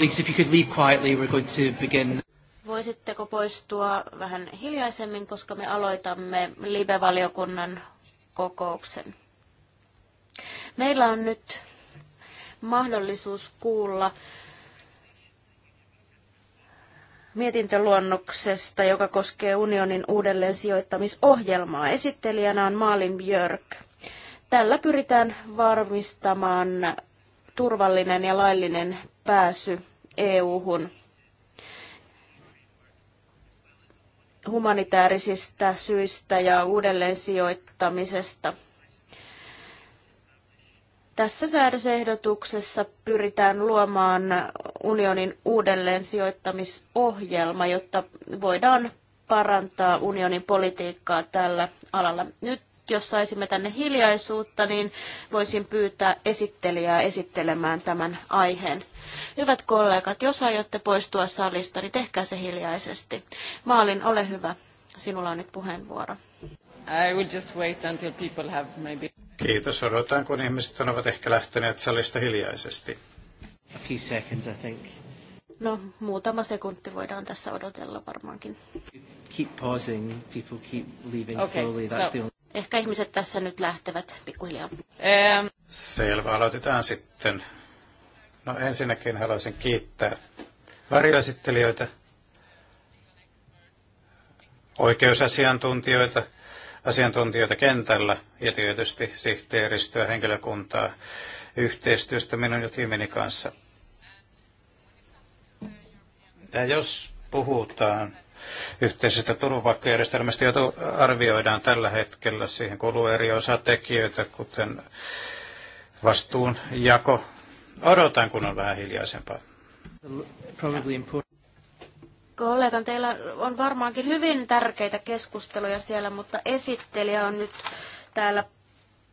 If you could leave quietly, we're going to begin. Voisitteko poistua vähän hiljaisemmin, koska me aloitamme live-valiokunnan kokouksen. Meillä on nyt mahdollisuus kuulla mietintöluonnoksesta, joka koskee unionin uudelleen sijoittamisohjelmaa. Esittelijänä on Maalin Björk. Tällä pyritään varmistamaan turvallinen ja laillinen pääsy EU-hun humanitaarisista syistä ja uudelleen sijoittamisesta. Tässä säädösehdotuksessa pyritään luomaan unionin uudelleen sijoittamisohjelma, jotta voidaan parantaa unionin politiikkaa tällä alalla. Nyt jos saisimme tänne hiljaisuutta, niin voisin pyytää esittelijää esittelemään tämän aiheen. Hyvät kollegat, jos aiotte poistua salista, niin tehkää se hiljaisesti. Maalin, ole hyvä. Sinulla on nyt puheenvuoro. I will just wait until people have maybe... Kiitos. Odotan, kun ihmiset ovat ehkä lähteneet salista hiljaisesti. A few seconds, I think. No, muutama sekunti voidaan tässä odotella varmaankin. Keep pausing, people keep leaving okay, slowly. That's so. the only... Ehkä ihmiset tässä nyt lähtevät pikkuhiljaa. Um. Selvä, aloitetaan sitten. No ensinnäkin haluaisin kiittää varjoesittelijöitä, oikeusasiantuntijoita, asiantuntijoita kentällä ja tietysti sihteeristöä, henkilökuntaa yhteistyöstä minun ja tiimini kanssa. Ja jos puhutaan yhteisestä turvapaikkajärjestelmästä, jota arvioidaan tällä hetkellä, siihen kuuluu eri osatekijöitä, kuten vastuunjako Odotan, kun on vähän hiljaisempaa. Kollegan, teillä on varmaankin hyvin tärkeitä keskusteluja siellä, mutta esittelijä on nyt täällä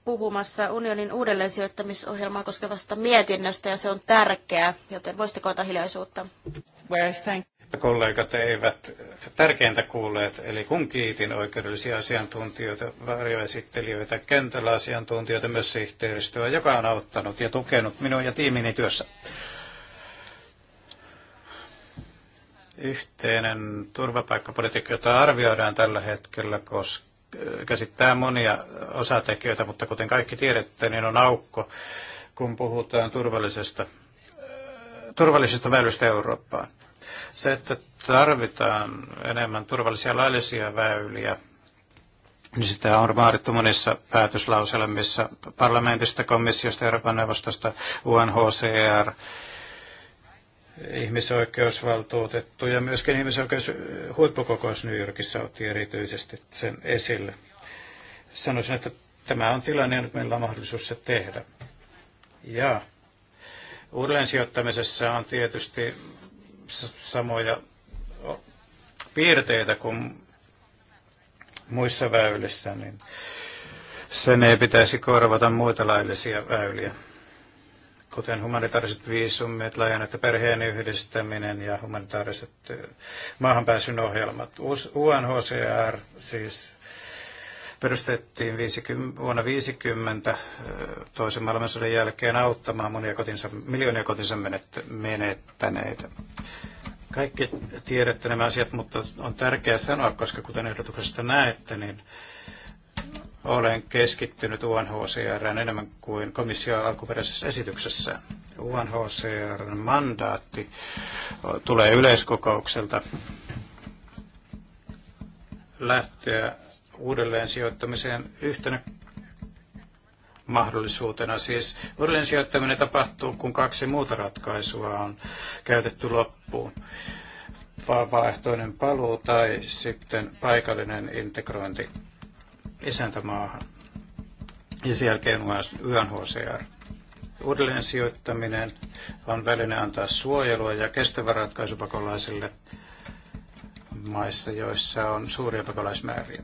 puhumassa unionin uudelleensijoittamisohjelmaa koskevasta mietinnöstä ja se on tärkeää, joten voisitteko ottaa hiljaisuutta? kollegat eivät tärkeintä kuulleet, eli kun kiitin oikeudellisia asiantuntijoita, varjoesittelijöitä, kentällä asiantuntijoita, myös sihteeristöä, joka on auttanut ja tukenut minua ja tiimini työssä. Yhteinen turvapaikkapolitiikka, jota arvioidaan tällä hetkellä, koska käsittää monia osatekijöitä, mutta kuten kaikki tiedätte, niin on aukko, kun puhutaan turvallisesta, turvallisesta väylystä Eurooppaan. Se, että tarvitaan enemmän turvallisia laillisia väyliä, niin sitä on vaadittu monissa päätöslauselmissa parlamentista, komissiosta, Euroopan neuvostosta, UNHCR, ihmisoikeusvaltuutettu ja myöskin ihmisoikeus huippukokous New Yorkissa otti erityisesti sen esille. Sanoisin, että tämä on tilanne ja nyt meillä on mahdollisuus se tehdä. Ja uudelleen sijoittamisessa on tietysti samoja piirteitä kuin muissa väylissä, niin sen ei pitäisi korvata muita laillisia väyliä, kuten humanitaariset viisumit, laajennettu perheen yhdistäminen ja humanitaariset eh, maahanpääsyn ohjelmat. UNHCR siis perustettiin 50, vuonna 50 toisen maailmansodan jälkeen auttamaan monia kotinsa, miljoonia kotinsa menettäneitä. Kaikki tiedätte nämä asiat, mutta on tärkeää sanoa, koska kuten ehdotuksesta näette, niin olen keskittynyt UNHCRään enemmän kuin komission alkuperäisessä esityksessä. UNHCRn mandaatti tulee yleiskokoukselta lähteä uudelleen sijoittamiseen yhtenä mahdollisuutena. Siis uudelleen sijoittaminen tapahtuu, kun kaksi muuta ratkaisua on käytetty loppuun. Vaihtoinen paluu tai sitten paikallinen integrointi isäntämaahan. Ja sen jälkeen UNHCR. Uudelleen sijoittaminen on väline antaa suojelua ja kestävä ratkaisu pakolaisille maissa, joissa on suuria pakolaismääriä.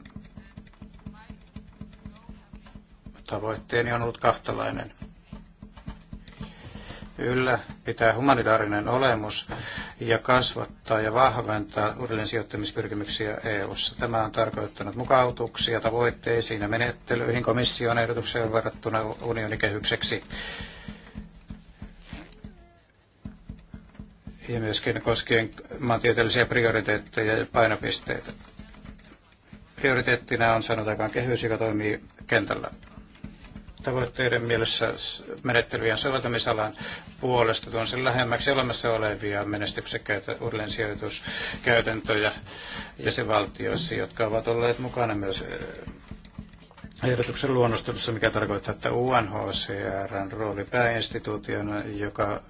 Tavoitteeni on ollut kahtalainen. Yllä pitää humanitaarinen olemus ja kasvattaa ja vahventaa uudelleen sijoittamispyrkimyksiä EU-ssa. Tämä on tarkoittanut mukautuksia tavoitteisiin ja menettelyihin komission ehdotukseen verrattuna unionikehykseksi. ja myöskin koskien maantieteellisiä prioriteetteja ja painopisteitä. Prioriteettina on sanotaan kehys, joka toimii kentällä tavoitteiden mielessä menettelyjen soveltamisalan puolesta tuon sen lähemmäksi olemassa olevia menestyksekkäitä uudelleensijoituskäytäntöjä jäsenvaltioissa, jotka ovat olleet mukana myös eh, ehdotuksen luonnostelussa, mikä tarkoittaa, että UNHCRn rooli pääinstituutiona, joka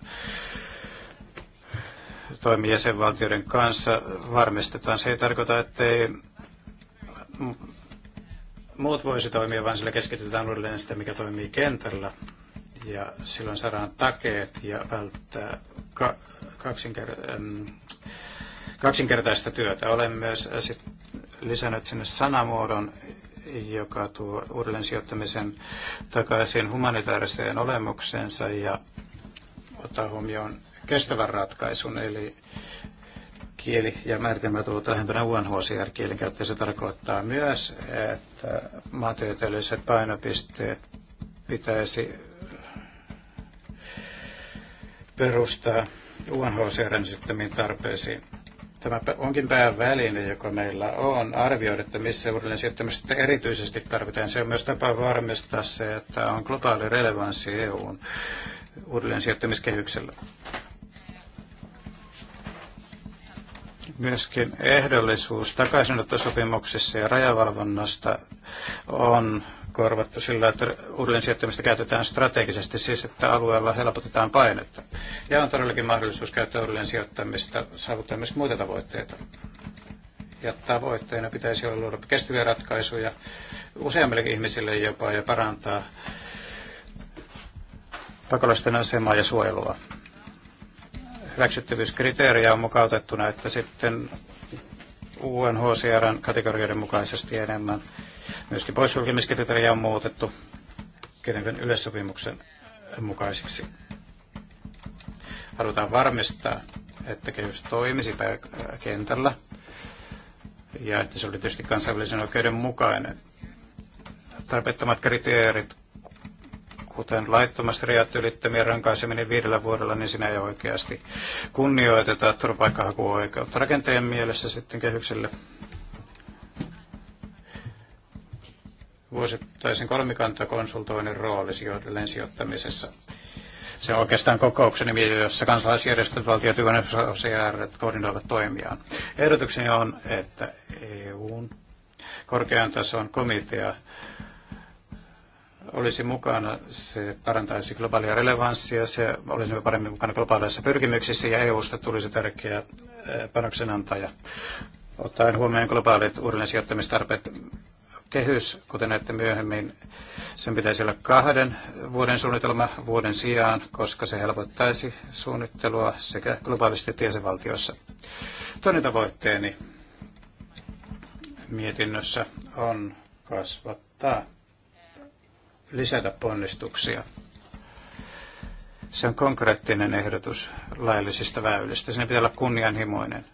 toimii jäsenvaltioiden kanssa, varmistetaan. Se ei tarkoita, ei muut voisi toimia, vaan sillä keskitytään uudelleen sitä, mikä toimii kentällä. Ja silloin saadaan takeet ja välttää ka- kaksinker- kaksinkertaista työtä. Olen myös äh, lisännyt sinne sanamuodon, joka tuo uudelleen sijoittamisen takaisin humanitaariseen olemukseensa ja ottaa huomioon kestävän ratkaisun, eli kieli ja määritelmä tullut lähempänä UNHCR-kielen käyttöä. Se tarkoittaa myös, että maantieteelliset painopisteet pitäisi perustaa UNHCRn sitten tarpeisiin tämä onkin pääväline, joka meillä on, arvioida, että missä uudelleen sijoittamista erityisesti tarvitaan. Se on myös tapa varmistaa se, että on globaali relevanssi EUn uudelleen sijoittamiskehyksellä. Myöskin ehdollisuus takaisinottosopimuksessa ja rajavalvonnasta on korvattu sillä, että uudelleen sijoittamista käytetään strategisesti, siis että alueella helpotetaan painetta. Ja on todellakin mahdollisuus käyttää uudelleen sijoittamista saavuttaa myös muita tavoitteita. Ja tavoitteena pitäisi olla luoda kestäviä ratkaisuja useammille ihmisille jopa ja parantaa pakolaisten asemaa ja suojelua hyväksyttävyyskriteeriä on mukautettuna, että sitten UNHCRn kategorioiden mukaisesti enemmän. Myöskin poissulkemiskriteeriä on muutettu Geneven yleissopimuksen mukaisiksi. Halutaan varmistaa, että kehys toimisi kentällä ja että se oli tietysti kansainvälisen oikeuden mukainen. Tarpeettomat kriteerit kuten laittomasti rajat ylittämien rankaiseminen viidellä vuodella, niin siinä ei oikeasti kunnioiteta turvapaikkahakuoikeutta rakenteen mielessä sitten kehykselle. Vuosittaisen kolmikantakonsultoinnin rooli sijoidelleen sijoittamisessa. Se on oikeastaan kokouksen nimi, jossa kansalaisjärjestöt, valtiot ja OCR koordinoivat toimiaan. Ehdotukseni on, että EUn korkean tason komitea olisi mukana, se parantaisi globaalia relevanssia, se olisi paremmin mukana globaaleissa pyrkimyksissä ja EUsta tulisi tärkeä panoksen antaja. Ottaen huomioon globaalit uudelleen sijoittamistarpeet kehys, kuten näette myöhemmin, sen pitäisi olla kahden vuoden suunnitelma vuoden sijaan, koska se helpottaisi suunnittelua sekä globaalisti että jäsenvaltioissa. Toinen tavoitteeni mietinnössä on kasvattaa lisätä ponnistuksia. Se on konkreettinen ehdotus laillisista väylistä. Siinä pitää olla kunnianhimoinen.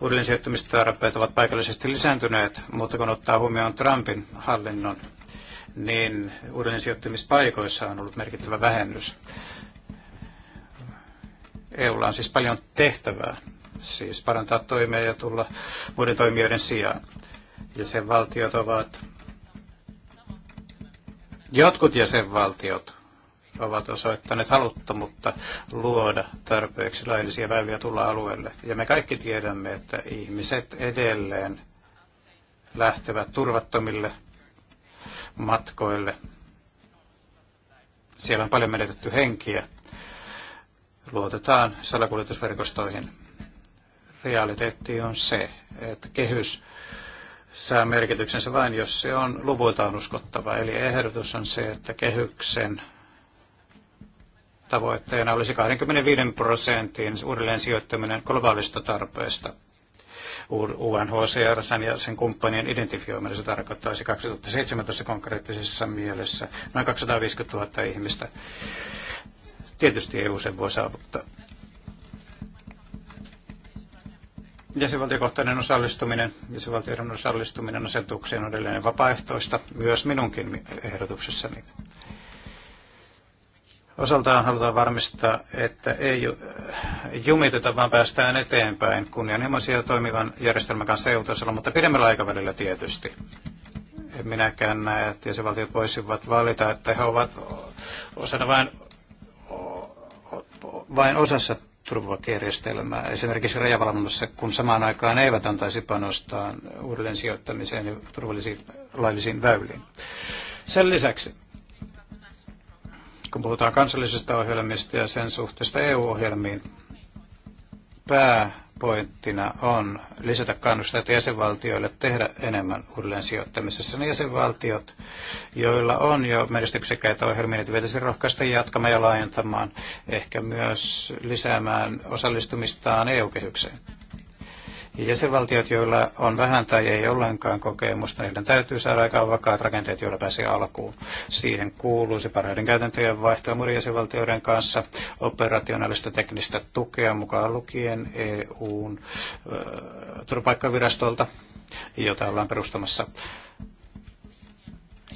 Uudelleen sijoittumistarpeet ovat paikallisesti lisääntyneet, mutta kun ottaa huomioon Trumpin hallinnon, niin uudelleen sijoittumispaikoissa on ollut merkittävä vähennys. EUlla on siis paljon tehtävää, siis parantaa toimia ja tulla muiden toimijoiden sijaan. Ja sen valtiot ovat Jotkut jäsenvaltiot ovat osoittaneet haluttomuutta luoda tarpeeksi laillisia väyliä tulla alueelle. Ja me kaikki tiedämme, että ihmiset edelleen lähtevät turvattomille matkoille. Siellä on paljon menetetty henkiä. Luotetaan salakuljetusverkostoihin. Realiteetti on se, että kehys saa merkityksensä vain, jos se on luvuiltaan uskottava. Eli ehdotus on se, että kehyksen tavoitteena olisi 25 prosentin uudelleen sijoittaminen globaalista tarpeesta. UNHCR ja sen kumppanien identifioiminen se tarkoittaisi 2017 konkreettisessa mielessä noin 250 000 ihmistä. Tietysti EU sen voi saavuttaa. jäsenvaltiokohtainen osallistuminen, jäsenvaltioiden osallistuminen asetukseen on edelleen vapaaehtoista, myös minunkin ehdotuksessani. Osaltaan halutaan varmistaa, että ei jumiteta, vaan päästään eteenpäin kunnianhimoisia toimivan järjestelmän kanssa EU-tasolla, mutta pidemmällä aikavälillä tietysti. En minäkään näe, että jäsenvaltiot voisivat valita, että he ovat osana vain, vain osassa turvapaikkajärjestelmää. Esimerkiksi rajavalvonnassa, kun samaan aikaan eivät antaisi panostaa uudelleen sijoittamiseen ja turvallisiin laillisiin väyliin. Sen lisäksi, kun puhutaan kansallisesta ohjelmista ja sen suhteesta EU-ohjelmiin, pääpointtina on lisätä kannusteita jäsenvaltioille tehdä enemmän uudelleen sijoittamisessa. Ne jäsenvaltiot, joilla on jo menestyksekkäitä ohjelmia, niitä pitäisi rohkaista jatkamaan ja laajentamaan, ehkä myös lisäämään osallistumistaan EU-kehykseen. Jäsenvaltiot, joilla on vähän tai ei ollenkaan kokemusta, niiden täytyy saada aikaan vakaat rakenteet, joilla pääsee alkuun. Siihen kuuluisi parhaiden käytäntöjen vaihtoa muiden jäsenvaltioiden kanssa, operationaalista teknistä tukea mukaan lukien EUn turvapaikkavirastolta, jota ollaan perustamassa.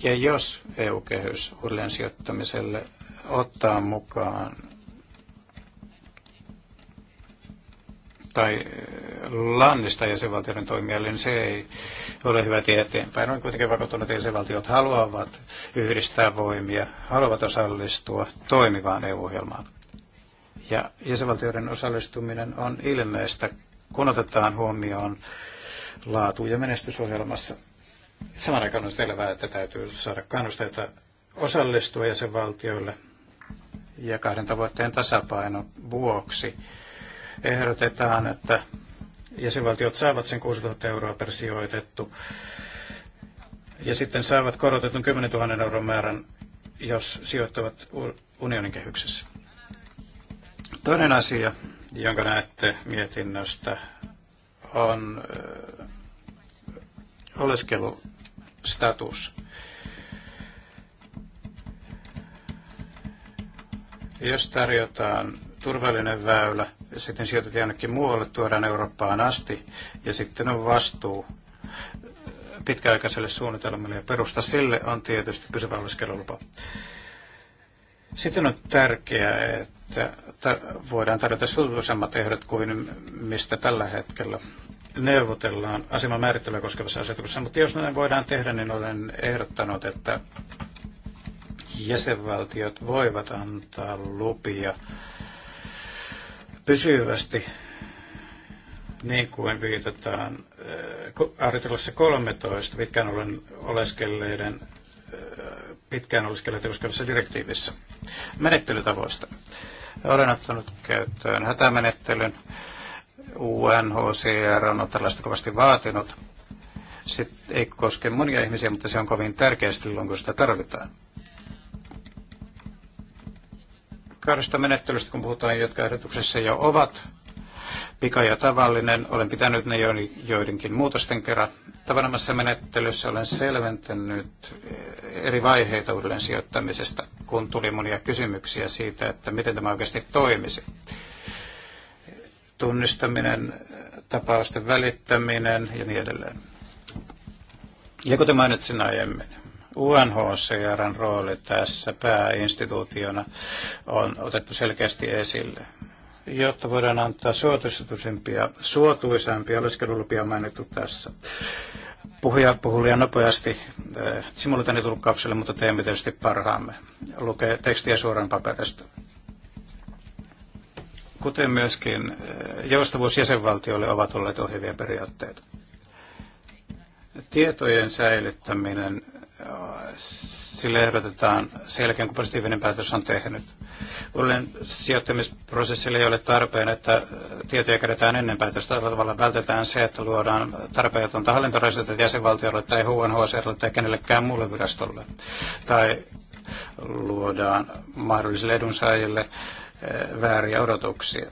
Ja jos EU-kehys uudelleen sijoittamiselle ottaa mukaan tai eh, lannista jäsenvaltioiden toimijalle, niin se ei ole hyvä tie eteenpäin. On kuitenkin vakuuttunut, että jäsenvaltiot haluavat yhdistää voimia, haluavat osallistua toimivaan EU-ohjelmaan. Ja jäsenvaltioiden osallistuminen on ilmeistä, kun otetaan huomioon laatu- ja menestysohjelmassa. Samaan aikaan on selvää, että täytyy saada kannusteita osallistua jäsenvaltioille ja kahden tavoitteen tasapaino vuoksi ehdotetaan, että jäsenvaltiot saavat sen 6000 euroa per sijoitettu ja sitten saavat korotetun 10 000 euron määrän, jos sijoittavat unionin kehyksessä. Toinen asia, jonka näette mietinnöstä, on oleskelustatus. Jos tarjotaan turvallinen väylä, sitten sijoitetaan jonnekin muualle, tuodaan Eurooppaan asti, ja sitten on vastuu pitkäaikaiselle suunnitelmalle, ja perusta sille on tietysti pysyvä oleskelulupa. Sitten on tärkeää, että voidaan tarjota suotuisemmat ehdot kuin mistä tällä hetkellä neuvotellaan aseman määrittelyä koskevassa asetuksessa, mutta jos näin voidaan tehdä, niin olen ehdottanut, että jäsenvaltiot voivat antaa lupia pysyvästi, niin kuin viitataan eh, artiklassa 13 pitkään olen oleskelleiden eh, pitkään oleskelleita koskevassa direktiivissä menettelytavoista. Olen ottanut käyttöön hätämenettelyn. UNHCR on tällaista kovasti vaatinut. Se ei koske monia ihmisiä, mutta se on kovin tärkeä silloin, kun sitä tarvitaan kahdesta menettelystä, kun puhutaan, jotka ehdotuksessa jo ovat. Pika ja tavallinen, olen pitänyt ne joidenkin muutosten kerran. Tavanomassa menettelyssä olen selventänyt eh, eri vaiheita uudelleen sijoittamisesta, kun tuli monia kysymyksiä siitä, että miten tämä oikeasti toimisi. Tunnistaminen, tapausten välittäminen ja niin edelleen. Ja kuten mainitsin aiemmin, UNHCRn rooli tässä pääinstituutiona on otettu selkeästi esille. Jotta voidaan antaa suotuisampia, suotuisampia oleskelulupia mainittu tässä. Puhuja puhui liian nopeasti äh, eh, simultaanitulkkaukselle, mutta teemme tietysti parhaamme. Lukee tekstiä suoraan paperista kuten myöskin eh, joustavuus jäsenvaltioille ovat olleet ohjevia periaatteita. Tietojen säilyttäminen sille ehdotetaan sen jälkeen, kun positiivinen päätös on tehnyt. Uuden sijoittamisprosessille ei ole tarpeen, että äh, tietoja kerätään ennen päätöstä. Tällä tavalla vältetään se, että luodaan tarpeetonta hallintorajoitetta jäsenvaltiolle tai HNHCRlle tai kenellekään muulle virastolle. Tai luodaan mahdollisille edunsaajille äh, vääriä odotuksia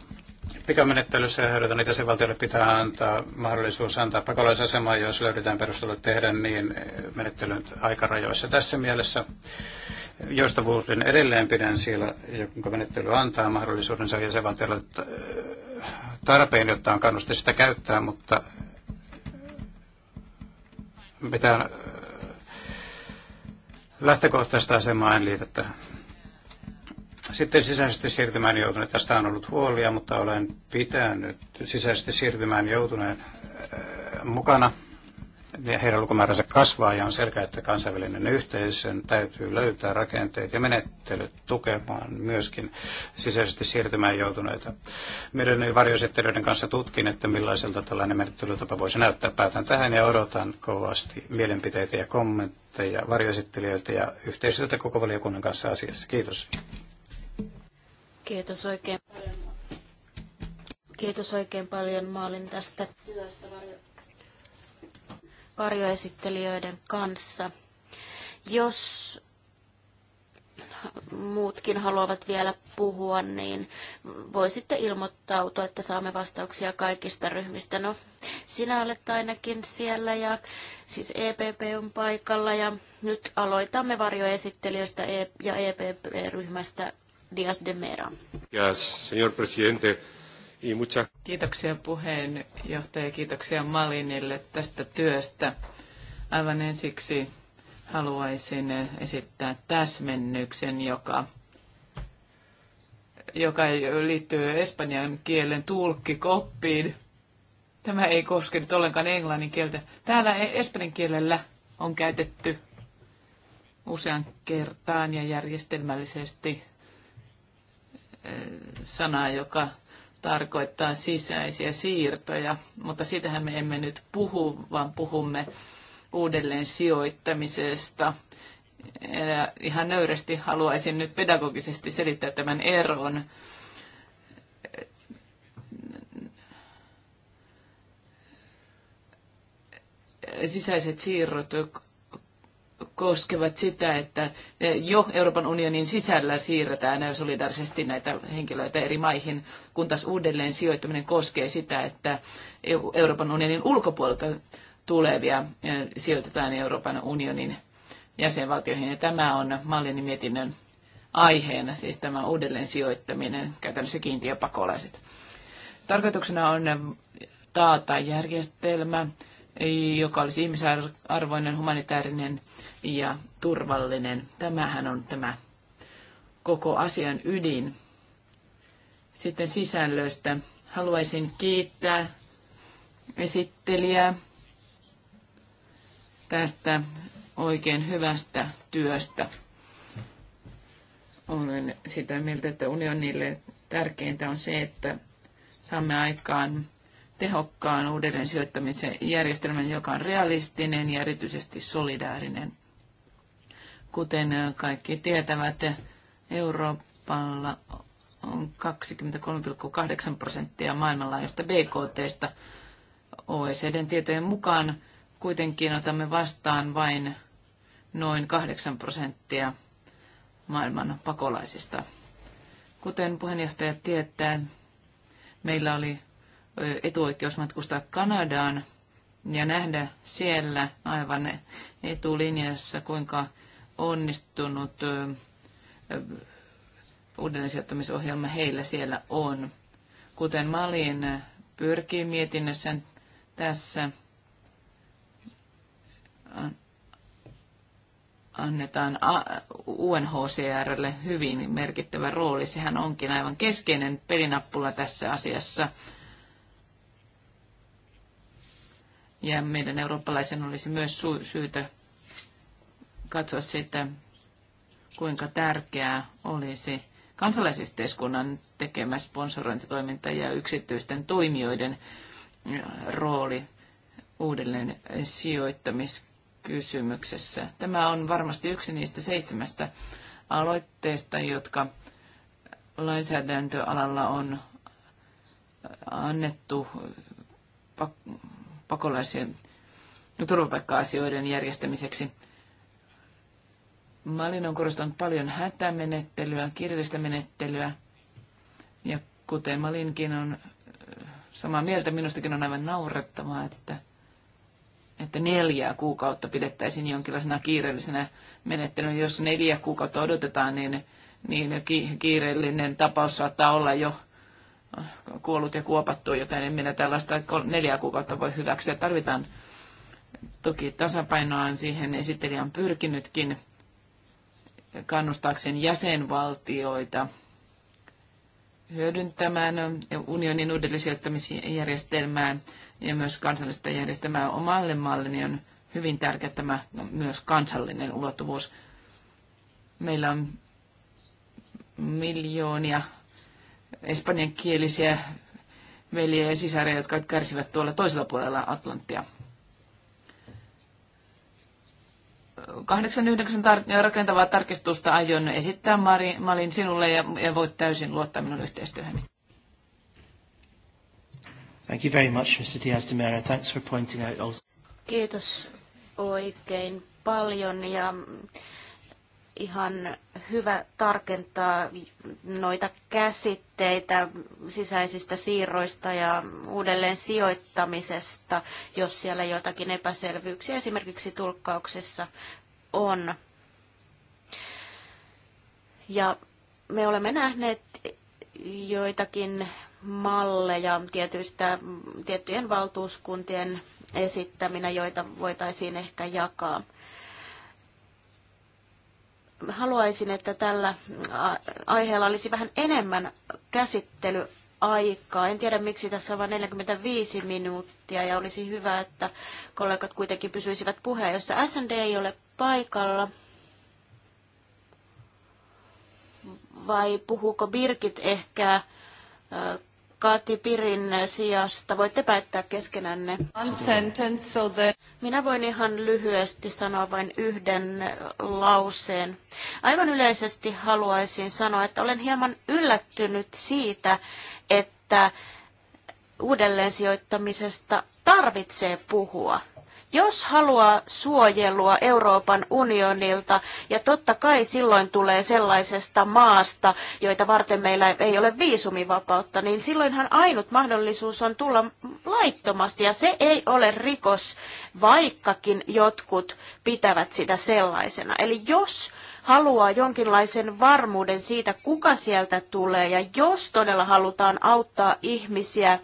pikamenettelyssä ehdotan, että valtiolle pitää antaa mahdollisuus antaa pakolaisasema, jos löydetään perustelut tehdä niin menettelyn aikarajoissa. Tässä mielessä joustavuuden edelleen pidän siellä, jonka menettely antaa mahdollisuuden mahdollisuudensa jäsenvaltiolle äh, tarpeen, jotta on kannusti sitä käyttää, mutta mitään äh, lähtökohtaista asemaa en liitä tähän. Sitten sisäisesti siirtymään joutuneet. Tästä on ollut huolia, mutta olen pitänyt sisäisesti siirtymään joutuneen äh, mukana. Ja heidän lukumääränsä kasvaa ja on selkeä, että kansainvälinen yhteisön täytyy löytää rakenteet ja menettelyt tukemaan myöskin sisäisesti siirtymään joutuneita. Meidän varjoesittelyiden kanssa tutkin, että millaiselta tällainen menettelytapa voisi näyttää. Päätän tähän ja odotan kovasti mielipiteitä ja kommentteja varjoesittelijöiltä ja yhteistyötä koko valiokunnan kanssa asiassa. Kiitos. Kiitos oikein paljon. Kiitos oikein paljon. Mä olin tästä työstä varjoesittelijöiden kanssa. Jos muutkin haluavat vielä puhua, niin voisitte ilmoittautua, että saamme vastauksia kaikista ryhmistä. No, sinä olet ainakin siellä ja siis EPP on paikalla ja nyt aloitamme varjoesittelijöistä e- ja EPP-ryhmästä Dias de Mera. Yes, señor presidente. Y mucha... Kiitoksia puheenjohtaja, kiitoksia Malinille tästä työstä. Aivan ensiksi haluaisin esittää täsmennyksen, joka, joka liittyy espanjan kielen tulkkikoppiin. Tämä ei koske nyt ollenkaan englannin kieltä. Täällä e- espanjan kielellä on käytetty usean kertaan ja järjestelmällisesti sanaa, joka tarkoittaa sisäisiä siirtoja, mutta siitähän me emme nyt puhu, vaan puhumme uudelleen sijoittamisesta. Ja ihan nöyrästi haluaisin nyt pedagogisesti selittää tämän eron. Sisäiset siirrot koskevat sitä, että eh, jo Euroopan unionin sisällä siirretään eh, solidaarisesti näitä henkilöitä eri maihin, kun taas uudelleen sijoittaminen koskee sitä, että Euroopan unionin ulkopuolelta tulevia eh, sijoitetaan Euroopan unionin jäsenvaltioihin. Ja tämä on mallin mietinnön aiheena, siis tämä uudelleen sijoittaminen, käytännössä kiintiöpakolaiset. Tarkoituksena on taata järjestelmä, joka olisi ihmisarvoinen, humanitaarinen ja turvallinen. Tämähän on tämä koko asian ydin. Sitten sisällöstä. Haluaisin kiittää esittelijää tästä oikein hyvästä työstä. Olen sitä mieltä, että unionille tärkeintä on se, että saamme aikaan tehokkaan uudelleen sijoittamisen järjestelmän, joka on realistinen ja erityisesti solidaarinen. Kuten kaikki tietävät, Euroopalla on 23,8 prosenttia maailmanlaajuista BKTstä. OECDn tietojen mukaan kuitenkin otamme vastaan vain noin 8 prosenttia maailman pakolaisista. Kuten puheenjohtaja tietää, meillä oli etuoikeus matkustaa Kanadaan ja nähdä siellä aivan etulinjassa, kuinka onnistunut uudelleensijoittamisohjelma heillä siellä on. Kuten Malin pyrkii mietinnössä tässä annetaan UNHCRlle hyvin merkittävä rooli. Sehän onkin aivan keskeinen pelinappula tässä asiassa. Ja meidän eurooppalaisen olisi myös syytä katsoa sitten, kuinka tärkeää olisi kansalaisyhteiskunnan tekemä sponsorointitoiminta ja yksityisten toimijoiden äh, rooli uudelleen sijoittamiskysymyksessä. Tämä on varmasti yksi niistä seitsemästä aloitteesta, jotka lainsäädäntöalalla on äh, annettu äh, pakolaisen turvapaikka-asioiden järjestämiseksi. Malin on korostanut paljon hätämenettelyä, kirjallista menettelyä. Ja kuten Malinkin on äh, samaa mieltä, minustakin on aivan naurettavaa, että, että neljää kuukautta pidettäisiin jonkinlaisena kiireellisenä menettelynä. Jos neljä kuukautta odotetaan, niin, niin kiireellinen tapaus saattaa olla jo äh, kuollut ja kuopattu, joten en minä tällaista neljää kuukautta voi hyväksyä. Tarvitaan toki tasapainoa, siihen esittelijä on pyrkinytkin kannustaakseen jäsenvaltioita hyödyntämään unionin uudellisijoittamisjärjestelmää ja myös kansallista järjestelmää omalle mallini niin on hyvin tärkeä tämä myös kansallinen ulottuvuus. Meillä on miljoonia espanjankielisiä veljiä ja sisaria, jotka kärsivät tuolla toisella puolella Atlanttia. 89 tar- rakentavaa tarkistusta aion esittää Mari, Malin sinulle ja, ja voit täysin luottaa minun yhteistyöhöni. Thank you very much, Mr. Diaz de Mera. Thanks for pointing out also. Kiitos oikein paljon ja ihan hyvä tarkentaa noita käsitteitä sisäisistä siirroista ja uudelleen sijoittamisesta, jos siellä jotakin epäselvyyksiä esimerkiksi tulkkauksessa on. Ja me olemme nähneet joitakin malleja tietyistä, tiettyjen valtuuskuntien esittäminä, joita voitaisiin ehkä jakaa haluaisin, että tällä aiheella olisi vähän enemmän käsittelyaikaa. En tiedä, miksi tässä on vain 45 minuuttia ja olisi hyvä, että kollegat kuitenkin pysyisivät puheen, jossa SND ei ole paikalla. Vai puhuuko Birgit ehkä Kaati Pirin sijasta. Voitte päättää keskenänne. Minä voin ihan lyhyesti sanoa vain yhden lauseen. Aivan yleisesti haluaisin sanoa, että olen hieman yllättynyt siitä, että uudelleen sijoittamisesta tarvitsee puhua. Jos haluaa suojelua Euroopan unionilta, ja totta kai silloin tulee sellaisesta maasta, joita varten meillä ei ole viisumivapautta, niin silloinhan ainut mahdollisuus on tulla laittomasti, ja se ei ole rikos, vaikkakin jotkut pitävät sitä sellaisena. Eli jos haluaa jonkinlaisen varmuuden siitä, kuka sieltä tulee, ja jos todella halutaan auttaa ihmisiä,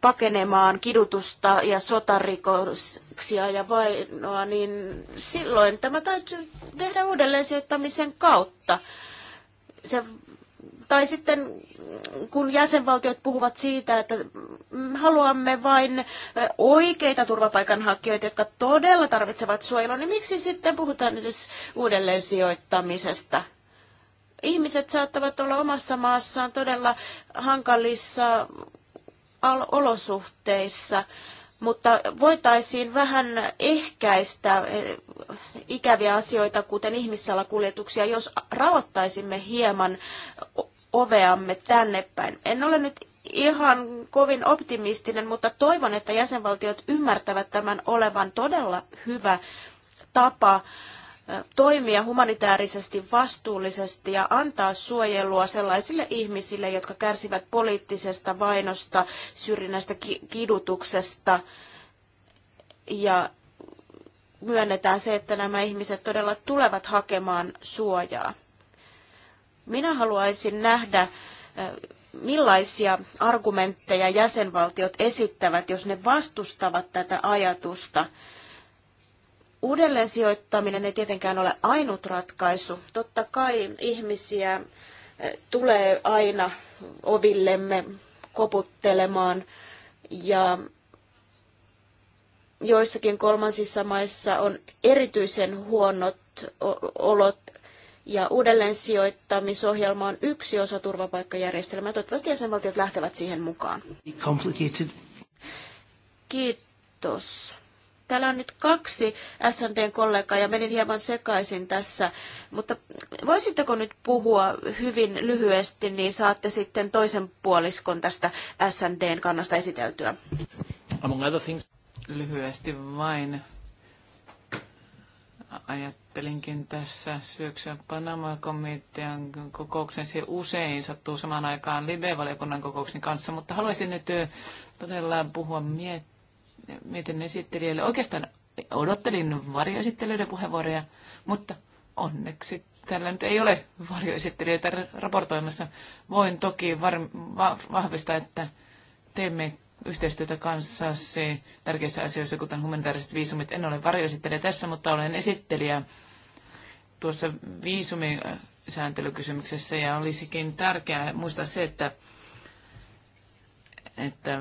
pakenemaan kidutusta ja sotarikoksia ja vainoa, niin silloin tämä täytyy tehdä uudelleen sijoittamisen kautta. Se, tai sitten kun jäsenvaltiot puhuvat siitä, että haluamme vain oikeita turvapaikanhakijoita, jotka todella tarvitsevat suojelua, niin miksi sitten puhutaan edes uudelleen sijoittamisesta? Ihmiset saattavat olla omassa maassaan todella hankalissa olosuhteissa, mutta voitaisiin vähän ehkäistä eh, ikäviä asioita, kuten ihmissalakuljetuksia, jos raottaisimme hieman oveamme tänne päin. En ole nyt ihan kovin optimistinen, mutta toivon, että jäsenvaltiot ymmärtävät tämän olevan todella hyvä tapa toimia humanitaarisesti vastuullisesti ja antaa suojelua sellaisille ihmisille, jotka kärsivät poliittisesta vainosta, syrjinnästä, kidutuksesta ja myönnetään se, että nämä ihmiset todella tulevat hakemaan suojaa. Minä haluaisin nähdä, millaisia argumentteja jäsenvaltiot esittävät, jos ne vastustavat tätä ajatusta – Uudelleen sijoittaminen ei tietenkään ole ainut ratkaisu. Totta kai ihmisiä eh, tulee aina ovillemme koputtelemaan ja joissakin kolmansissa maissa on erityisen huonot olot ja uudelleen sijoittamisohjelma on yksi osa turvapaikkajärjestelmää. Toivottavasti jäsenvaltiot lähtevät siihen mukaan. Kiitos. Täällä on nyt kaksi SNDn kollegaa ja menin hieman sekaisin tässä, mutta voisitteko nyt puhua hyvin lyhyesti, niin saatte sitten toisen puoliskon tästä SNDn kannasta esiteltyä. Lyhyesti vain. Ajattelinkin tässä syöksyä Panama-komitean kokouksen. Se usein sattuu samaan aikaan live-valiokunnan kokouksen kanssa, mutta haluaisin nyt todella puhua miettiä mietinnön esittelijöille. Oikeastaan odottelin varjoesittelijöiden puheenvuoroja, mutta onneksi täällä nyt ei ole varjoesittelijöitä raportoimassa. Voin toki var- va- vahvistaa, että teemme yhteistyötä kanssasi tärkeissä asioissa, kuten humanitaariset viisumit. En ole varjoesittelijä tässä, mutta olen esittelijä tuossa viisumisääntelykysymyksessä ja olisikin tärkeää muistaa se, että, että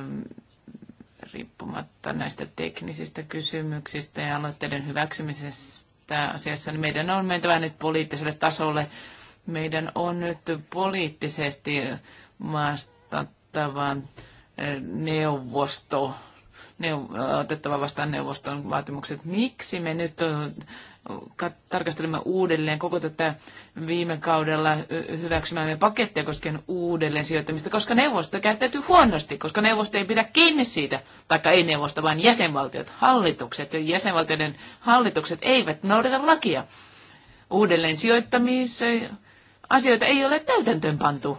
riippumatta näistä teknisistä kysymyksistä ja aloitteiden hyväksymisestä asiassa, niin meidän on mentävä nyt poliittiselle tasolle. Meidän on nyt poliittisesti maastattava eh, neuvosto, neuv- otettava vastaan neuvoston vaatimukset. Miksi me nyt tarkastelimme uudelleen koko tätä viime kaudella hyväksymäämme pakettia koskien uudelleen sijoittamista, koska neuvosto käyttäytyy huonosti, koska neuvosto ei pidä kiinni siitä, taikka ei neuvosto, vaan jäsenvaltiot, hallitukset ja jäsenvaltioiden hallitukset eivät noudata lakia. Uudelleen Asioita ei ole täytäntöön pantu.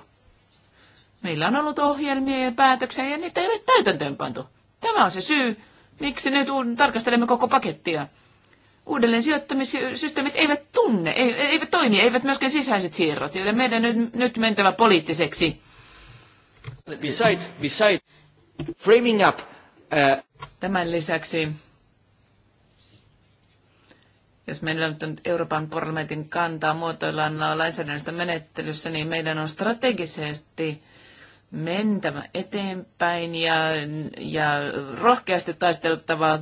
Meillä on ollut ohjelmia ja päätöksiä ja niitä ei ole täytäntöön pantu. Tämä on se syy, miksi nyt tarkastelemme koko pakettia uudelleen sijoittamissysteemit eivät tunne, eivät toimi, eivät myöskään sisäiset siirrot, joten meidän nyt, nyt mentävä poliittiseksi. Beside, beside framing up, uh... Tämän lisäksi, jos meillä nyt on Euroopan parlamentin kantaa muotoillaan lainsäädännöstä menettelyssä, niin meidän on strategisesti mentävä eteenpäin ja, ja rohkeasti taisteltava äh,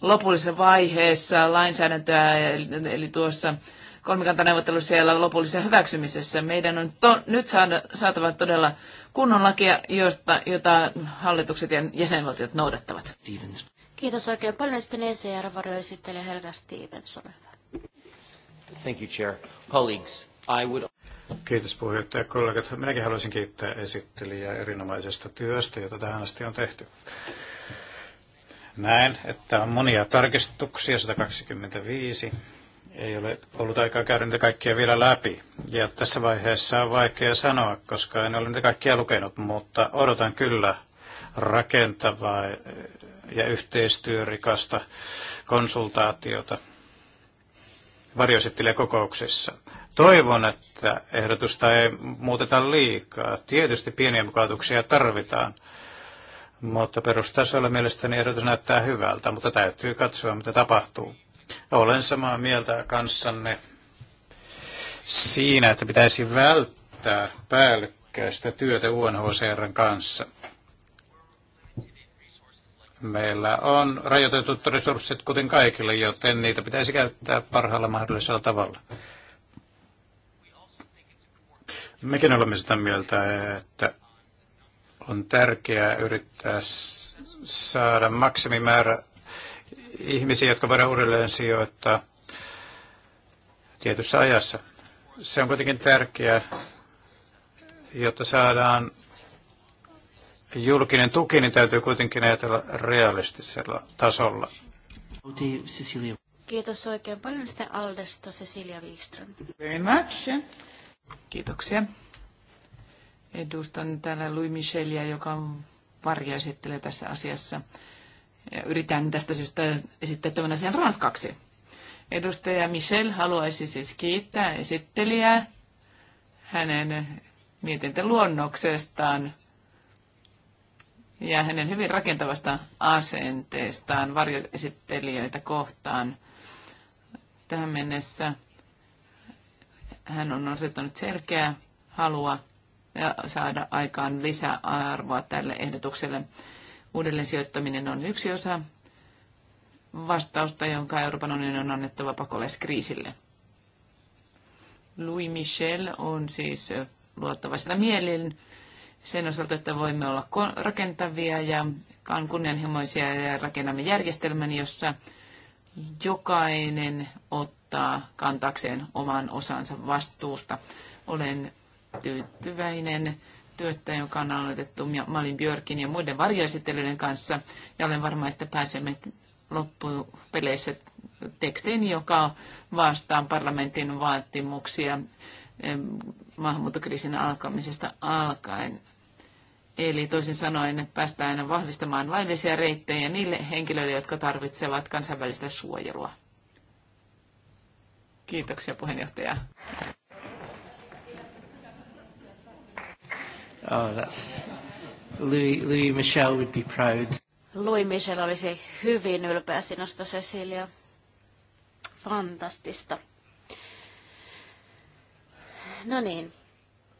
lopullisessa vaiheessa lainsäädäntöä, eli tuossa kolmikantaneuvottelussa siellä lopullisessa hyväksymisessä. Meidän on to, nyt saada, saatava todella kunnon lakia, josta, jota hallitukset ja jäsenvaltiot noudattavat. Stevens. Kiitos oikein paljon. Sitten ecr esittelee Helga Stevenson. Thank you, Chair. Colleagues, I would... Kiitos puheenjohtaja kollegat. Minäkin haluaisin kiittää esittelijää erinomaisesta työstä, jota tähän asti on tehty. Näen, että on monia tarkistuksia, 125. Ei ole ollut aikaa käydä niitä kaikkia vielä läpi. Ja tässä vaiheessa on vaikea sanoa, koska en ole niitä kaikkia lukenut, mutta odotan kyllä rakentavaa ja yhteistyörikasta konsultaatiota varjoesittelijäkokouksissa. Toivon, että ehdotusta ei muuteta liikaa. Tietysti pieniä mukautuksia tarvitaan, mutta perustasolla mielestäni ehdotus näyttää hyvältä, mutta täytyy katsoa, mitä tapahtuu. Olen samaa mieltä kanssanne siinä, että pitäisi välttää päällekkäistä työtä UNHCR kanssa. Meillä on rajoitetut resurssit kuten kaikille, joten niitä pitäisi käyttää parhaalla mahdollisella tavalla. Mekin olemme sitä mieltä, että on tärkeää yrittää saada maksimimäärä ihmisiä, jotka voidaan uudelleen sijoittaa tietyssä ajassa. Se on kuitenkin tärkeää, jotta saadaan julkinen tuki, niin täytyy kuitenkin ajatella realistisella tasolla. Kiitos oikein paljon sitä Aldesta, Cecilia Wikström. Very much. Kiitoksia. Edustan täällä Louis Michelia, joka varjoesittelee tässä asiassa. Ja yritän tästä syystä esittää tämän asian ranskaksi. Edustaja Michel haluaisi siis kiittää esittelijää hänen mietintöluonnoksestaan ja hänen hyvin rakentavasta asenteestaan varjoesittelijöitä kohtaan. Tähän mennessä hän on osoittanut selkeää halua ja saada aikaan lisäarvoa tälle ehdotukselle. Uudelleen sijoittaminen on yksi osa vastausta, jonka Euroopan unionin on annettava pakolaiskriisille. Louis Michel on siis luottavaisella mielin sen osalta, että voimme olla rakentavia ja kunnianhimoisia ja rakennamme järjestelmän, jossa jokainen ottaa kantakseen oman osansa vastuusta. Olen tyytyväinen työstä, joka on aloitettu Malin Björkin ja muiden varjoesittelyiden kanssa. Ja olen varma, että pääsemme loppupeleissä tekstiin, joka vastaa parlamentin vaatimuksia ehm, maahanmuuttokriisin alkamisesta alkaen. Eli toisin sanoen päästään aina vahvistamaan laillisia reittejä niille henkilöille, jotka tarvitsevat kansainvälistä suojelua. Kiitoksia puheenjohtaja. Oh, that's... Louis, Louis Michel would be proud. Louis Michel olisi hyvin ylpeä sinusta, Cecilia. Fantastista. No niin,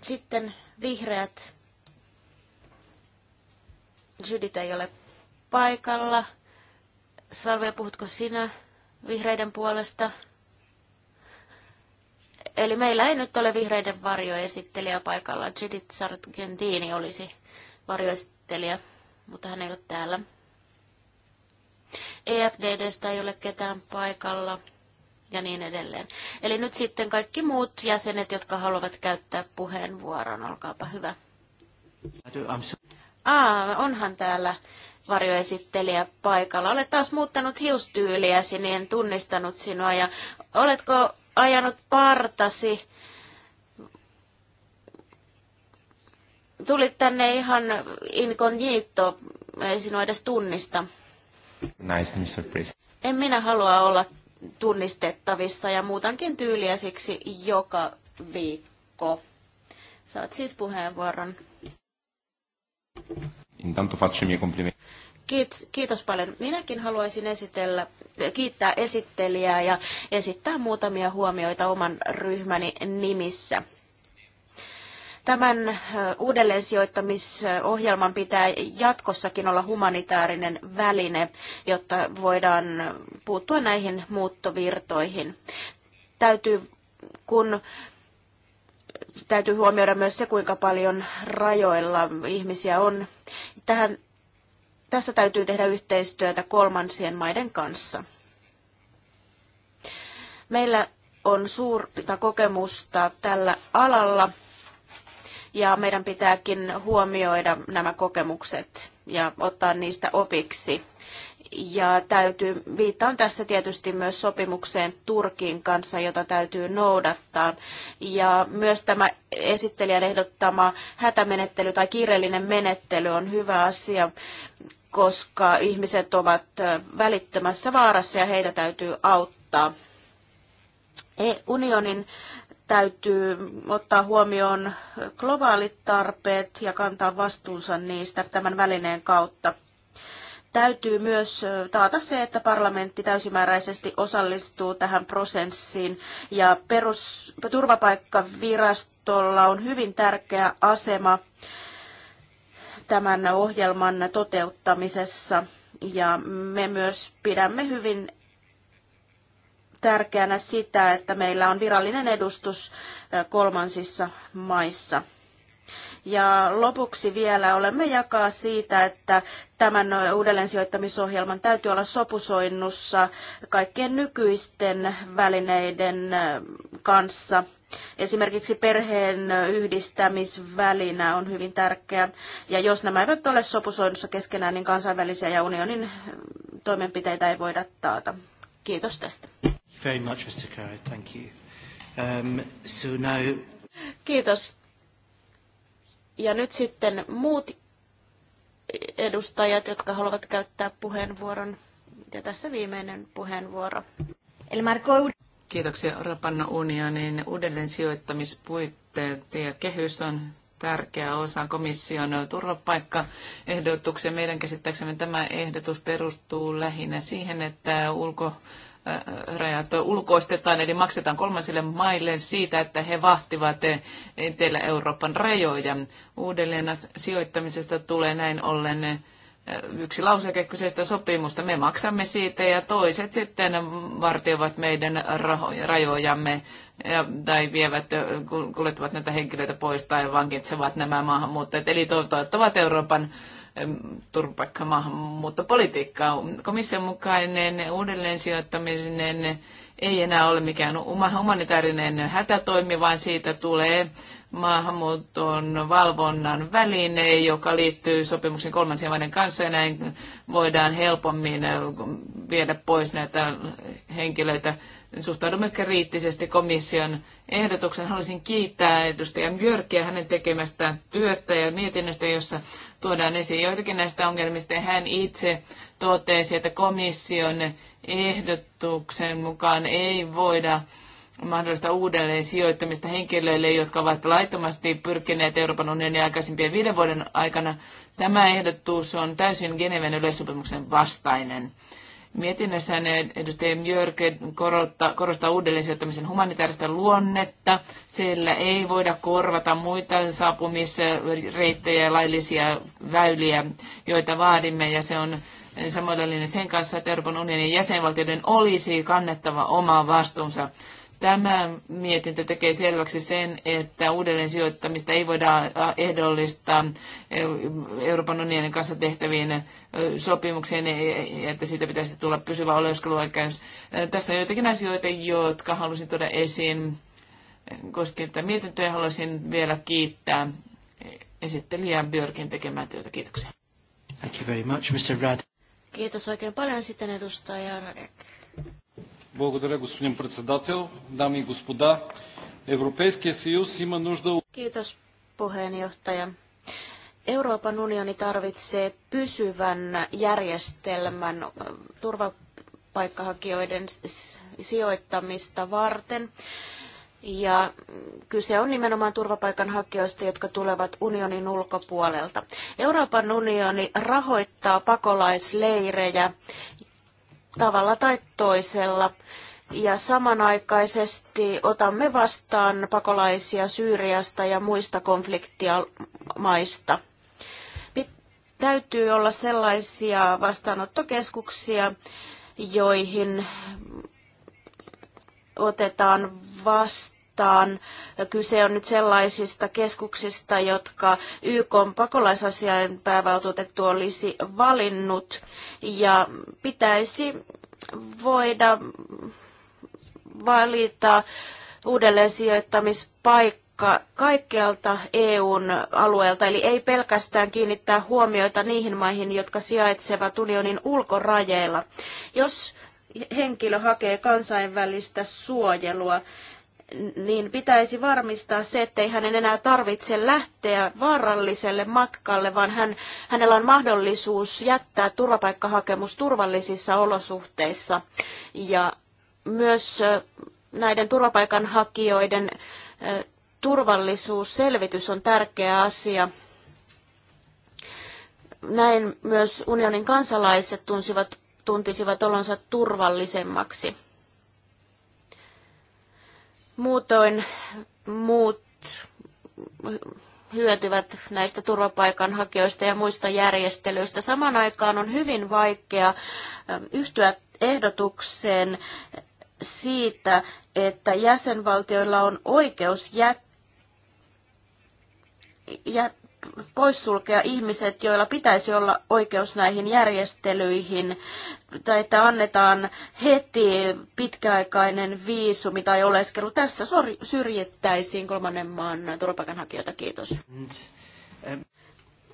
sitten vihreät Judith ei ole paikalla. Salvia, puhutko sinä vihreiden puolesta? Eli meillä ei nyt ole vihreiden varjoesittelijä paikalla. Judith Sargentini olisi varjoesittelijä, mutta hän ei ole täällä. EFDDstä ei ole ketään paikalla ja niin edelleen. Eli nyt sitten kaikki muut jäsenet, jotka haluavat käyttää puheenvuoron, olkaapa hyvä. Aa, onhan täällä varjoesittelijä paikalla. Olet taas muuttanut hiustyyliäsi, niin en tunnistanut sinua. Ja oletko ajanut partasi? Tulit tänne ihan inkonjiitto, ei sinua edes tunnista. Nice, Mr. Priest. En minä halua olla tunnistettavissa ja muutankin tyyliä siksi joka viikko. Saat siis puheenvuoron. Intanto faccio miei complimenti. Kiitos, kiitos paljon. Minäkin haluaisin esitellä, kiittää esittelijää ja esittää muutamia huomioita oman ryhmäni nimissä. Tämän uudelleensijoittamisohjelman sijoittamisohjelman pitää jatkossakin olla humanitaarinen väline, jotta voidaan puuttua näihin muuttovirtoihin. Täytyy kun täytyy huomioida myös se, kuinka paljon rajoilla ihmisiä on. Tähän, tässä täytyy tehdä yhteistyötä kolmansien maiden kanssa. Meillä on suurta kokemusta tällä alalla ja meidän pitääkin huomioida nämä kokemukset ja ottaa niistä opiksi. Ja täytyy, viittaan tässä tietysti myös sopimukseen Turkin kanssa, jota täytyy noudattaa. Ja myös tämä esittelijän ehdottama hätämenettely tai kiireellinen menettely on hyvä asia, koska ihmiset ovat välittömässä vaarassa ja heitä täytyy auttaa. E, unionin täytyy ottaa huomioon globaalit tarpeet ja kantaa vastuunsa niistä tämän välineen kautta täytyy myös taata se, että parlamentti täysimääräisesti osallistuu tähän prosessiin ja perus, turvapaikkavirastolla on hyvin tärkeä asema tämän ohjelman toteuttamisessa ja me myös pidämme hyvin tärkeänä sitä, että meillä on virallinen edustus kolmansissa maissa. Ja lopuksi vielä olemme jakaa siitä, että tämän uudelleensijoittamisohjelman täytyy olla sopusoinnussa kaikkien nykyisten välineiden äh, kanssa. Esimerkiksi perheen yhdistämisvälinä on hyvin tärkeä. Ja jos nämä eivät ole sopusoinnussa keskenään, niin kansainvälisiä ja unionin äh, toimenpiteitä ei voida taata. Kiitos tästä. Very much, Mr. Thank you. Um, so now... Kiitos. Ja nyt sitten muut edustajat, jotka haluavat käyttää puheenvuoron. Ja tässä viimeinen puheenvuoro. El Marco Kiitoksia Euroopan unionin uudelleen sijoittamispuitteet ja kehys on tärkeä osa komission turvapaikkaehdotuksia. Meidän käsittääksemme tämä ehdotus perustuu lähinnä siihen, että ulko rajat ulkoistetaan, eli maksetaan kolmansille maille siitä, että he vahtivat Etelä-Euroopan rajoja. Uudelleen sijoittamisesta tulee näin ollen eh, yksi lauseke kyseistä sopimusta. Me maksamme siitä ja toiset sitten vartioivat meidän rajojamme ja, tai vievät, eh, kuljettavat näitä henkilöitä pois tai vankitsevat nämä maahanmuuttajat. Eli toivottavat Euroopan turvapaikkamaahanmuuttopolitiikkaa. ja maahanmuuttopolitiikkaa. Komission mukainen uudelleen sijoittaminen ei enää ole mikään humanitaarinen hätätoimi, vaan siitä tulee maahanmuuton valvonnan väline, joka liittyy sopimuksen kolmansien maiden kanssa, ja näin voidaan helpommin äh, viedä pois näitä henkilöitä. Suhtaudumme kriittisesti komission ehdotuksen. Haluaisin kiittää edustaja Björkiä hänen tekemästä työstä ja mietinnöstä, jossa tuodaan esiin joitakin näistä ongelmista. Ja hän itse totesi, että komission ehdotuksen mukaan ei voida mahdollista uudelleen sijoittamista henkilöille, jotka ovat laittomasti pyrkineet Euroopan unionin aikaisempien viiden vuoden aikana. Tämä ehdotus on täysin Geneven yleissopimuksen vastainen. Mietinnössään edustaja Mjörke korostaa, korostaa uudelleen sijoittamisen humanitaarista luonnetta. Sillä ei voida korvata muita saapumisreittejä ja laillisia väyliä, joita vaadimme, ja se on samoin sen kanssa, että Euroopan unionin jäsenvaltioiden olisi kannettava oma vastuunsa Tämä mietintö tekee selväksi sen, että uudelleen sijoittamista ei voida ehdollistaa Euroopan unionin kanssa tehtäviin sopimukseen, että siitä pitäisi tulla pysyvä oleskeluoikeus. Tässä on joitakin asioita, jotka halusin tuoda esiin koskien tätä mietintöä. Haluaisin vielä kiittää esittelijän Björkin tekemää työtä. Kiitoksia. Thank you very much, Mr. Rad. Kiitos oikein paljon sitten edustaja Radek. Благодаря, господин председател. Дами и господа, Европейския съюз има нужда... Kiitos, puheenjohtaja. Euroopan unioni tarvitsee pysyvän järjestelmän turvapaikkahakijoiden sijoittamista varten. Ja kyse on nimenomaan turvapaikanhakijoista, jotka tulevat unionin ulkopuolelta. Euroopan unioni rahoittaa pakolaisleirejä tavalla tai toisella. Ja samanaikaisesti otamme vastaan pakolaisia Syyriasta ja muista konfliktimaista. Täytyy olla sellaisia vastaanottokeskuksia, joihin otetaan vastaan vastaan. Kyse on nyt sellaisista keskuksista, jotka YK pakolaisasiain päävaltuutettu olisi valinnut ja pitäisi voida valita uudelleen sijoittamispaikka kaikkialta EUn alueelta, eli ei pelkästään kiinnittää huomioita niihin maihin, jotka sijaitsevat unionin ulkorajeilla. Jos henkilö hakee kansainvälistä suojelua, niin pitäisi varmistaa se, ettei hänen enää tarvitse lähteä vaaralliselle matkalle, vaan hän, hänellä on mahdollisuus jättää turvapaikkahakemus turvallisissa olosuhteissa. Ja myös näiden turvapaikanhakijoiden turvallisuusselvitys on tärkeä asia. Näin myös unionin kansalaiset tunsivat, tuntisivat olonsa turvallisemmaksi. Muutoin muut hyötyvät näistä turvapaikanhakijoista ja muista järjestelyistä. Samaan aikaan on hyvin vaikea yhtyä ehdotukseen siitä, että jäsenvaltioilla on oikeus jättää jät, poissulkea ihmiset, joilla pitäisi olla oikeus näihin järjestelyihin, tai että annetaan heti pitkäaikainen viisumi tai oleskelu. Tässä syrjittäisiin kolmannen maan turvapaikanhakijoita. Kiitos. Um,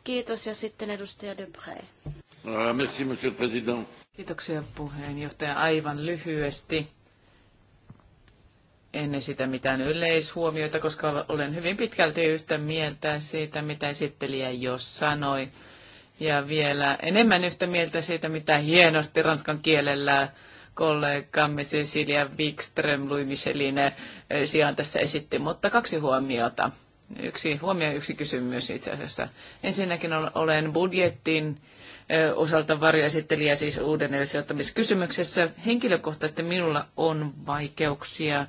Kiitos ja sitten edustaja Dupré. Uh, merci, monsieur le président. Kiitoksia puheenjohtaja. Aivan lyhyesti. En esitä mitään yleishuomioita, koska olen hyvin pitkälti yhtä mieltä siitä, mitä esittelijä jo sanoi. Ja vielä enemmän yhtä mieltä siitä, mitä hienosti ranskan kielellä kollegamme Cecilia Wikström Louis Michelin eh, sijaan tässä esitti, mutta kaksi huomiota. Yksi huomio ja yksi kysymys itse asiassa. Ensinnäkin olen budjettin osalta varjoesittelijä siis uudelleen sijoittamiskysymyksessä. Henkilökohtaisesti minulla on vaikeuksia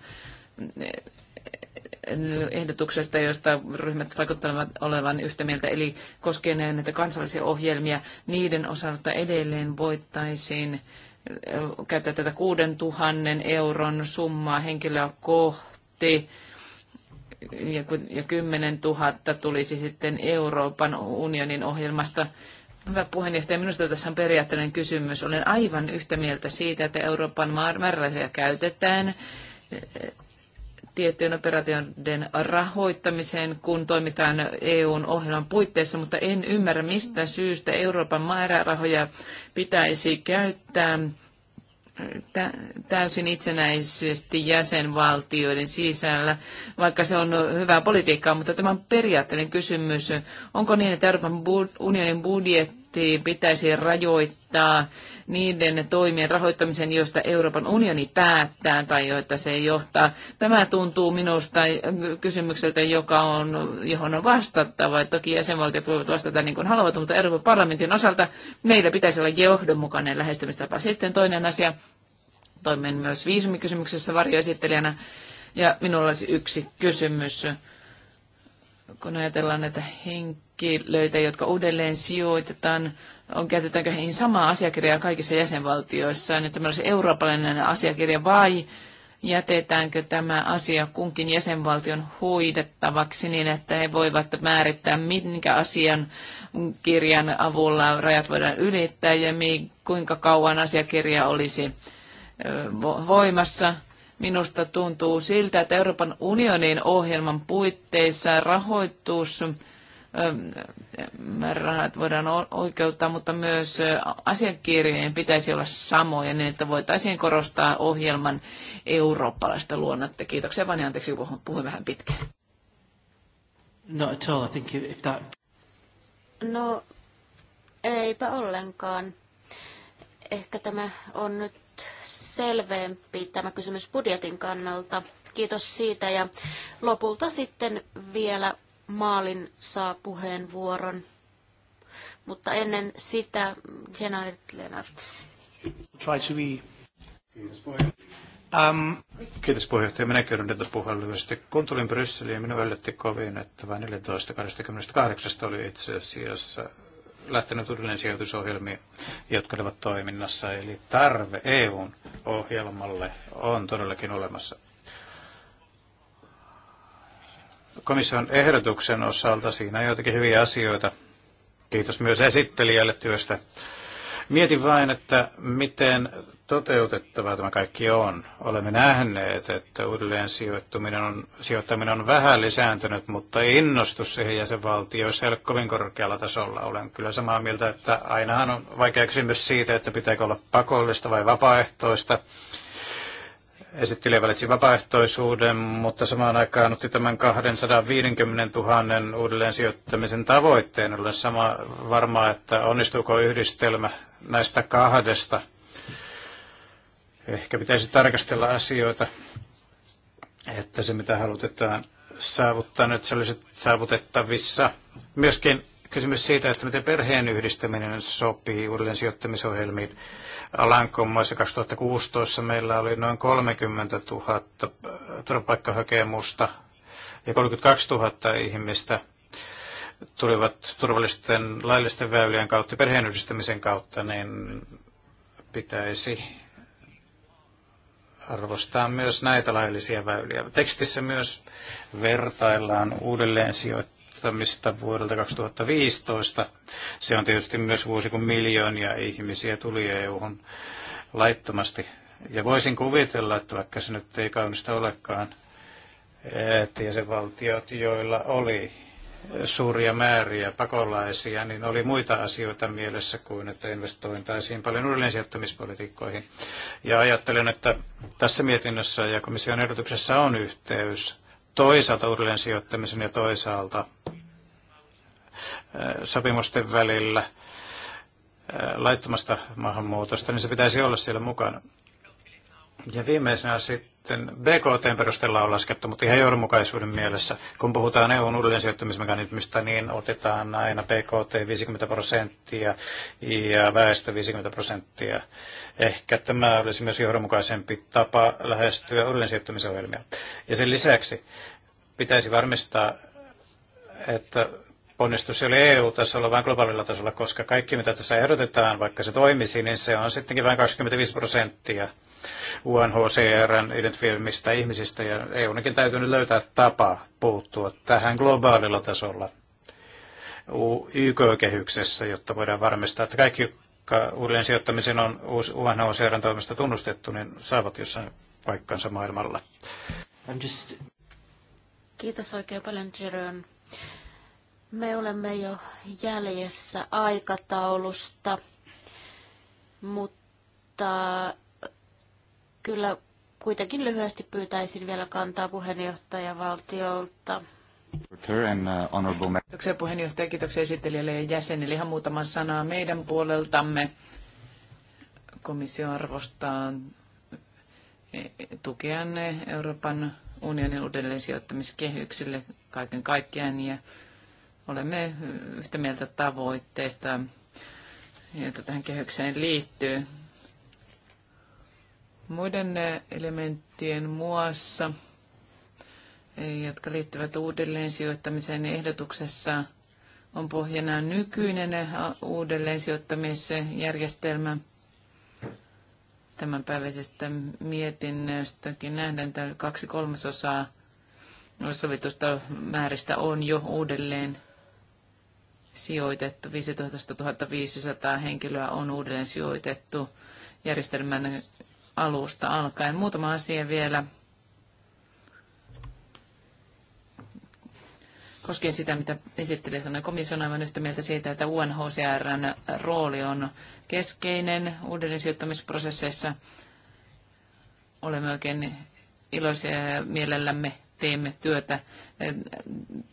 ehdotuksesta, josta ryhmät vaikuttavat olevan yhtä mieltä, eli koskien näitä kansallisia ohjelmia, niiden osalta edelleen voittaisiin käyttää tätä 6000 euron summaa henkilöä kohti ja 10 000 tulisi sitten Euroopan unionin ohjelmasta Hyvä puheenjohtaja, minusta tässä on periaatteellinen kysymys. Olen aivan yhtä mieltä siitä, että Euroopan määrärahoja käytetään eh, tiettyjen operaatioiden rahoittamiseen, kun toimitaan EUn ohjelman puitteissa, mutta en ymmärrä, mistä syystä Euroopan määrärahoja pitäisi käyttää eh, täysin itsenäisesti jäsenvaltioiden sisällä, vaikka se on hyvää politiikkaa, mutta tämä on periaatteellinen kysymys. Onko niin, että Euroopan unionin budjetti budjettiin pitäisi rajoittaa niiden toimien rahoittamisen, joista Euroopan unioni päättää tai joita se johtaa. Tämä tuntuu minusta kysymykseltä, joka on, johon on vastattava. Toki jäsenvaltiot voivat vastata niin kuin haluavat, mutta Euroopan parlamentin osalta meillä pitäisi olla johdonmukainen lähestymistapa. Sitten toinen asia, Toimen myös viisumikysymyksessä varjoesittelijänä, ja minulla olisi yksi kysymys kun ajatellaan näitä henkilöitä, jotka uudelleen sijoitetaan, on käytetäänkö heihin samaa asiakirjaa kaikissa jäsenvaltioissa, niin tämä olisi eurooppalainen asiakirja vai jätetäänkö tämä asia kunkin jäsenvaltion hoidettavaksi niin, että he voivat määrittää, minkä asian kirjan avulla rajat voidaan ylittää ja kuinka kauan asiakirja olisi voimassa Minusta tuntuu siltä, että Euroopan unionin ohjelman puitteissa rahoitus määrärahat voidaan oikeuttaa, mutta myös asiakirjojen pitäisi olla samoja niin, että voitaisiin korostaa ohjelman eurooppalaista luonnetta. Kiitoksia vaan anteeksi, kun puhuin vähän pitkään. Not at all. I think if that... No, eipä ollenkaan. Ehkä tämä on nyt selvempi tämä kysymys budjetin kannalta. Kiitos siitä ja lopulta sitten vielä Maalin saa puheenvuoron. Mutta ennen sitä Jenarit Lennarts. Um, Kiitos puheenjohtaja. Minä kerron tätä puhua lyhyesti. Kun tulin Brysseliin, minua yllätti kovin, että vain 14.28 oli itse asiassa lähtenyt uudelleen sijoitusohjelmiin, jotka olivat toiminnassa. Eli tarve EUn ohjelmalle on todellakin olemassa. Komission ehdotuksen osalta siinä on joitakin hyviä asioita. Kiitos myös esittelijälle työstä. Mietin vain, että miten toteutettava tämä kaikki on. Olemme nähneet, että uudelleen sijoittuminen on, sijoittaminen on vähän lisääntynyt, mutta innostus siihen jäsenvaltioissa ei ole kovin korkealla tasolla. Olen kyllä samaa mieltä, että ainahan on vaikea kysymys siitä, että pitääkö olla pakollista vai vapaaehtoista. Esittelijä valitsi vapaaehtoisuuden, mutta samaan aikaan otti tämän 250 000 uudelleen sijoittamisen tavoitteen. Olen sama varmaa, että onnistuuko yhdistelmä näistä kahdesta – Ehkä pitäisi tarkastella asioita, että se mitä halutetaan saavuttaa, niin että se olisi saavutettavissa. Myöskin kysymys siitä, että miten perheen yhdistäminen sopii uudelleen sijoittamisohjelmiin. Alankomaissa 2016 meillä oli noin 30 000 turvapaikkahakemusta ja 32 000 ihmistä tulivat turvallisten laillisten väylien kautta, yhdistämisen kautta, niin pitäisi arvostaa myös näitä laillisia väyliä. Tekstissä myös vertaillaan uudelleen sijoittamista vuodelta 2015. Se on tietysti myös vuosi, kun miljoonia ihmisiä tuli EU-hun laittomasti. Ja voisin kuvitella, että vaikka se nyt ei kaunista olekaan, että jäsenvaltiot, joilla oli suuria määriä pakolaisia, niin oli muita asioita mielessä kuin, että investointaisiin paljon uudelleensijoittamispolitiikkoihin. Ja ajattelen, että tässä mietinnössä ja komission ehdotuksessa on yhteys toisaalta uudelleensijoittamisen ja toisaalta sopimusten välillä laittomasta maahanmuutosta, niin se pitäisi olla siellä mukana. Ja viimeisenä sitten sitten BKT perusteella on laskettu, mutta ihan johdonmukaisuuden mielessä. Kun puhutaan EUn sijoittumismekanismista niin otetaan aina BKT 50 prosenttia ja väestö 50 prosenttia. Ehkä tämä olisi myös johdonmukaisempi tapa lähestyä uudelleensijoittumisohjelmia. Ja sen lisäksi pitäisi varmistaa, että ponnistus ei ole EU-tasolla, vaan globaalilla tasolla, koska kaikki mitä tässä ehdotetaan, vaikka se toimisi, niin se on sittenkin vain 25 prosenttia UNHCRn identifioimista ihmisistä ja EUnkin täytyy nyt löytää tapa puuttua tähän globaalilla tasolla YK-kehyksessä, jotta voidaan varmistaa, että kaikki, jotka uudelleen sijoittamisen on UNHCRn toimesta tunnustettu, niin saavat jossain paikkansa maailmalla. Just... Kiitos oikein paljon, Jeroen. Me olemme jo jäljessä aikataulusta, mutta kyllä kuitenkin lyhyesti pyytäisin vielä kantaa puheenjohtajavaltiolta. Uh, kiitoksia puheenjohtaja, kiitoksia esittelijälle ja jäsenille. Ihan muutama sana meidän puoleltamme. Komissio arvostaa e, tukeanne Euroopan unionin uudelleen sijoittamiskehyksille kaiken kaikkiaan ja olemme yhtä mieltä tavoitteista, joita tähän kehykseen liittyy muiden eh, elementtien muassa, eh, jotka liittyvät uudelleen sijoittamiseen ehdotuksessa, on pohjana nykyinen eh, uudelleen sijoittamisjärjestelmä. Tämänpäiväisestä mietinnöstäkin nähdään, että kaksi kolmasosaa sovitusta määristä on jo uudelleen sijoitettu. 15 500 henkilöä on uudelleen sijoitettu järjestelmän alusta alkaen. Muutama asia vielä koskien sitä, mitä esitteli sanoi. Komissio on aivan yhtä mieltä siitä, että UNHCRn rooli on keskeinen uudelleen sijoittamisprosesseissa. Olemme oikein iloisia ja mielellämme teemme työtä eh,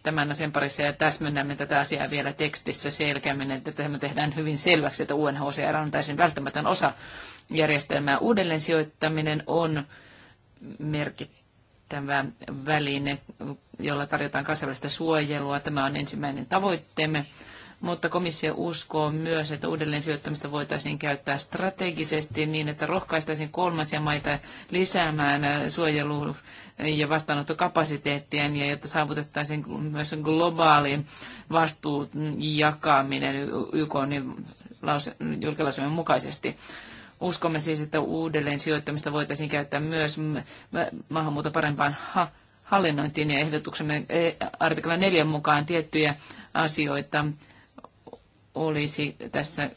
tämän asian parissa ja täsmennämme tätä asiaa vielä tekstissä selkeämmin, että tämä tehdään hyvin selväksi, että UNHCR on täysin välttämätön osa järjestelmää. Uudelleen sijoittaminen on merkittävä väline, jolla tarjotaan kansainvälistä suojelua. Tämä on ensimmäinen tavoitteemme mutta komissio uskoo myös, että uudelleen sijoittamista voitaisiin käyttää strategisesti niin, että rohkaistaisiin kolmansia maita lisäämään suojelu- ja vastaanottokapasiteettia ja niin, jotta saavutettaisiin myös globaali vastuun jakaminen YK niin julkilausumien mukaisesti. Uskomme siis, että uudelleen sijoittamista voitaisiin käyttää myös maahanmuuton parempaan ha- hallinnointiin ja ehdotuksemme e- artikla 4 mukaan tiettyjä asioita olisi tässä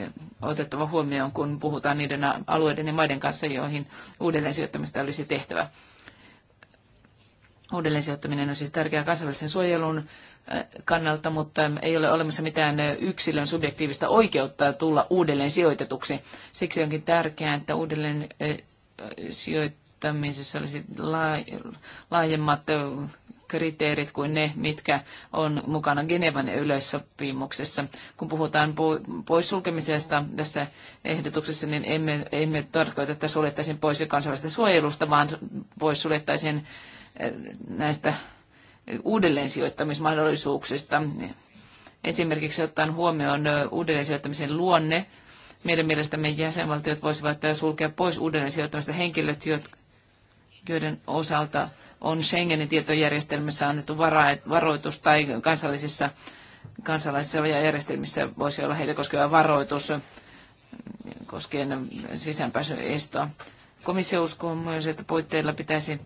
äh, otettava huomioon, kun puhutaan niiden alueiden ja maiden kanssa, joihin uudelleen sijoittamista olisi tehtävä. Uudelleen sijoittaminen on siis tärkeää kansainvälisen suojelun äh, kannalta, mutta ei ole olemassa mitään äh, yksilön subjektiivista oikeutta tulla uudelleen sijoitetuksi. Siksi onkin tärkeää, että uudelleen sijoittamisessa olisi laajemmat kriteerit kuin ne, mitkä on mukana Genevan yleissopimuksessa. Kun puhutaan poissulkemisesta tässä ehdotuksessa, niin emme, emme tarkoita, että suljettaisiin pois kansainvälistä suojelusta, vaan pois suljettaisiin eh, näistä uudelleensijoittamismahdollisuuksista. Esimerkiksi ottaen huomioon eh, uudelleensijoittamisen luonne, meidän mielestämme jäsenvaltiot voisivat eh, sulkea pois uudelleensijoittamista henkilöt, joiden osalta on Schengenin tietojärjestelmässä annettu varoitus tai kansallisissa, kansallisissa järjestelmissä voisi olla heitä koskeva varoitus koskien sisäänpääsyn estoa. Komissio uskoo myös, että puitteilla pitäisi,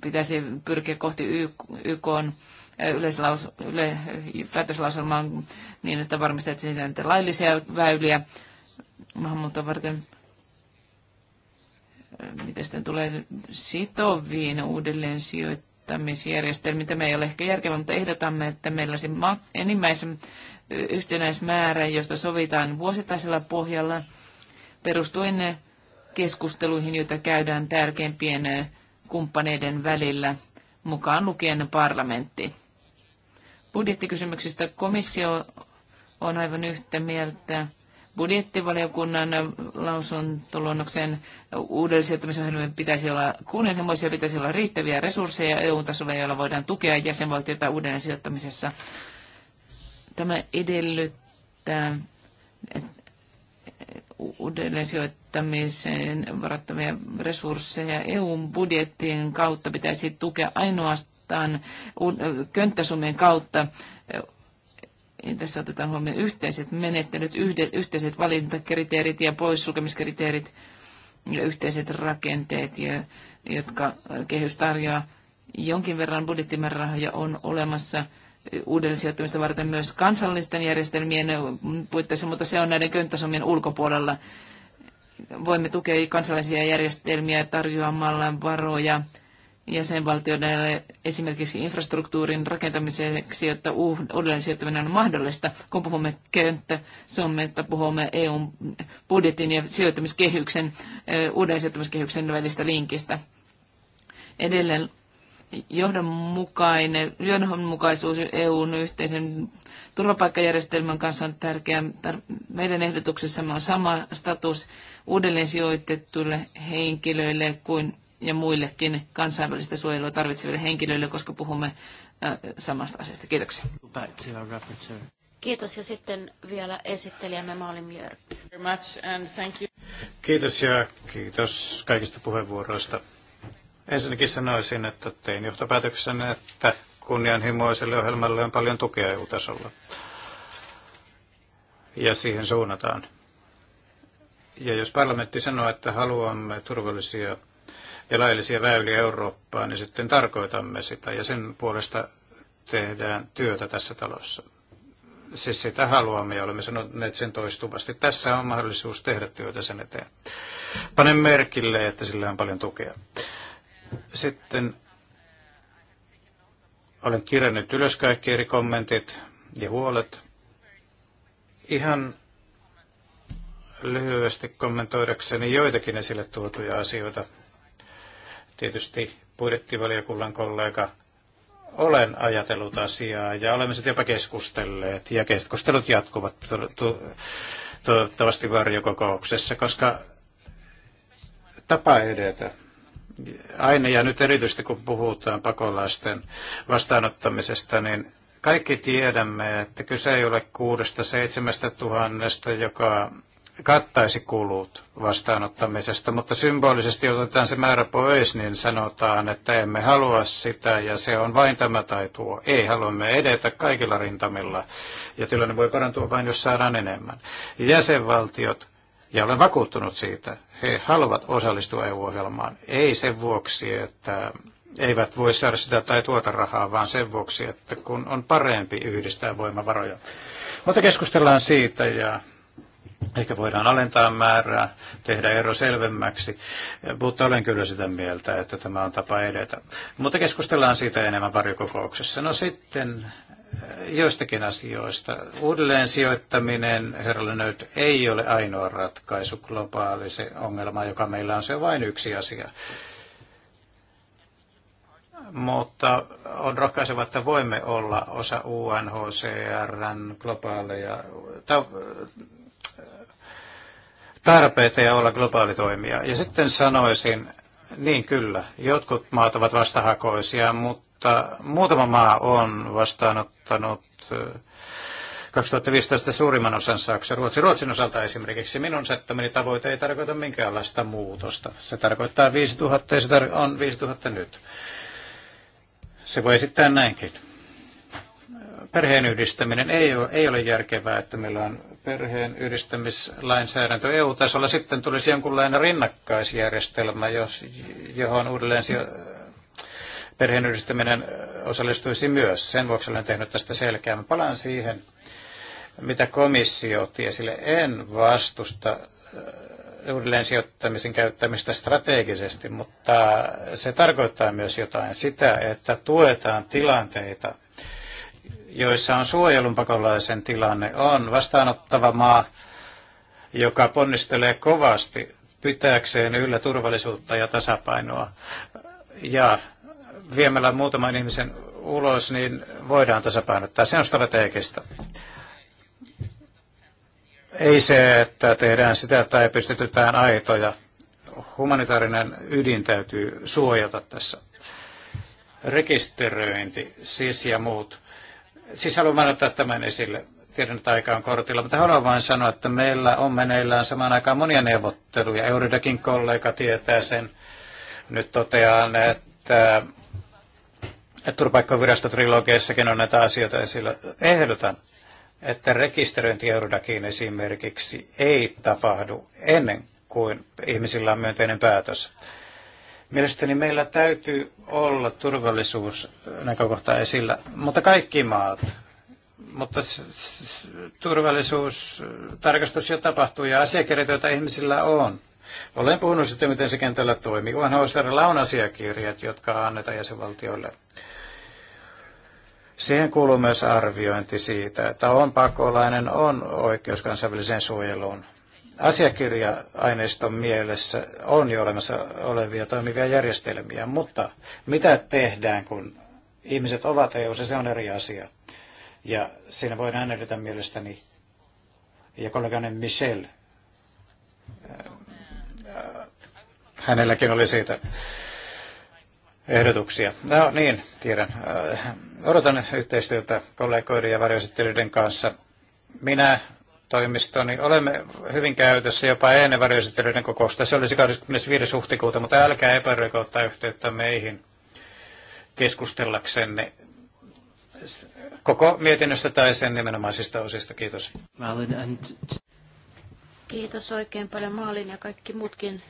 pitäisi pyrkiä kohti YK yleislaus, yle, niin, että varmistetaan laillisia väyliä maahanmuuttoa varten – mitä sitten tulee sitoviin uudelleen sijoittamisjärjestelmiin. Tämä ei ole ehkä järkevä, mutta ehdotamme, että meillä olisi enimmäisen yhtenäismäärä, josta sovitaan vuosittaisella pohjalla perustuen keskusteluihin, joita käydään tärkeimpien kumppaneiden välillä, mukaan lukien parlamentti. Budjettikysymyksistä komissio on aivan yhtä mieltä budjettivaliokunnan lausuntoluonnoksen uudelleen pitäisi olla kunnianhimoisia, pitäisi olla riittäviä resursseja EU-tasolla, joilla voidaan tukea jäsenvaltioita uudelleen Tämä edellyttää uudelleensijoittamiseen varattavia resursseja EUn budjettien kautta pitäisi tukea ainoastaan könttäsummien kautta tässä otetaan huomioon yhteiset menettelyt, yhteiset valintakriteerit ja poissulkemiskriteerit ja yhteiset rakenteet, jotka kehys tarjoaa. Jonkin verran budjettimäärärahoja on olemassa uuden sijoittamista varten myös kansallisten järjestelmien puitteissa, mutta se on näiden könttäsomien ulkopuolella. Voimme tukea kansallisia järjestelmiä tarjoamalla varoja jäsenvaltioiden esimerkiksi infrastruktuurin rakentamiseksi, jotta uudelleen sijoittaminen on mahdollista. Kun puhumme että puhumme EUn budjetin ja sijoittamiskehyksen, uudelleen sijoittamiskehyksen välistä linkistä. Edelleen johdonmukainen, johdonmukaisuus EUn yhteisen turvapaikkajärjestelmän kanssa on tärkeää. Meidän ehdotuksessamme on sama status uudelleen sijoitettuille henkilöille kuin ja muillekin kansainvälistä suojelua tarvitseville henkilöille, koska puhumme samasta asiasta. Kiitoksia. Kiitos ja sitten vielä esittelijämme Maalim Kiitos ja kiitos kaikista puheenvuoroista. Ensinnäkin sanoisin, että tein johtopäätöksen, että kunnianhimoiselle ohjelmalle on paljon tukea EU-tasolla. Ja siihen suunnataan. Ja jos parlamentti sanoo, että haluamme turvallisia ja laillisia väyliä Eurooppaan, niin sitten tarkoitamme sitä ja sen puolesta tehdään työtä tässä talossa. Siis sitä haluamme ja olemme sanoneet sen toistuvasti. Tässä on mahdollisuus tehdä työtä sen eteen. Panen merkille, että sillä on paljon tukea. Sitten olen kirjannut ylös kaikki eri kommentit ja huolet. Ihan lyhyesti kommentoidakseni joitakin esille tuotuja asioita tietysti budjettivaliokunnan kollega olen ajatellut asiaa ja olemme sitten jopa keskustelleet ja keskustelut jatkuvat toivottavasti varjokokouksessa, koska tapa edetä aina ja nyt erityisesti kun puhutaan pakolaisten vastaanottamisesta, niin kaikki tiedämme, että kyse ei ole kuudesta seitsemästä tuhannesta, joka kattaisi kulut vastaanottamisesta, mutta symbolisesti otetaan se määrä pois, niin sanotaan, että emme halua sitä ja se on vain tämä tai tuo. Ei, haluamme edetä kaikilla rintamilla ja tilanne voi parantua vain, jos saadaan enemmän. Jäsenvaltiot, ja olen vakuuttunut siitä, he haluavat osallistua EU-ohjelmaan, ei sen vuoksi, että eivät voi saada sitä tai tuota rahaa, vaan sen vuoksi, että kun on parempi yhdistää voimavaroja. Mutta keskustellaan siitä ja Ehkä voidaan alentaa määrää, tehdä ero selvemmäksi, mutta olen kyllä sitä mieltä, että tämä on tapa edetä. Mutta keskustellaan siitä enemmän varjokokouksessa. No sitten eh, joistakin asioista. Uudelleen sijoittaminen, herra Lennöt, ei ole ainoa ratkaisu globaali se ongelma, joka meillä on. Se on vain yksi asia. Mutta on rohkaiseva, että voimme olla osa UNHCRn globaaleja tarpeita ja olla globaali toimija. Ja sitten sanoisin, niin kyllä, jotkut maat ovat vastahakoisia, mutta muutama maa on vastaanottanut 2015 eh, suurimman osan Saksa Ruotsi. Ruotsin osalta esimerkiksi minun settamini tavoite ei tarkoita minkäänlaista muutosta. Se tarkoittaa 5000 ja se tar- on 5000 nyt. Se voi esittää näinkin. Perheen yhdistäminen ei ole, ei ole järkevää, että meillä on perheen yhdistämislainsäädäntö EU-tasolla, sitten tulisi jonkunlainen rinnakkaisjärjestelmä, jos, johon uudelleen perheen yhdistäminen osallistuisi myös. Sen vuoksi olen tehnyt tästä selkeää. palaan siihen, mitä komissio otti esille. En vastusta äh, uudelleen sijoittamisen käyttämistä strategisesti, mutta se tarkoittaa myös jotain sitä, että tuetaan tilanteita – joissa on suojelun pakolaisen tilanne, on vastaanottava maa, joka ponnistelee kovasti pitääkseen yllä turvallisuutta ja tasapainoa. Ja viemällä muutaman ihmisen ulos, niin voidaan tasapainottaa. Se on strategista. Ei se, että tehdään sitä tai pystytetään aitoja. Humanitaarinen ydin täytyy suojata tässä. Rekisteröinti, siis ja muut Siis haluan vain ottaa tämän esille. Tiedän, että aika on kortilla, mutta haluan vain sanoa, että meillä on meneillään samaan aikaan monia neuvotteluja. Euridakin kollega tietää sen. Nyt totean, että turvapaikkavirastotrilogiassakin on näitä asioita esillä. Ehdotan, että rekisteröinti Eurodakin esimerkiksi ei tapahdu ennen kuin ihmisillä on myönteinen päätös. Mielestäni meillä täytyy olla turvallisuusnäkökohta esillä, mutta kaikki maat. Mutta turvallisuustarkastus jo tapahtuu ja asiakirjat, joita ihmisillä on. Olen puhunut sitten, miten se kentällä toimii. UNHCRlla on asiakirjat, jotka annetaan jäsenvaltioille. Siihen kuuluu myös arviointi siitä, että on pakolainen, on oikeus kansainväliseen suojeluun asiakirja-aineiston mielessä on jo olemassa olevia toimivia järjestelmiä, mutta mitä tehdään, kun ihmiset ovat EU, se on eri asia. Ja siinä voidaan edetä mielestäni, ja kollegani Michel, äh, hänelläkin oli siitä ehdotuksia. No niin, tiedän. Äh, odotan yhteistyötä kollegoiden ja varjoesittelyiden kanssa. Minä toimistoon, niin olemme hyvin käytössä jopa ennen varjoesittelyiden kokousta. Se olisi 25. huhtikuuta, mutta älkää epäröikö ottaa yhteyttä meihin keskustellaksenne koko mietinnöstä tai sen nimenomaisista osista. Kiitos. Kiitos oikein paljon Maalin ja kaikki muutkin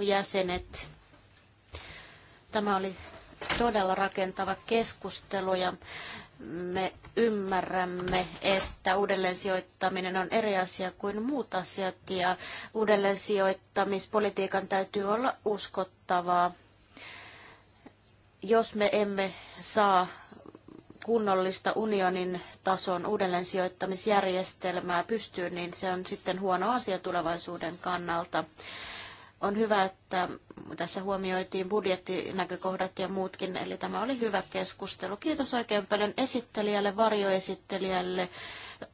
jäsenet. Tämä oli todella rakentava keskustelu ja me ymmärrämme, että uudelleen sijoittaminen on eri asia kuin muut asiat ja uudelleen sijoittamispolitiikan täytyy olla uskottavaa. Jos me emme saa kunnollista unionin tason uudelleen sijoittamisjärjestelmää pystyyn, niin se on sitten huono asia tulevaisuuden kannalta. On hyvä, että tässä huomioitiin budjettinäkökohdat ja muutkin, eli tämä oli hyvä keskustelu. Kiitos oikein paljon esittelijälle, varjoesittelijälle,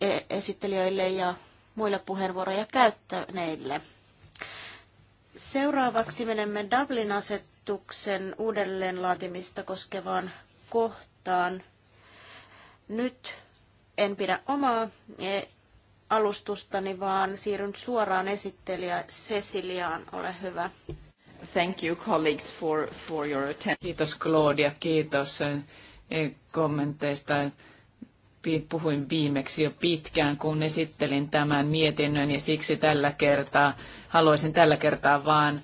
e, esittelijöille ja muille puheenvuoroja käyttäneille. Seuraavaksi menemme Dublin-asetuksen uudelleenlaatimista koskevaan kohtaan. Nyt en pidä omaa e, alustustani, vaan siirryn suoraan esittelijä Ceciliaan. Ole hyvä. Thank you colleagues for, for your attention. Kiitos Claudia, kiitos eh, kommenteista. Puhuin viimeksi jo pitkään, kun esittelin tämän mietinnön ja siksi tällä kertaa haluaisin tällä kertaa vaan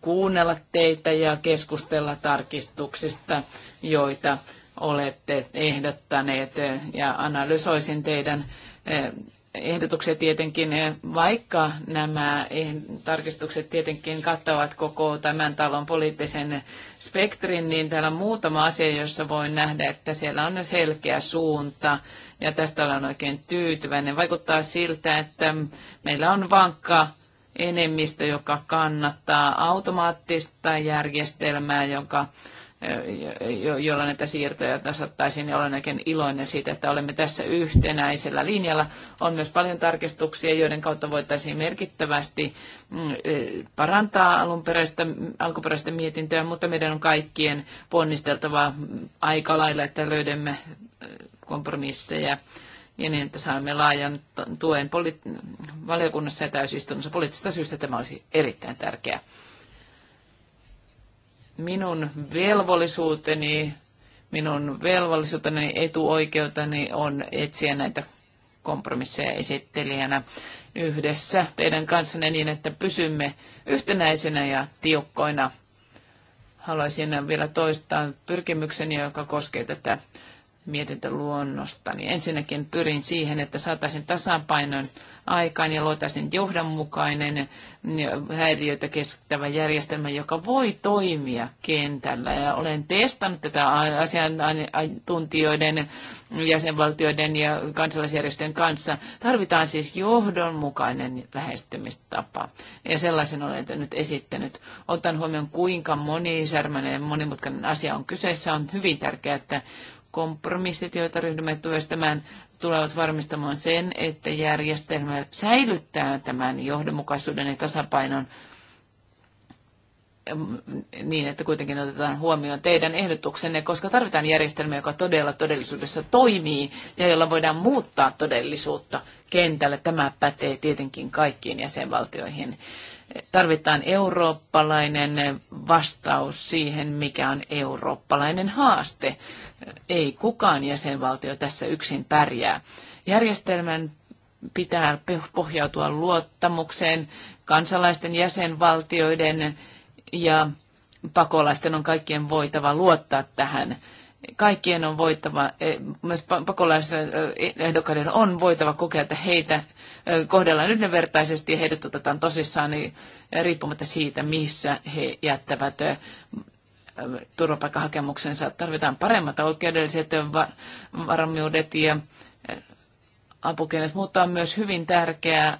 kuunnella teitä ja keskustella tarkistuksista, joita olette ehdottaneet eh, ja analysoisin teidän eh, ehdotuksia tietenkin, vaikka nämä eh- tarkistukset tietenkin kattavat koko tämän talon poliittisen spektrin, niin täällä on muutama asia, jossa voi nähdä, että siellä on selkeä suunta ja tästä olen oikein tyytyväinen. Vaikuttaa siltä, että meillä on vankka enemmistö, joka kannattaa automaattista järjestelmää, joka jolla näitä siirtoja tasattaisiin, niin olen oikein iloinen siitä, että olemme tässä yhtenäisellä linjalla. On myös paljon tarkistuksia, joiden kautta voitaisiin merkittävästi mm, eh, parantaa alunperäistä, alkuperäistä mietintöä, mutta meidän on kaikkien ponnisteltava aika lailla, että löydämme eh, kompromisseja ja niin, että saamme laajan tuen poli- valiokunnassa ja täysistunnossa. poliittisista syystä tämä olisi erittäin tärkeää minun velvollisuuteni, minun velvollisuuteni, etuoikeuteni on etsiä näitä kompromisseja esittelijänä yhdessä teidän kanssanne niin, että pysymme yhtenäisenä ja tiukkoina. Haluaisin vielä toistaa pyrkimykseni, joka koskee tätä niin Ensinnäkin pyrin siihen, että saataisiin tasapainon aikaan ja luotaisiin johdonmukainen niin häiriöitä keskittävä järjestelmä, joka voi toimia kentällä. Ja olen testannut tätä asiantuntijoiden, jäsenvaltioiden ja kansalaisjärjestöjen kanssa. Tarvitaan siis johdonmukainen lähestymistapa. Ja sellaisen olen nyt esittänyt. Otan huomioon, kuinka monisärmäinen ja monimutkainen asia on kyseessä. On hyvin tärkeää, että kompromissit, joita ryhdymme työstämään, tulevat varmistamaan sen, että järjestelmä säilyttää tämän johdonmukaisuuden ja tasapainon niin, että kuitenkin otetaan huomioon teidän ehdotuksenne, koska tarvitaan järjestelmä, joka todella todellisuudessa toimii ja jolla voidaan muuttaa todellisuutta kentällä. Tämä pätee tietenkin kaikkiin jäsenvaltioihin. Tarvitaan eurooppalainen vastaus siihen, mikä on eurooppalainen haaste. Ei kukaan jäsenvaltio tässä yksin pärjää. Järjestelmän pitää pohjautua luottamukseen kansalaisten jäsenvaltioiden ja pakolaisten on kaikkien voitava luottaa tähän kaikkien on voittava, e, myös pakolaisehdokkaiden on voitava kokea, että heitä e, kohdellaan yhdenvertaisesti ja heidät otetaan tosissaan niin e, riippumatta siitä, missä he jättävät turvapaikkahakemuksensa. Tarvitaan paremmat oikeudelliset varmuudet ja apukennet, mutta on myös hyvin tärkeää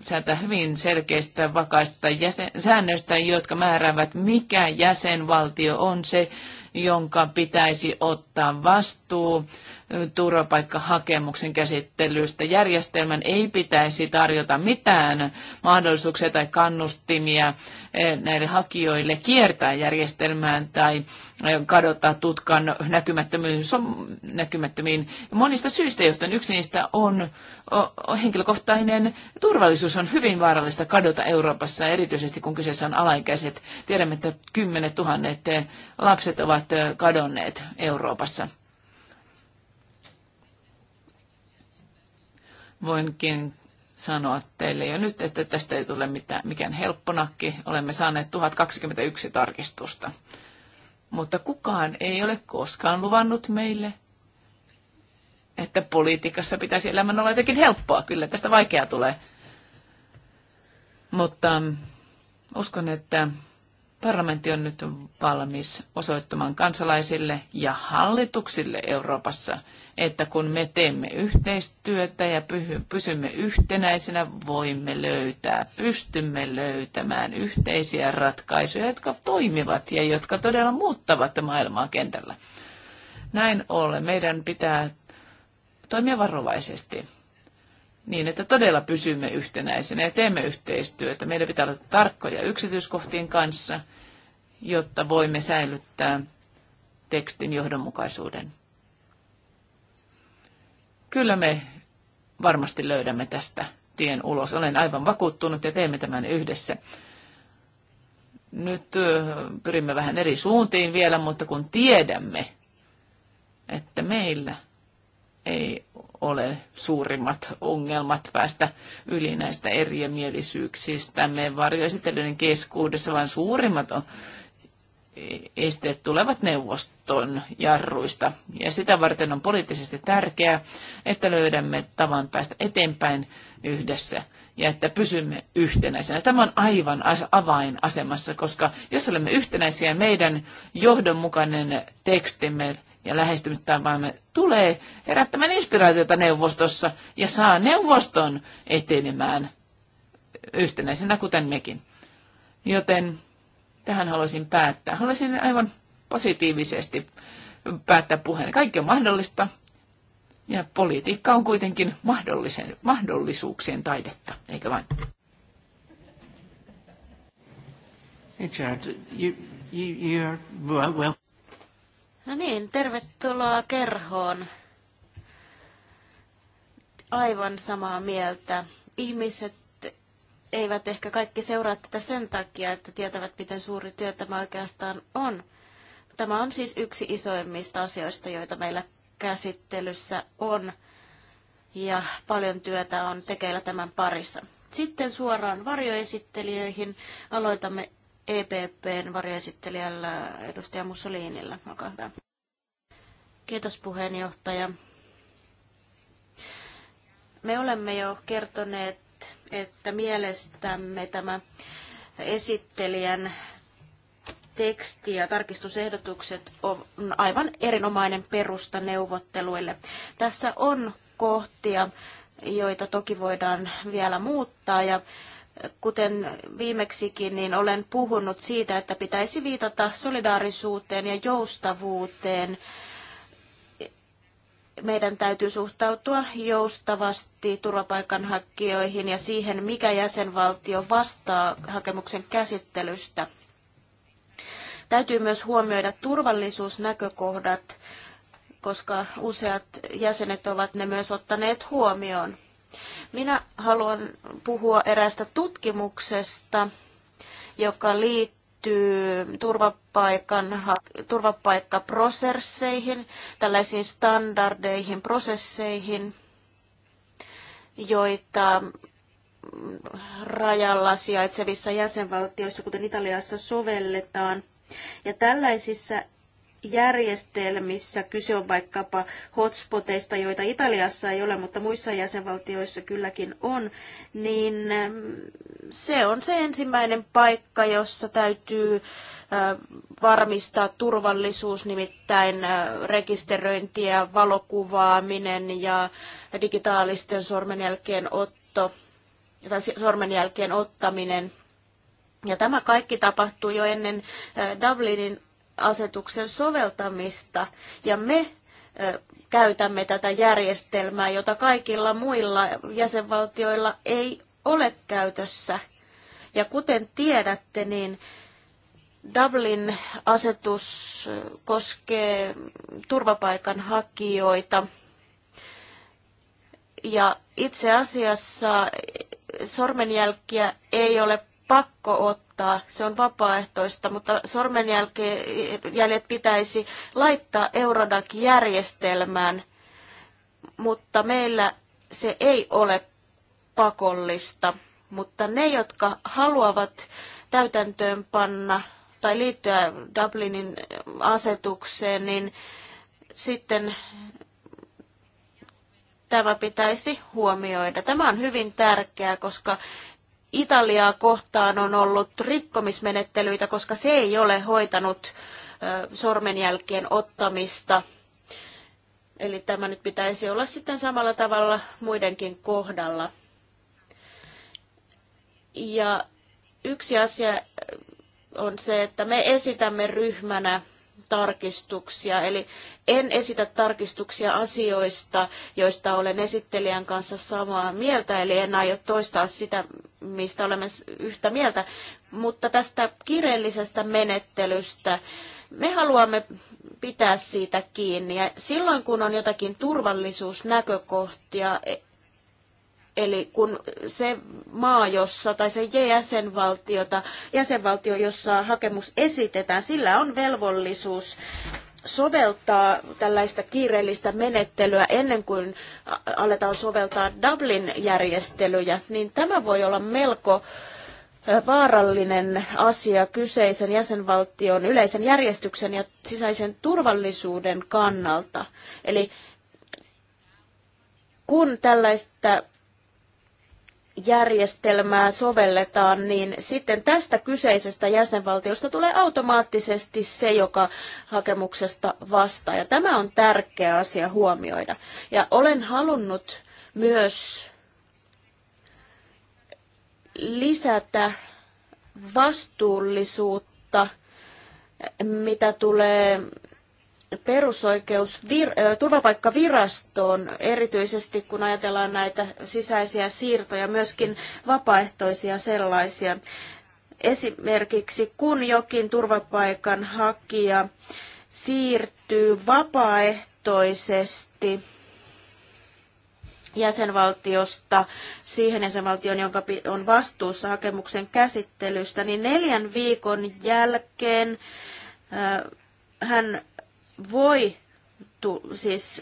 säätää hyvin selkeistä, vakaista jäsen, säännöistä, jotka määräävät, mikä jäsenvaltio on se, jonka pitäisi ottaa vastuu turvapaikkahakemuksen käsittelystä. Järjestelmän ei pitäisi tarjota mitään mahdollisuuksia tai kannustimia eh, näille hakijoille kiertää järjestelmään tai eh, kadota tutkan näkymättömiin, näkymättömiin monista syistä, joista yksi niistä on henkilökohtainen turvallisuus on hyvin vaarallista kadota Euroopassa, erityisesti kun kyseessä on alaikäiset. Tiedämme, että kymmenet tuhannet eh, lapset ovat kadonneet Euroopassa. Voinkin sanoa teille jo nyt, että tästä ei tule mitään, mikään helpponakki. Olemme saaneet 1021 tarkistusta. Mutta kukaan ei ole koskaan luvannut meille, että politiikassa pitäisi elämän olla jotenkin helppoa. Kyllä tästä vaikeaa tulee. Mutta uskon, että Parlamentti on nyt valmis osoittamaan kansalaisille ja hallituksille Euroopassa, että kun me teemme yhteistyötä ja pysymme yhtenäisenä, voimme löytää, pystymme löytämään yhteisiä ratkaisuja, jotka toimivat ja jotka todella muuttavat maailmaa kentällä. Näin ollen meidän pitää toimia varovaisesti niin, että todella pysymme yhtenäisenä ja teemme yhteistyötä. Meidän pitää olla tarkkoja yksityiskohtien kanssa, jotta voimme säilyttää tekstin johdonmukaisuuden. Kyllä me varmasti löydämme tästä tien ulos. Olen aivan vakuuttunut ja teemme tämän yhdessä. Nyt pyrimme vähän eri suuntiin vielä, mutta kun tiedämme, että meillä – ei ole suurimmat ongelmat päästä yli näistä eriämielisyyksistä me varjoesittelyiden keskuudessa, vaan suurimmat on esteet tulevat neuvoston jarruista. Ja sitä varten on poliittisesti tärkeää, että löydämme tavan päästä eteenpäin yhdessä ja että pysymme yhtenäisenä. Tämä on aivan avainasemassa, koska jos olemme yhtenäisiä, meidän johdonmukainen tekstimme ja lähestymistavamme tulee herättämään inspiraatiota neuvostossa ja saa neuvoston etenemään yhtenäisenä kuten mekin. Joten tähän haluaisin päättää. Haluaisin aivan positiivisesti päättää puheen. Kaikki on mahdollista ja politiikka on kuitenkin mahdollisen, mahdollisuuksien taidetta, eikö vain? Hey Jared, you, you, you're well, well. No niin, tervetuloa kerhoon. Aivan samaa mieltä. Ihmiset eivät ehkä kaikki seuraa tätä sen takia, että tietävät, miten suuri työ tämä oikeastaan on. Tämä on siis yksi isoimmista asioista, joita meillä käsittelyssä on, ja paljon työtä on tekeillä tämän parissa. Sitten suoraan varjoesittelijöihin aloitamme EPPn varjoesittelijällä edustaja Mussolinilla. Olkaa hyvä. Kiitos puheenjohtaja. Me olemme jo kertoneet, että mielestämme tämä esittelijän teksti ja tarkistusehdotukset on aivan erinomainen perusta neuvotteluille. Tässä on kohtia, joita toki voidaan vielä muuttaa ja kuten viimeksikin, niin olen puhunut siitä, että pitäisi viitata solidaarisuuteen ja joustavuuteen. Meidän täytyy suhtautua joustavasti turvapaikanhakijoihin ja siihen, mikä jäsenvaltio vastaa hakemuksen käsittelystä. Täytyy myös huomioida turvallisuusnäkökohdat, koska useat jäsenet ovat ne myös ottaneet huomioon. Minä haluan puhua eräästä tutkimuksesta, joka liittyy turvapaikan, turvapaikkaprosesseihin, tällaisiin standardeihin, prosesseihin, joita rajalla sijaitsevissa jäsenvaltioissa, kuten Italiassa, sovelletaan. Ja tällaisissa järjestelmissä. Kyse on vaikkapa hotspoteista, joita Italiassa ei ole, mutta muissa jäsenvaltioissa kylläkin on, niin ähm, se on se ensimmäinen paikka, jossa täytyy äh, varmistaa turvallisuus, nimittäin äh, rekisteröintiä, valokuvaaminen ja digitaalisten sormenjälkien otto, tai sormenjälkien ottaminen. Ja tämä kaikki tapahtuu jo ennen äh, Dublinin asetuksen soveltamista ja me käytämme tätä järjestelmää, jota kaikilla muilla jäsenvaltioilla ei ole käytössä. Ja kuten tiedätte, niin Dublin-asetus koskee turvapaikanhakijoita. Ja itse asiassa sormenjälkiä ei ole pakko ottaa, se on vapaaehtoista, mutta sormenjäljet pitäisi laittaa Eurodac-järjestelmään, mutta meillä se ei ole pakollista. Mutta ne, jotka haluavat täytäntöön panna tai liittyä Dublinin asetukseen, niin sitten tämä pitäisi huomioida. Tämä on hyvin tärkeää, koska Italiaa kohtaan on ollut rikkomismenettelyitä, koska se ei ole hoitanut sormenjälkien ottamista. Eli tämä nyt pitäisi olla sitten samalla tavalla muidenkin kohdalla. Ja yksi asia on se, että me esitämme ryhmänä tarkistuksia. Eli en esitä tarkistuksia asioista, joista olen esittelijän kanssa samaa mieltä, eli en aio toistaa sitä, mistä olemme yhtä mieltä. Mutta tästä kiireellisestä menettelystä, me haluamme pitää siitä kiinni. Ja silloin kun on jotakin turvallisuusnäkökohtia, e- Eli kun se maa, jossa, tai se jäsenvaltiota, jäsenvaltio, jossa hakemus esitetään, sillä on velvollisuus soveltaa tällaista kiireellistä menettelyä ennen kuin aletaan soveltaa Dublin-järjestelyjä, niin tämä voi olla melko vaarallinen asia kyseisen jäsenvaltion yleisen järjestyksen ja sisäisen turvallisuuden kannalta. Eli kun tällaista järjestelmää sovelletaan, niin sitten tästä kyseisestä jäsenvaltiosta tulee automaattisesti se, joka hakemuksesta vastaa. Ja tämä on tärkeä asia huomioida. Ja olen halunnut myös lisätä vastuullisuutta, mitä tulee perusoikeus turvapaikkavirastoon, erityisesti kun ajatellaan näitä sisäisiä siirtoja, myöskin vapaaehtoisia sellaisia. Esimerkiksi kun jokin turvapaikan hakija siirtyy vapaaehtoisesti jäsenvaltiosta siihen jäsenvaltioon, jonka on vastuussa hakemuksen käsittelystä, niin neljän viikon jälkeen hän voi siis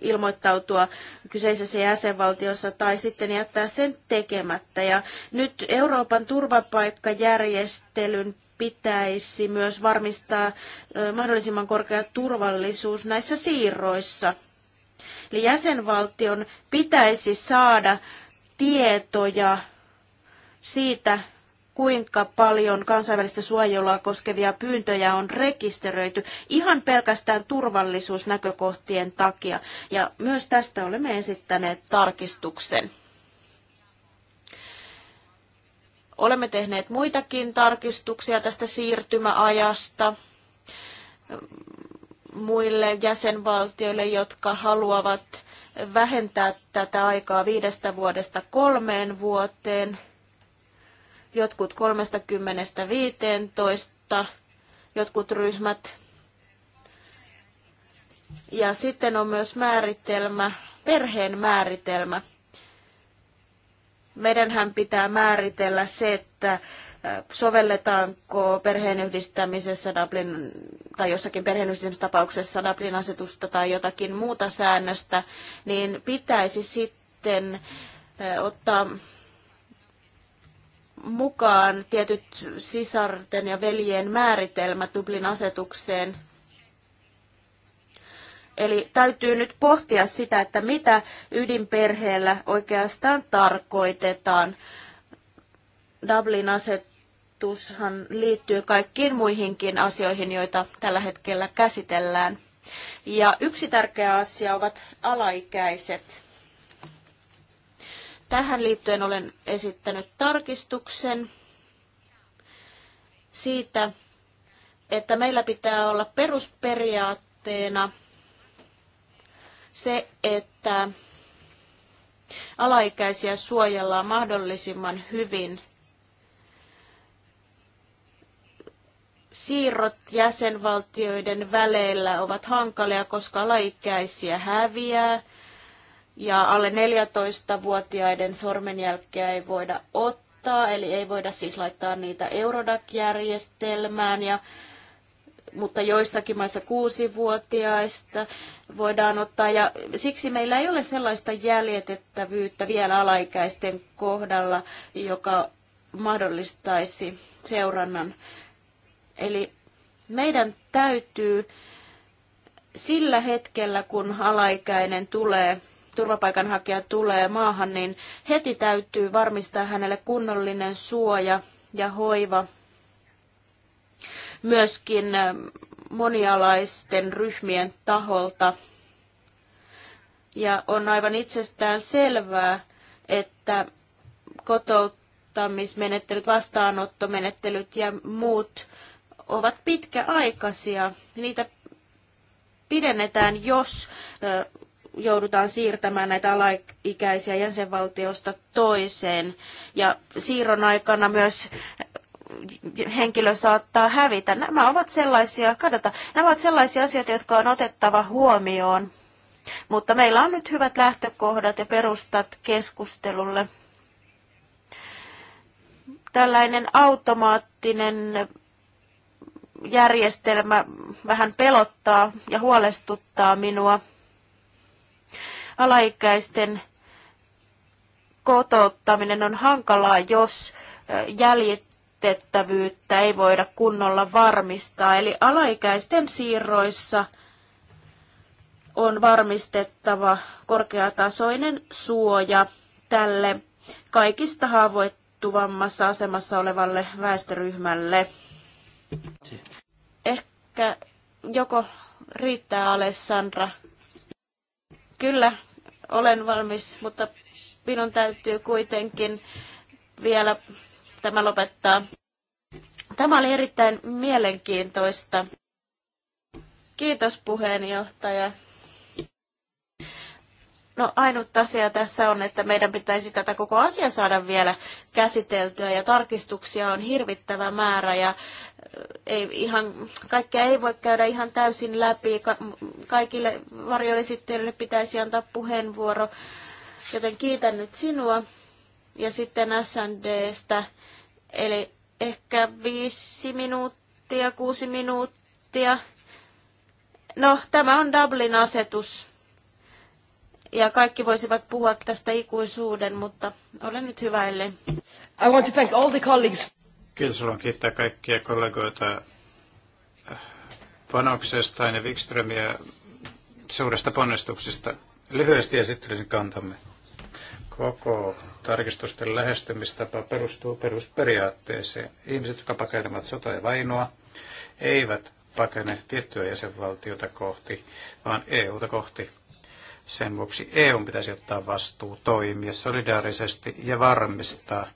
ilmoittautua kyseisessä jäsenvaltiossa tai sitten jättää sen tekemättä. Ja nyt Euroopan turvapaikkajärjestelyn pitäisi myös varmistaa mahdollisimman korkea turvallisuus näissä siirroissa. Eli jäsenvaltion pitäisi saada tietoja siitä, kuinka paljon kansainvälistä suojelua koskevia pyyntöjä on rekisteröity ihan pelkästään turvallisuusnäkökohtien takia. Ja myös tästä olemme esittäneet tarkistuksen. Olemme tehneet muitakin tarkistuksia tästä siirtymäajasta muille jäsenvaltioille, jotka haluavat vähentää tätä aikaa viidestä vuodesta kolmeen vuoteen – jotkut 30-15, jotkut ryhmät. Ja sitten on myös määritelmä, perheen määritelmä. Meidänhän pitää määritellä se, että sovelletaanko perheenyhdistämisessä Dublin, tai jossakin tapauksessa Dublin-asetusta tai jotakin muuta säännöstä, niin pitäisi sitten ottaa mukaan tietyt sisarten ja veljen määritelmät Dublin asetukseen. Eli täytyy nyt pohtia sitä, että mitä ydinperheellä oikeastaan tarkoitetaan. Dublin-asetushan liittyy kaikkiin muihinkin asioihin, joita tällä hetkellä käsitellään. Ja yksi tärkeä asia ovat alaikäiset. Tähän liittyen olen esittänyt tarkistuksen siitä, että meillä pitää olla perusperiaatteena se, että alaikäisiä suojellaan mahdollisimman hyvin. Siirrot jäsenvaltioiden väleillä ovat hankalia, koska alaikäisiä häviää ja alle 14-vuotiaiden sormenjälkeä ei voida ottaa, eli ei voida siis laittaa niitä Eurodac-järjestelmään, ja, mutta joissakin maissa kuusivuotiaista voidaan ottaa, ja siksi meillä ei ole sellaista jäljitettävyyttä vielä alaikäisten kohdalla, joka mahdollistaisi seurannan. Eli meidän täytyy sillä hetkellä, kun alaikäinen tulee turvapaikanhakija tulee maahan, niin heti täytyy varmistaa hänelle kunnollinen suoja ja hoiva. Myöskin monialaisten ryhmien taholta. Ja on aivan itsestään selvää, että kotouttamismenettelyt, vastaanottomenettelyt ja muut ovat pitkäaikaisia. Niitä pidennetään, jos joudutaan siirtämään näitä alaikäisiä jäsenvaltiosta toiseen. Ja siirron aikana myös henkilö saattaa hävitä. Nämä ovat sellaisia, kadota, nämä ovat sellaisia asioita, jotka on otettava huomioon. Mutta meillä on nyt hyvät lähtökohdat ja perustat keskustelulle. Tällainen automaattinen järjestelmä vähän pelottaa ja huolestuttaa minua alaikäisten kotouttaminen on hankalaa, jos jäljitettävyyttä ei voida kunnolla varmistaa. Eli alaikäisten siirroissa on varmistettava korkeatasoinen suoja tälle kaikista haavoittuvammassa asemassa olevalle väestöryhmälle. Ehkä joko riittää Alessandra? Kyllä, olen valmis, mutta minun täytyy kuitenkin vielä tämä lopettaa. Tämä oli erittäin mielenkiintoista. Kiitos puheenjohtaja. No ainut asia tässä on, että meidän pitäisi tätä koko asia saada vielä käsiteltyä ja tarkistuksia on hirvittävä määrä ja eh, ei ihan, kaikkea ei voi käydä ihan täysin läpi. Ka- kaikille varjoesittelyille pitäisi antaa puheenvuoro, joten kiitän nyt sinua ja sitten SNDstä. Eli ehkä viisi minuuttia, kuusi minuuttia. No, tämä on Dublin-asetus ja kaikki voisivat puhua tästä ikuisuuden, mutta olen nyt hyvä, ellei. I want to thank all the colleagues. Kiitos, on kiittää kaikkia kollegoita äh, panoksesta ja Wikströmiä suuresta ponnistuksesta. Lyhyesti esittelisin kantamme. Koko tarkistusten lähestymistapa perustuu perusperiaatteeseen. Ihmiset, jotka pakenevat sota ja vainoa, eivät pakene tiettyä jäsenvaltiota kohti, vaan EUta kohti. Sen vuoksi EU pitäisi ottaa vastuu toimia solidaarisesti ja varmistaa,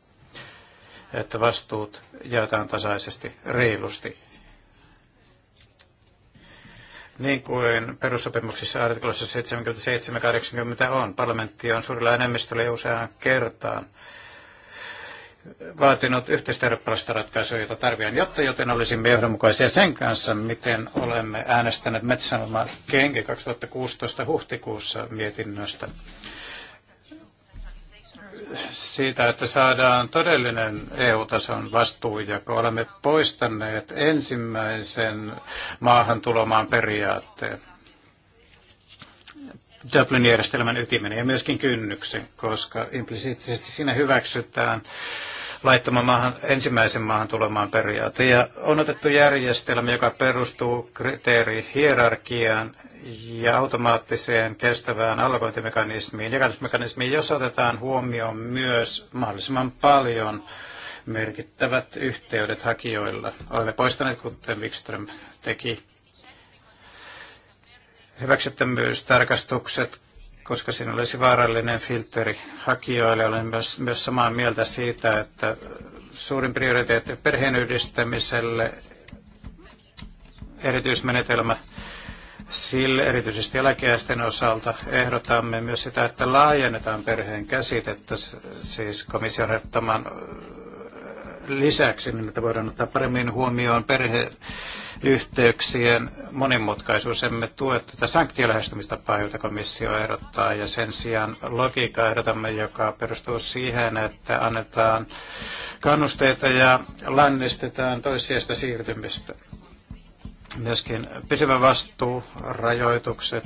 että vastuut jaetaan tasaisesti, reilusti. Niin kuin perussopimuksissa artiklassa 77-80 on, parlamentti on suurella enemmistöllä useaan kertaan vaatinut yhteistä eurooppalaista ratkaisua, jota tarvitaan, jotta joten olisimme johdonmukaisia sen kanssa, miten olemme äänestäneet Metsänomaa Kenke 2016 huhtikuussa mietinnöstä siitä, että saadaan todellinen EU-tason vastuujako. Olemme poistaneet ensimmäisen maahantulomaan periaatteen. Dublin-järjestelmän ytimen ja myöskin kynnyksen, koska implisiittisesti siinä hyväksytään laittoman maahan, ensimmäisen maahan tulemaan periaate. Ja on otettu järjestelmä, joka perustuu kriteerihierarkiaan ja automaattiseen kestävään allokointimekanismiin, jakamismekanismiin, jossa otetaan huomioon myös mahdollisimman paljon merkittävät yhteydet hakijoilla. Olemme poistaneet, kuten Wikström teki hyväksyttävyystarkastukset, koska siinä olisi vaarallinen filteri hakijoille. Olen myös, myös samaa mieltä siitä, että suurin prioriteetti perheenyhdistämiselle erityismenetelmä sille erityisesti eläkeäisten osalta ehdotamme myös sitä, että laajennetaan perheen käsitettä siis komission ehdottaman lisäksi, niin että voidaan ottaa paremmin huomioon perheen yhteyksien monimutkaisuus. Emme tue tätä sanktiolähestymistapaa, jota komissio ehdottaa, ja sen sijaan logiikkaa ehdotamme, joka perustuu siihen, että annetaan kannusteita ja lannistetaan toissijaista siirtymistä. Myöskin pysyvä vastuu, rajoitukset,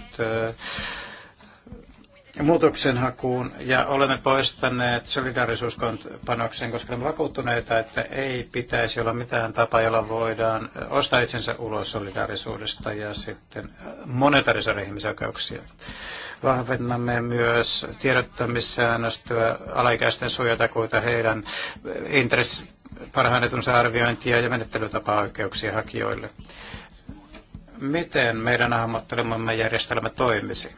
muutoksenhakuun ja olemme poistaneet solidaarisuuspanoksen, koska olemme vakuuttuneita, että ei pitäisi olla mitään tapaa, jolla voidaan ostaa itsensä ulos solidaarisuudesta ja sitten äh, monetarisoida ihmisoikeuksia. Vahvennamme myös tiedottamissäännöstöä, alaikäisten suojatakuita, heidän intressi parhaan etunsa arviointia ja menettelytapaoikeuksia hakijoille. Miten meidän hahmottelemamme järjestelmä toimisi?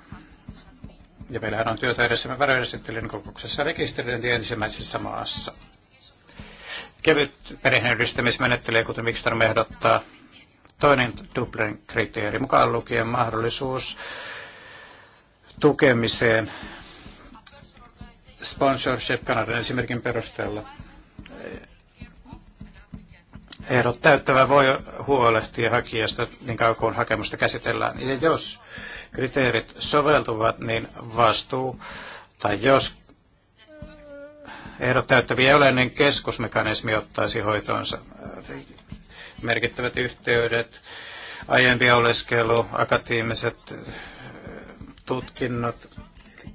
Ja meillähän on työtä edessä varoidesittelyn kokouksessa rekisteröinti ensimmäisessä maassa. Kevyt perheenyhdistämismenettely, kuten Wikström ehdottaa, toinen Dublin kriteeri mukaan lukien mahdollisuus tukemiseen sponsorship Kanadan esimerkin perusteella. Ehdot täyttävä voi huolehtia hakijasta niin kauan kuin hakemusta käsitellään. Ja jos kriteerit soveltuvat, niin vastuu, tai jos ehdot täyttäviä ei ole, niin keskusmekanismi ottaisi hoitoonsa merkittävät yhteydet, aiempi oleskelu, akatiimiset eh, tutkinnot,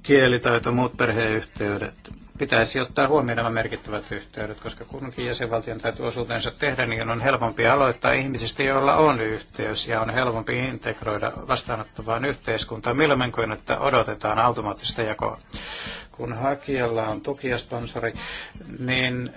kielitaito, muut perheyhteydet pitäisi ottaa huomioon nämä merkittävät yhteydet, koska kunkin jäsenvaltion täytyy osuutensa tehdä, niin on helpompi aloittaa ihmisistä, joilla on yhteys, ja on helpompi integroida vastaanottavaan yhteiskuntaan, milloin kuin että odotetaan automaattista jakoa. Kun hakijalla on tukijasponsori, niin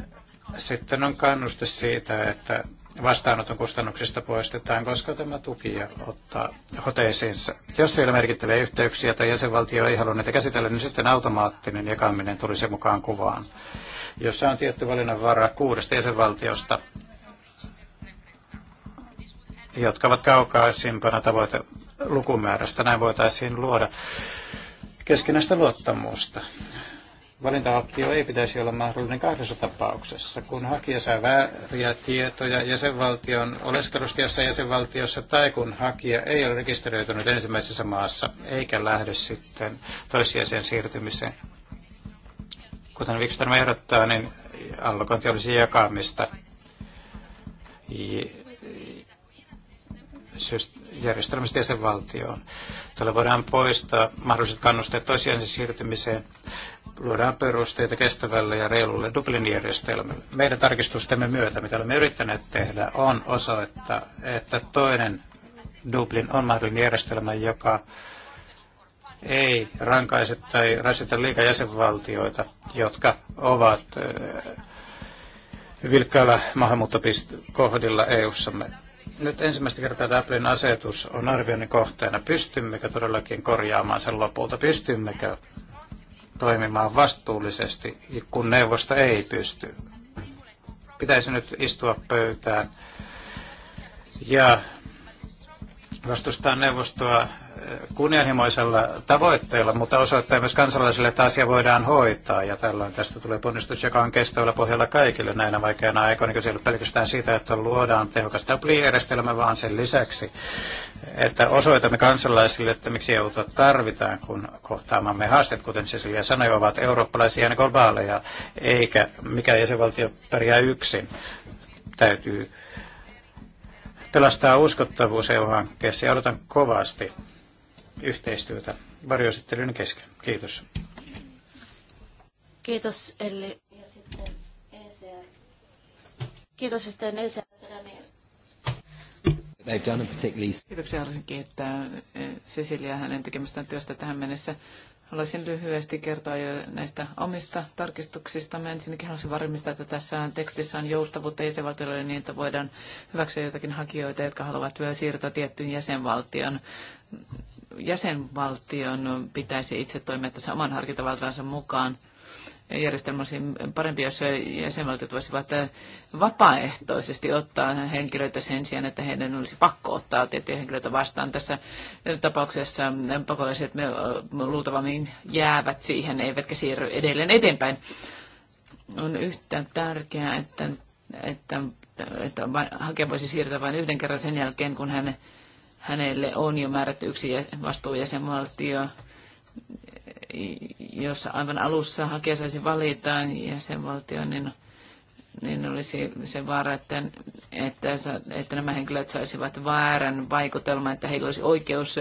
sitten on kannuste siitä, että vastaanoton kustannuksista poistetaan, koska tämä tuki ottaa hoteisiinsa. Jos ei ole merkittäviä yhteyksiä tai jäsenvaltio ei halua niitä käsitellä, niin sitten automaattinen jakaminen tulisi mukaan kuvaan, jossa on tietty valinnanvara kuudesta jäsenvaltiosta, jotka ovat kaukaisimpana tavoite lukumäärästä. Näin voitaisiin luoda keskinäistä luottamusta valintaoptio ei pitäisi olla mahdollinen kahdessa tapauksessa, kun hakija saa vääriä tietoja jäsenvaltion oleskelusta jossa jäsenvaltiossa tai kun hakija ei ole rekisteröitynyt ensimmäisessä maassa eikä lähde sitten toissijaiseen siirtymiseen. Kuten Wikström ehdottaa, niin allokointi olisi jakamista järjestelmästä jäsenvaltioon. Tällä voidaan poistaa mahdolliset kannusteet toisiaan siirtymiseen luodaan perusteita kestävälle ja reilulle Dublin järjestelmälle. Meidän tarkistustemme myötä, mitä olemme yrittäneet tehdä, on osoittaa, että toinen Dublin on mahdollinen järjestelmä, joka ei rankaise tai rasita liikaa jäsenvaltioita, jotka ovat eh, vilkkailla maahanmuuttokohdilla EU-samme. Nyt ensimmäistä kertaa Dublin asetus on arvioinnin kohteena. Pystymmekö todellakin korjaamaan sen lopulta? Pystymmekö toimimaan vastuullisesti, kun neuvosto ei pysty. Pitäisi nyt istua pöytään ja vastustaa neuvostoa kunnianhimoisella tavoitteella, mutta osoittaa myös kansalaisille, että asia voidaan hoitaa. Ja tällöin tästä tulee ponnistus, joka on kestävällä pohjalla kaikille näinä vaikeina aikoina. Kyse ei ole pelkästään siitä, että luodaan tehokas järjestelmä, vaan sen lisäksi, että osoitamme kansalaisille, että miksi EU tarvitaan, kun kohtaamamme haasteet, kuten Cecilia sanoi, ovat eurooppalaisia ja globaaleja, eikä mikä jäsenvaltio pärjää yksin. Täytyy pelastaa uskottavuus EU-hankkeessa ja odotan kovasti yhteistyötä varjoesittelyn kesken. Kiitos. Kiitos Elli. Ja sitten ECR. Kiitos ja sitten ECR. Kiitoksia haluaisinkin, että eh, Cecilia hänen tekemästään työstä tähän mennessä. Haluaisin lyhyesti kertoa jo näistä omista tarkistuksista. Mä ensinnäkin haluaisin varmistaa, että tässä tekstissä on joustavuutta jäsenvaltioille niin, että voidaan hyväksyä jotakin hakijoita, jotka haluavat vielä siirtää tiettyyn jäsenvaltion jäsenvaltion pitäisi itse toimia tässä oman harkintavaltaansa mukaan. Järjestelmä olisi parempi, jos jäsenvaltiot voisivat vapaaehtoisesti ottaa henkilöitä sen sijaan, että heidän olisi pakko ottaa tiettyjä henkilöitä vastaan. Tässä tapauksessa pakolaiset me luultavammin jäävät siihen, eivätkä siirry edelleen eteenpäin. On yhtä tärkeää, että, että, että hakija voisi siirtää vain yhden kerran sen jälkeen, kun hän hänelle on jo määrätty yksi vastuujäsenvaltio, jossa aivan alussa hakija saisi valita jäsenvaltio, niin, niin olisi se vaara, että, että, että nämä henkilöt saisivat väärän vaikutelman, että heillä olisi oikeus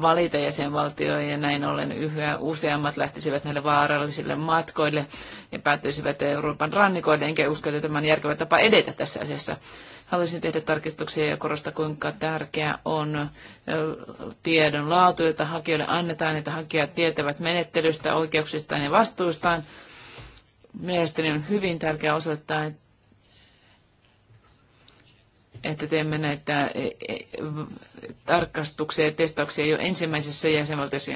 valita jäsenvaltio ja näin ollen yhä useammat lähtisivät näille vaarallisille matkoille ja päätyisivät Euroopan rannikoille, enkä usko, että tämä on järkevä tapa edetä tässä asiassa. Haluaisin tehdä tarkistuksia ja korostaa, kuinka tärkeää on tiedon laatu, jota hakijoille annetaan, että hakijat tietävät menettelystä, oikeuksistaan ja vastuustaan. Mielestäni on hyvin tärkeää osoittaa, että teemme näitä e, e, tarkastuksia ja testauksia jo ensimmäisessä jäsenvaltiossa,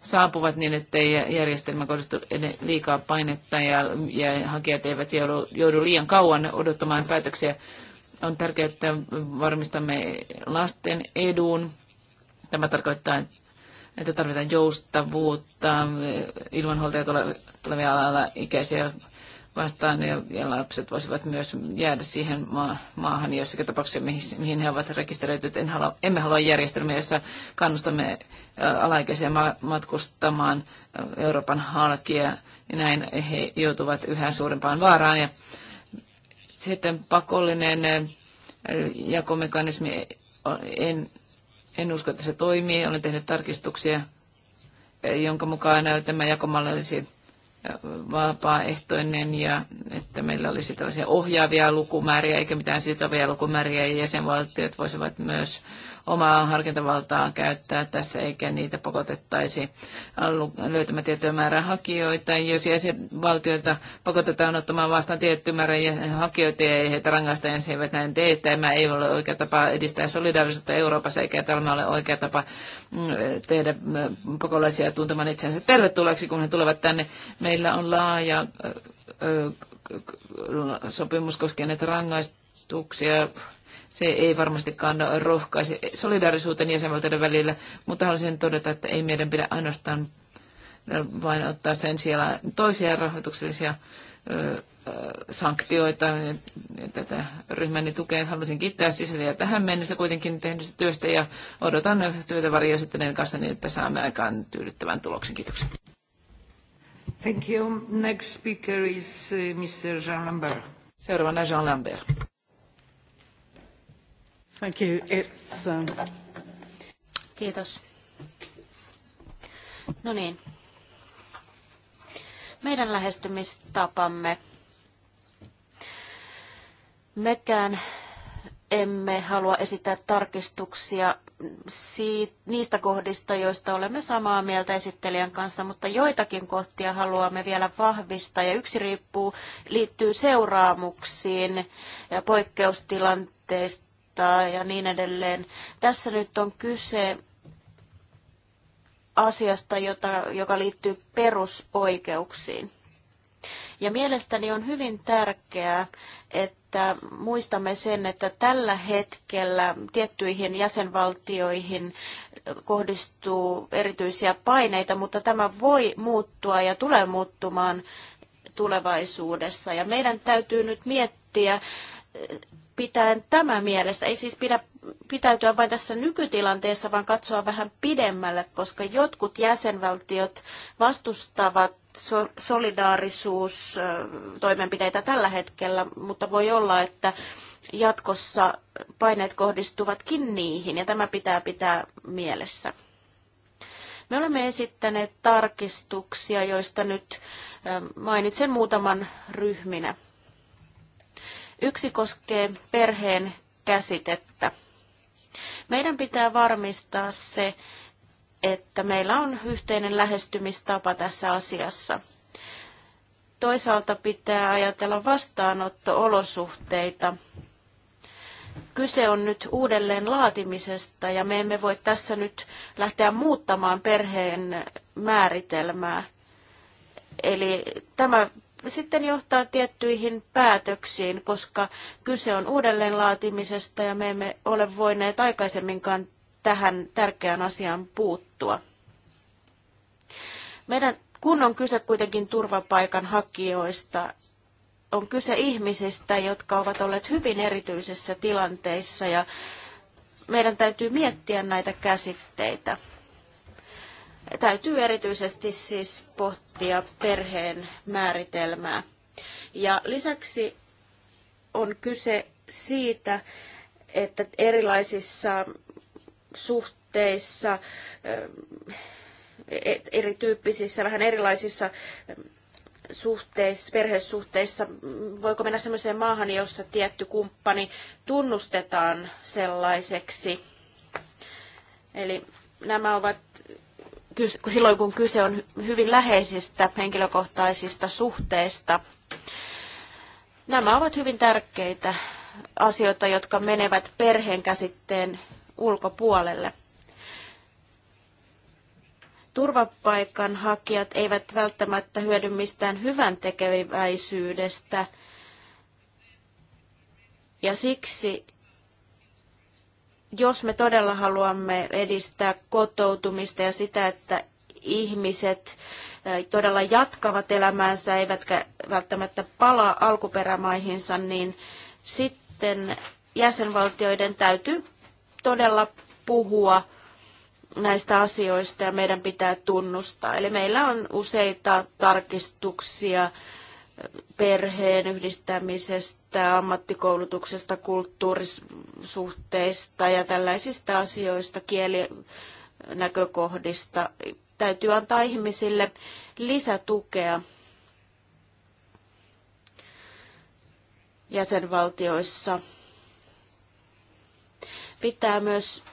saapuvat niin, ettei järjestelmä kohdistu liikaa painetta ja, ja hakijat eivät joudu, joudu liian kauan odottamaan päätöksiä. On tärkeää, että varmistamme lasten edun. Tämä tarkoittaa, että tarvitaan joustavuutta. Ilmanhuoltajat tulevia alalla ikäisiä vastaan ja, ja lapset voisivat myös jäädä siihen ma- maahan jossakin tapauksessa, mihin, mihin he ovat rekisteröityt. En halua, emme halua järjestelmää, jossa kannustamme alaikäisiä ma- matkustamaan Euroopan halkia ja näin he joutuvat yhä suurempaan vaaraan. Ja sitten pakollinen jakomekanismi, en, en usko, että se toimii. Olen tehnyt tarkistuksia, jonka mukaan tämä jakomalli olisi vapaaehtoinen ja että meillä olisi tällaisia ohjaavia lukumääriä eikä mitään sitovia lukumääriä ja jäsenvaltiot voisivat myös omaa harkintavaltaa käyttää tässä, eikä niitä pakotettaisi löytämään tiettyä määrää hakijoita. Jos jäsenvaltioita pakotetaan ottamaan vastaan tietty määrä hakijoita ja heitä rangaista, jos niin he eivät näin tee, tämä ei ole oikea tapa edistää solidaarisuutta Euroopassa, eikä tämä ole oikea tapa mm, tehdä mm, pakolaisia tuntemaan itsensä tervetulleeksi, kun he tulevat tänne. Meillä on laaja sopimus koskien näitä rangaistuksia se ei varmastikaan rohkaise solidaarisuuteen jäsenvaltioiden välillä, mutta haluaisin todeta, että ei meidän pidä ainoastaan vain ottaa sen siellä toisia rahoituksellisia sanktioita tätä ryhmäni tukea. Haluaisin kiittää sisällä tähän mennessä kuitenkin tehdystä työstä ja odotan työtä sitten kanssa niin, että saamme aikaan tyydyttävän tuloksen. Kiitoksia. Thank you. Next speaker is uh, Mr. Jean Lambert. Seuraavana Jean Lambert. Thank you. It's, um... Kiitos. No niin. Meidän lähestymistapamme. Mekään emme halua esittää tarkistuksia niistä kohdista, joista olemme samaa mieltä esittelijän kanssa, mutta joitakin kohtia haluamme vielä vahvistaa. Ja yksi riippuu, liittyy seuraamuksiin ja poikkeustilanteista toimintaa ja niin edelleen. Tässä nyt on kyse asiasta, jota, joka liittyy perusoikeuksiin. Ja mielestäni on hyvin tärkeää, että muistamme sen, että tällä hetkellä tiettyihin jäsenvaltioihin kohdistuu erityisiä paineita, mutta tämä voi muuttua ja tulee muuttumaan tulevaisuudessa. Ja meidän täytyy nyt miettiä pitäen tämä mielessä. Ei siis pidä pitäytyä vain tässä nykytilanteessa, vaan katsoa vähän pidemmälle, koska jotkut jäsenvaltiot vastustavat solidaarisuustoimenpiteitä tällä hetkellä, mutta voi olla, että jatkossa paineet kohdistuvatkin niihin, ja tämä pitää pitää mielessä. Me olemme esittäneet tarkistuksia, joista nyt mainitsen muutaman ryhminä. Yksi koskee perheen käsitettä. Meidän pitää varmistaa se, että meillä on yhteinen lähestymistapa tässä asiassa. Toisaalta pitää ajatella vastaanottoolosuhteita. Kyse on nyt uudelleen laatimisesta ja me emme voi tässä nyt lähteä muuttamaan perheen määritelmää. Eli tämä sitten johtaa tiettyihin päätöksiin, koska kyse on uudelleenlaatimisesta ja me emme ole voineet aikaisemminkaan tähän tärkeään asiaan puuttua. Meidän kun on kyse kuitenkin turvapaikan hakijoista, on kyse ihmisistä, jotka ovat olleet hyvin erityisessä tilanteissa ja meidän täytyy miettiä näitä käsitteitä. Täytyy erityisesti siis pohtia perheen määritelmää. Ja lisäksi on kyse siitä, että erilaisissa suhteissa, eh, erityyppisissä, vähän erilaisissa eh, suhteissa, perhesuhteissa, voiko mennä sellaiseen maahan, jossa tietty kumppani tunnustetaan sellaiseksi. Eli nämä ovat silloin kun kyse on hyvin läheisistä henkilökohtaisista suhteista. Nämä ovat hyvin tärkeitä asioita, jotka menevät perheen käsitteen ulkopuolelle. Turvapaikanhakijat eivät välttämättä hyödy mistään hyvän tekeväisyydestä, ja siksi jos me todella haluamme edistää kotoutumista ja sitä, että ihmiset todella jatkavat elämäänsä eivätkä välttämättä palaa alkuperämaihinsa, niin sitten jäsenvaltioiden täytyy todella puhua näistä asioista ja meidän pitää tunnustaa. Eli meillä on useita tarkistuksia perheen yhdistämisestä päättää ammattikoulutuksesta, kulttuurisuhteista ja tällaisista asioista, kielinäkökohdista. Täytyy antaa ihmisille lisätukea jäsenvaltioissa. Pitää myös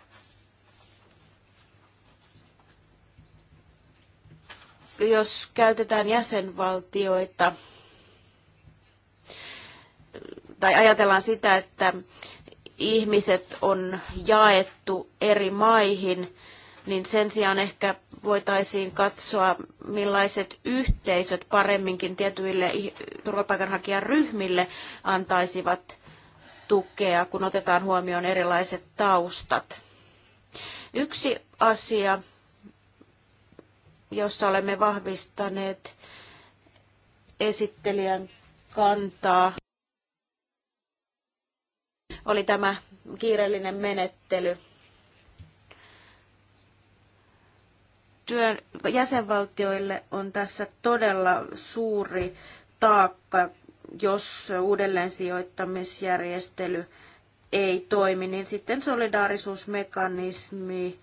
jos käytetään jäsenvaltioita tai ajatellaan sitä, että ihmiset on jaettu eri maihin, niin sen sijaan ehkä voitaisiin katsoa, millaiset yhteisöt paremminkin tietyille turvapaikanhakijaryhmille antaisivat tukea, kun otetaan huomioon erilaiset taustat. Yksi asia, jossa olemme vahvistaneet esittelijän kantaa, oli tämä kiireellinen menettely. Työn, jäsenvaltioille on tässä todella suuri taakka, jos uudelleen ei toimi, niin sitten solidaarisuusmekanismi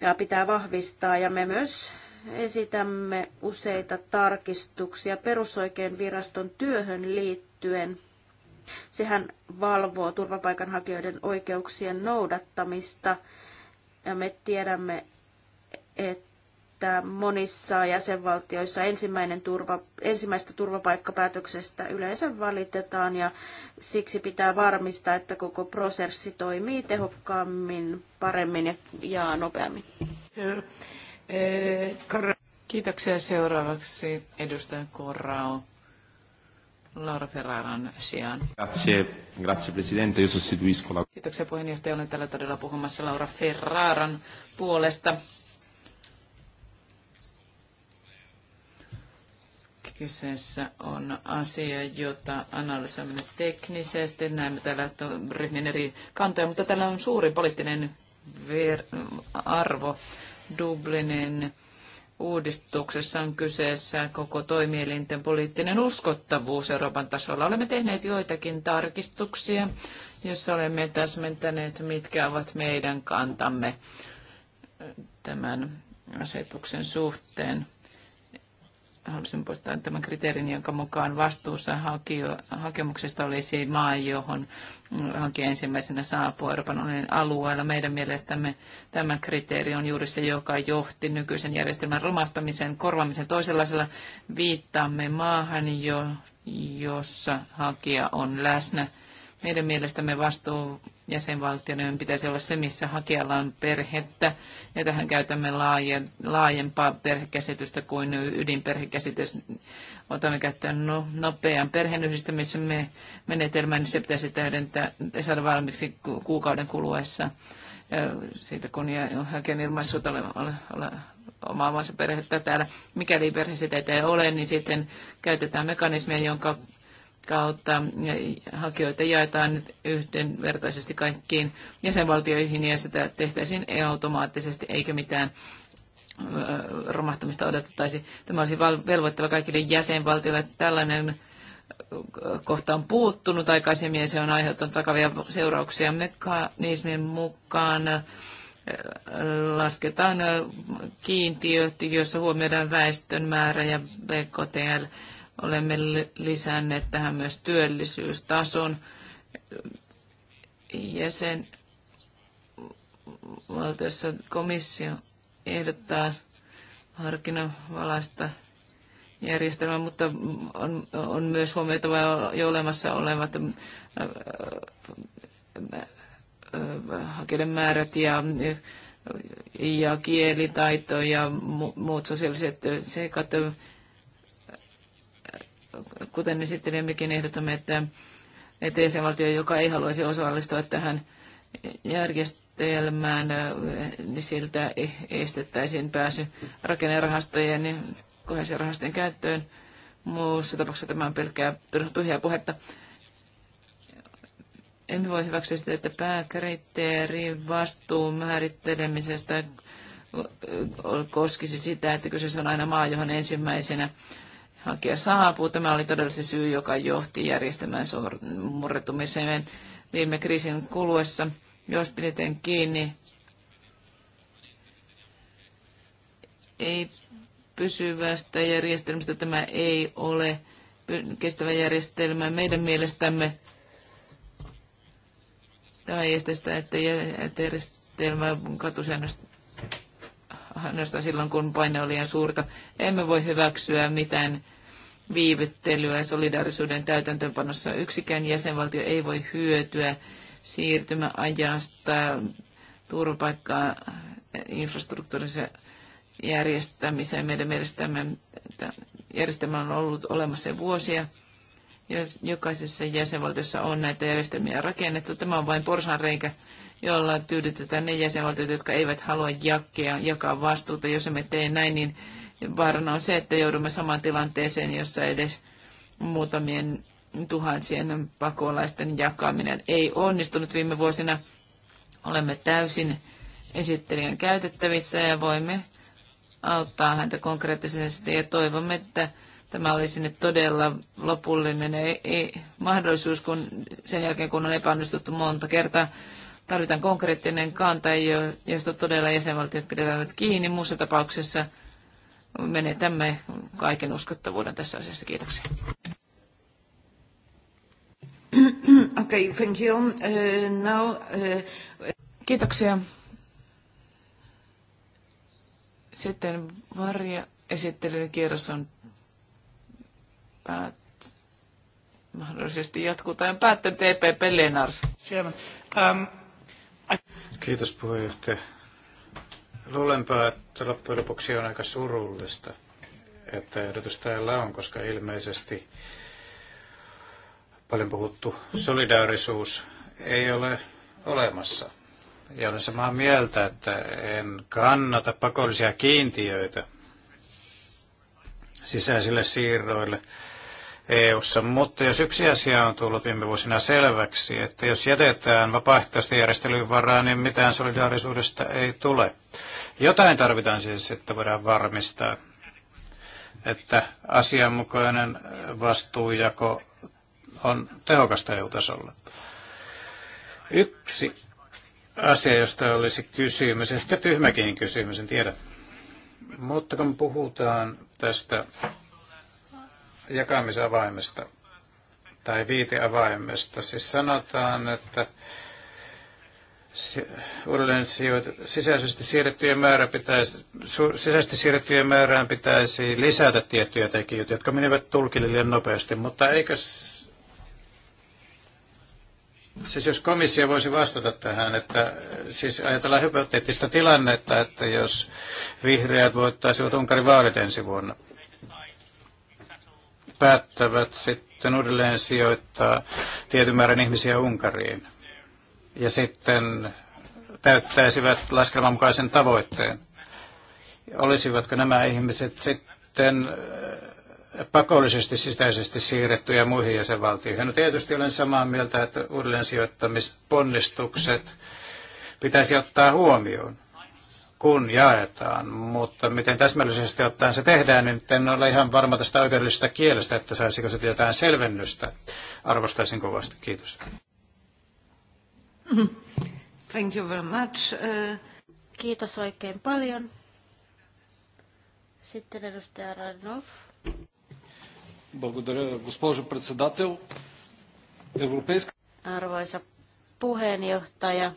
ja pitää vahvistaa. Ja me myös esitämme useita tarkistuksia perusoikeuden viraston työhön liittyen. Sehän valvoo turvapaikanhakijoiden oikeuksien noudattamista. Ja me tiedämme, että monissa jäsenvaltioissa ensimmäinen turva, ensimmäistä turvapaikkapäätöksestä yleensä valitetaan ja siksi pitää varmistaa, että koko prosessi toimii tehokkaammin, paremmin ja, ja nopeammin. Kiitoksia seuraavaksi edustaja Korrao. Laura Ferraran sijaan. Grazie, grazie presidente, io sostituisco la... Kiitoksia puheenjohtaja, olen täällä todella puhumassa Laura Ferraran puolesta. Kyseessä on asia, jota analysoimme teknisesti. Näemme täällä ryhmien eri kantoja, mutta täällä on suuri poliittinen arvo. Dublinin uudistuksessa on kyseessä koko toimielinten poliittinen uskottavuus Euroopan tasolla. Olemme tehneet joitakin tarkistuksia, joissa olemme täsmentäneet, mitkä ovat meidän kantamme tämän asetuksen suhteen halusin poistaa tämän kriteerin, jonka mukaan vastuussa hakio, hakemuksesta olisi maa, johon hakija ensimmäisenä saapuu Euroopan unionin alueella. Meidän mielestämme tämä kriteeri on juuri se, joka johti nykyisen järjestelmän romahtamiseen, korvaamisen toisenlaisella. Viittaamme maahan, jo, jossa hakija on läsnä. Meidän mielestämme vastuu jäsenvaltioiden niin pitäisi olla se, missä hakijalla on perhettä. Ja tähän käytämme laajempaa perhekäsitystä kuin ydinperhekäsitys. Otamme käyttöön no, nopean perheenyhdistämisen menetelmän. Se pitäisi täydentää, saada valmiiksi kuukauden kuluessa siitä kun hakijan ilmaisuutta ole, ole, ole omaamassa perhettä täällä. Mikäli perhe sitä ei ole, niin sitten käytetään mekanismia, jonka kautta hakijoita jaetaan nyt yhdenvertaisesti kaikkiin jäsenvaltioihin ja sitä tehtäisiin automaattisesti eikä mitään romahtamista odotettaisi. Tämä olisi velvoittava kaikille jäsenvaltioille. Tällainen kohta on puuttunut aikaisemmin ja se on aiheuttanut vakavia seurauksia mekanismin mukaan. Lasketaan kiintiöt, joissa huomioidaan väestön määrä ja BKTL Olemme lisänneet tähän myös työllisyystason jäsen valtiossa komissio ehdottaa harkinnanvalaista järjestelmää, mutta on, on myös huomioitava jo olemassa olevat äh, äh, hakijoiden määrät ja, ja kielitaito ja muut sosiaaliset seikat kuten sitten emmekin ehdotamme, että, että jäsenvaltio, joka ei haluaisi osallistua tähän järjestelmään, niin siltä e- estettäisiin pääsy rakennerahastojen ja rahastojen käyttöön. Muussa tapauksessa tämä on pelkkää tyhjää puhetta. Emme voi hyväksyä sitä, että pääkriteeri vastuun määrittelemisestä koskisi sitä, että kyseessä on aina maa, johon ensimmäisenä hakija saapuu. Tämä oli todella se syy, joka johti järjestämään murretumiseen viime kriisin kuluessa. Jos pidetään kiinni, ei pysyvästä järjestelmästä tämä ei ole kestävä järjestelmä. Meidän mielestämme tämä ei estä sitä, että järjestelmä katusäännöstä ainoastaan silloin, kun paine oli liian suurta. Emme voi hyväksyä mitään viivyttelyä solidaarisuuden täytäntöönpanossa. Yksikään jäsenvaltio ei voi hyötyä siirtymäajasta turvapaikkaa infrastruktuurissa järjestämiseen. Meidän mielestämme järjestelmä on ollut olemassa vuosia. Jokaisessa jäsenvaltiossa on näitä järjestelmiä rakennettu. Tämä on vain porsanreikä, jolla tyydytetään ne jäsenvaltiot, jotka eivät halua jakkea, jakaa vastuuta. Jos emme tee näin, niin vaarana on se, että joudumme samaan tilanteeseen, jossa edes muutamien tuhansien pakolaisten jakaminen ei onnistunut viime vuosina. Olemme täysin esittelijän käytettävissä ja voimme auttaa häntä konkreettisesti ja toivomme, että tämä olisi nyt todella lopullinen ei e- mahdollisuus, kun sen jälkeen kun on epäonnistuttu monta kertaa Tarvitaan konkreettinen kanta, josta todella jäsenvaltiot pidetään kiinni. Muussa tapauksessa menetämme kaiken uskottavuuden tässä asiassa. Kiitoksia. Okay, thank you. Uh, now, uh... Kiitoksia. Sitten Varja esittelyn kierros on päät... mahdollisesti jatkuu tai on päättänyt EPP Lenars. Um, Kiitos puheenjohtaja. Luulenpa, että loppujen lopuksi on aika surullista, että ehdotus täällä on, koska ilmeisesti paljon puhuttu solidaarisuus ei ole olemassa. Ja olen samaa mieltä, että en kannata pakollisia kiintiöitä sisäisille siirroille EU-ssa. Mutta jos yksi asia on tullut viime vuosina selväksi, että jos jätetään vapaaehtoista järjestelyyn varaa, niin mitään solidaarisuudesta ei tule. Jotain tarvitaan siis, että voidaan varmistaa, että asianmukainen vastuujako on tehokasta EU-tasolla. Yksi asia, josta olisi kysymys, ehkä tyhmäkin kysymys, en tiedä. Mutta kun puhutaan tästä jakamisavaimesta tai viiteavaimesta. Siis sanotaan, että uudelleen sisäisesti siirrettyjen, määrä pitäisi, sisäisesti siirrettyjen määrään pitäisi lisätä tiettyjä tekijöitä, jotka menevät tulkille liian nopeasti, mutta eikö Siis jos komissio voisi vastata tähän, että siis ajatellaan hypoteettista tilannetta, että jos vihreät voittaisivat Unkarin vaalit ensi vuonna, päättävät sitten uudelleen sijoittaa tietyn määrän ihmisiä Unkariin ja sitten täyttäisivät laskelman mukaisen tavoitteen. Olisivatko nämä ihmiset sitten äh, pakollisesti sisäisesti siirrettyjä muihin jäsenvaltioihin? No tietysti olen samaa mieltä, että uudelleen sijoittamisponnistukset pitäisi ottaa huomioon kun jaetaan, mutta miten täsmällisesti ottaen se tehdään, niin en ole ihan varma tästä oikeudellisesta kielestä, että saisiko se jotain selvennystä. Arvostaisin kovasti. Kiitos. Thank you very much. Uh... Kiitos oikein paljon. Sitten edustaja Radnov. Arvoisa puheenjohtaja,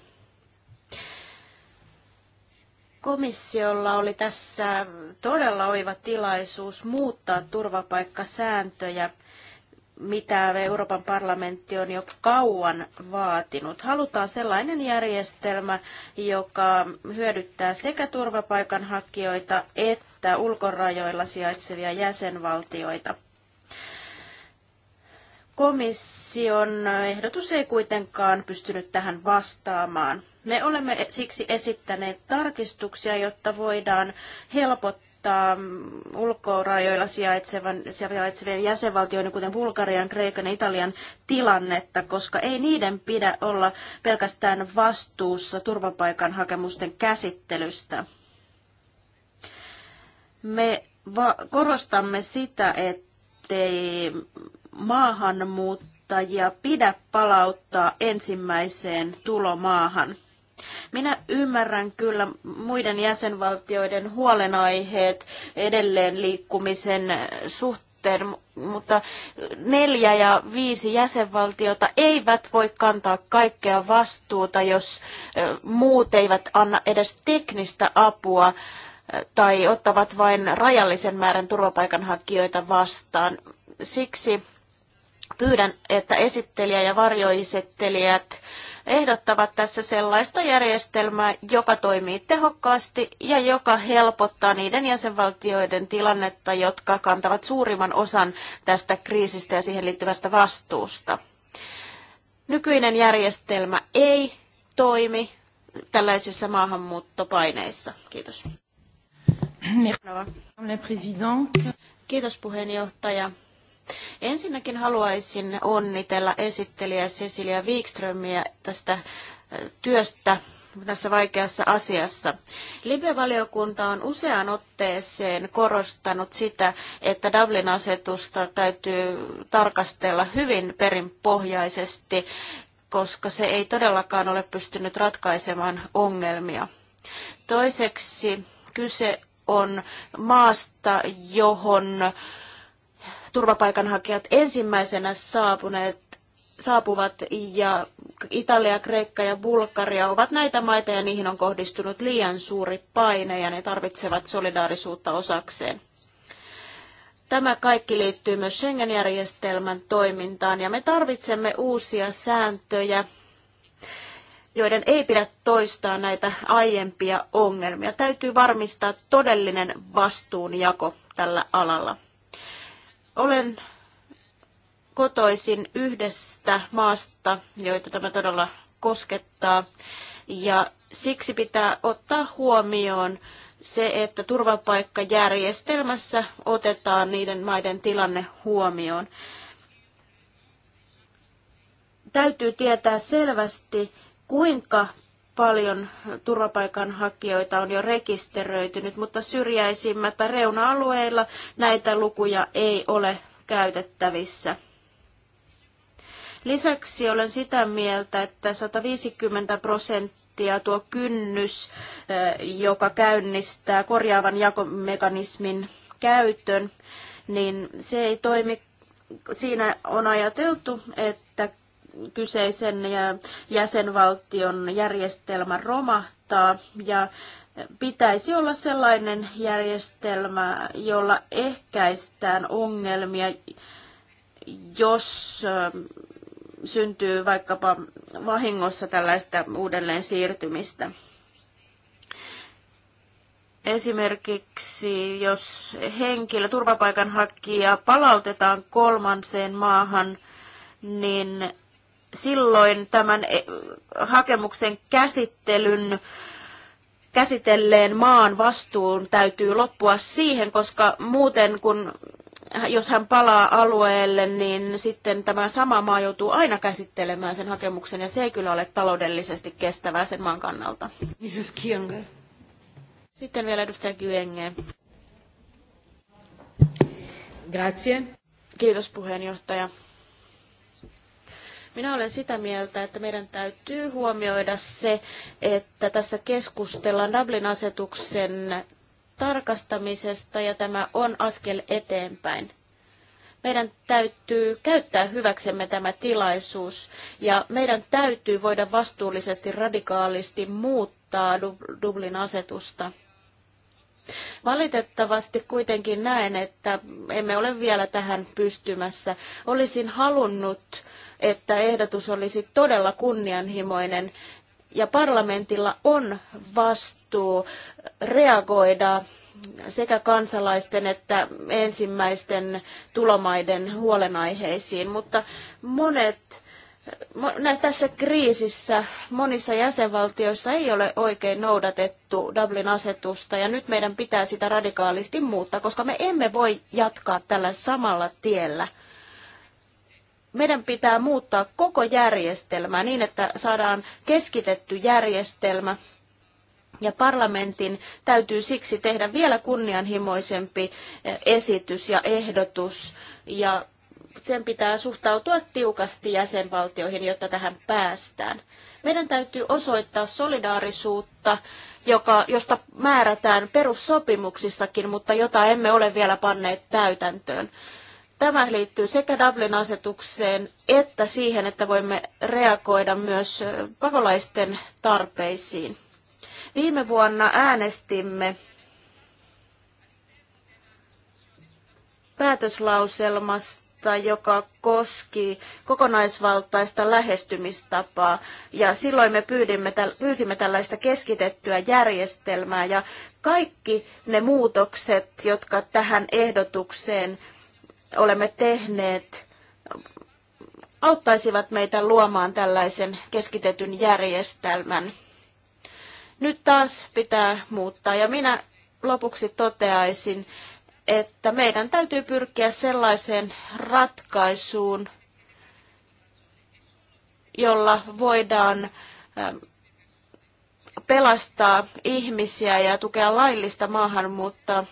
Komissiolla oli tässä todella oiva tilaisuus muuttaa turvapaikkasääntöjä, mitä Euroopan parlamentti on jo kauan vaatinut. Halutaan sellainen järjestelmä, joka hyödyttää sekä turvapaikanhakijoita että ulkorajoilla sijaitsevia jäsenvaltioita. Komission ehdotus ei kuitenkaan pystynyt tähän vastaamaan. Me olemme siksi esittäneet tarkistuksia, jotta voidaan helpottaa ulkorajoilla sijaitsevien jäsenvaltioiden, kuten Bulgarian, Kreikan ja Italian tilannetta, koska ei niiden pidä olla pelkästään vastuussa turvapaikanhakemusten käsittelystä. Me korostamme sitä, ettei maahanmuuttajia pidä palauttaa ensimmäiseen tulomaahan. Minä ymmärrän kyllä muiden jäsenvaltioiden huolenaiheet edelleen liikkumisen suhteen, mutta neljä ja viisi jäsenvaltiota eivät voi kantaa kaikkea vastuuta, jos muut eivät anna edes teknistä apua tai ottavat vain rajallisen määrän turvapaikanhakijoita vastaan. Siksi pyydän, että esittelijä ja varjoesittelijät ehdottavat tässä sellaista järjestelmää, joka toimii tehokkaasti ja joka helpottaa niiden jäsenvaltioiden tilannetta, jotka kantavat suurimman osan tästä kriisistä ja siihen liittyvästä vastuusta. Nykyinen järjestelmä ei toimi tällaisissa maahanmuuttopaineissa. Kiitos. Kiitos puheenjohtaja. Ensinnäkin haluaisin onnitella esittelijä Cecilia Wikströmiä tästä äh, työstä tässä vaikeassa asiassa. Libe-valiokunta on useaan otteeseen korostanut sitä, että Dublin-asetusta täytyy tarkastella hyvin perinpohjaisesti, koska se ei todellakaan ole pystynyt ratkaisemaan ongelmia. Toiseksi kyse on maasta, johon turvapaikanhakijat ensimmäisenä saapuneet, saapuvat ja Italia, Kreikka ja Bulgaria ovat näitä maita ja niihin on kohdistunut liian suuri paine ja ne tarvitsevat solidaarisuutta osakseen. Tämä kaikki liittyy myös Schengen-järjestelmän toimintaan ja me tarvitsemme uusia sääntöjä, joiden ei pidä toistaa näitä aiempia ongelmia. Täytyy varmistaa todellinen vastuunjako tällä alalla. Olen kotoisin yhdestä maasta, joita tämä todella koskettaa, ja siksi pitää ottaa huomioon se, että turvapaikkajärjestelmässä otetaan niiden maiden tilanne huomioon. Täytyy tietää selvästi, kuinka paljon turvapaikanhakijoita on jo rekisteröitynyt, mutta syrjäisimmät reuna-alueilla näitä lukuja ei ole käytettävissä. Lisäksi olen sitä mieltä, että 150 prosenttia tuo kynnys, eh, joka käynnistää korjaavan jakomekanismin käytön, niin se ei toimi. Siinä on ajateltu, että kyseisen jäsenvaltion järjestelmä romahtaa ja pitäisi olla sellainen järjestelmä, jolla ehkäistään ongelmia, jos ähm, syntyy vaikkapa vahingossa tällaista uudelleen siirtymistä. Esimerkiksi jos henkilö, turvapaikanhakija, palautetaan kolmanseen maahan, niin silloin tämän eh, hakemuksen käsittelyn käsitelleen maan vastuun täytyy loppua siihen, koska muuten kun jos hän palaa alueelle, niin sitten tämä sama maa joutuu aina käsittelemään sen hakemuksen, ja se ei kyllä ole taloudellisesti kestävää sen maan kannalta. Mrs. Sitten vielä edustaja Kyenge. Grazie. Kiitos puheenjohtaja. Minä olen sitä mieltä, että meidän täytyy huomioida se, että tässä keskustellaan Dublin-asetuksen tarkastamisesta ja tämä on askel eteenpäin. Meidän täytyy käyttää hyväksemme tämä tilaisuus ja meidän täytyy voida vastuullisesti radikaalisti muuttaa Dublin asetusta. Valitettavasti kuitenkin näen, että emme ole vielä tähän pystymässä. Olisin halunnut että ehdotus olisi todella kunnianhimoinen ja parlamentilla on vastuu reagoida sekä kansalaisten että ensimmäisten tulomaiden huolenaiheisiin, mutta monet tässä kriisissä monissa jäsenvaltioissa ei ole oikein noudatettu Dublin-asetusta ja nyt meidän pitää sitä radikaalisti muuttaa, koska me emme voi jatkaa tällä samalla tiellä meidän pitää muuttaa koko järjestelmä niin, että saadaan keskitetty järjestelmä, ja parlamentin täytyy siksi tehdä vielä kunnianhimoisempi eh, esitys ja ehdotus, ja sen pitää suhtautua tiukasti jäsenvaltioihin, jotta tähän päästään. Meidän täytyy osoittaa solidaarisuutta, joka, josta määrätään perussopimuksissakin, mutta jota emme ole vielä panneet täytäntöön. Tämä liittyy sekä Dublin-asetukseen että siihen, että voimme reagoida myös pakolaisten tarpeisiin. Viime vuonna äänestimme päätöslauselmasta, joka koski kokonaisvaltaista lähestymistapaa. Ja silloin me pyydimme, pyysimme tällaista keskitettyä järjestelmää ja kaikki ne muutokset, jotka tähän ehdotukseen olemme tehneet, auttaisivat meitä luomaan tällaisen keskitetyn järjestelmän. Nyt taas pitää muuttaa ja minä lopuksi toteaisin, että meidän täytyy pyrkiä sellaiseen ratkaisuun, jolla voidaan ähm, pelastaa ihmisiä ja tukea laillista maahanmuuttoa,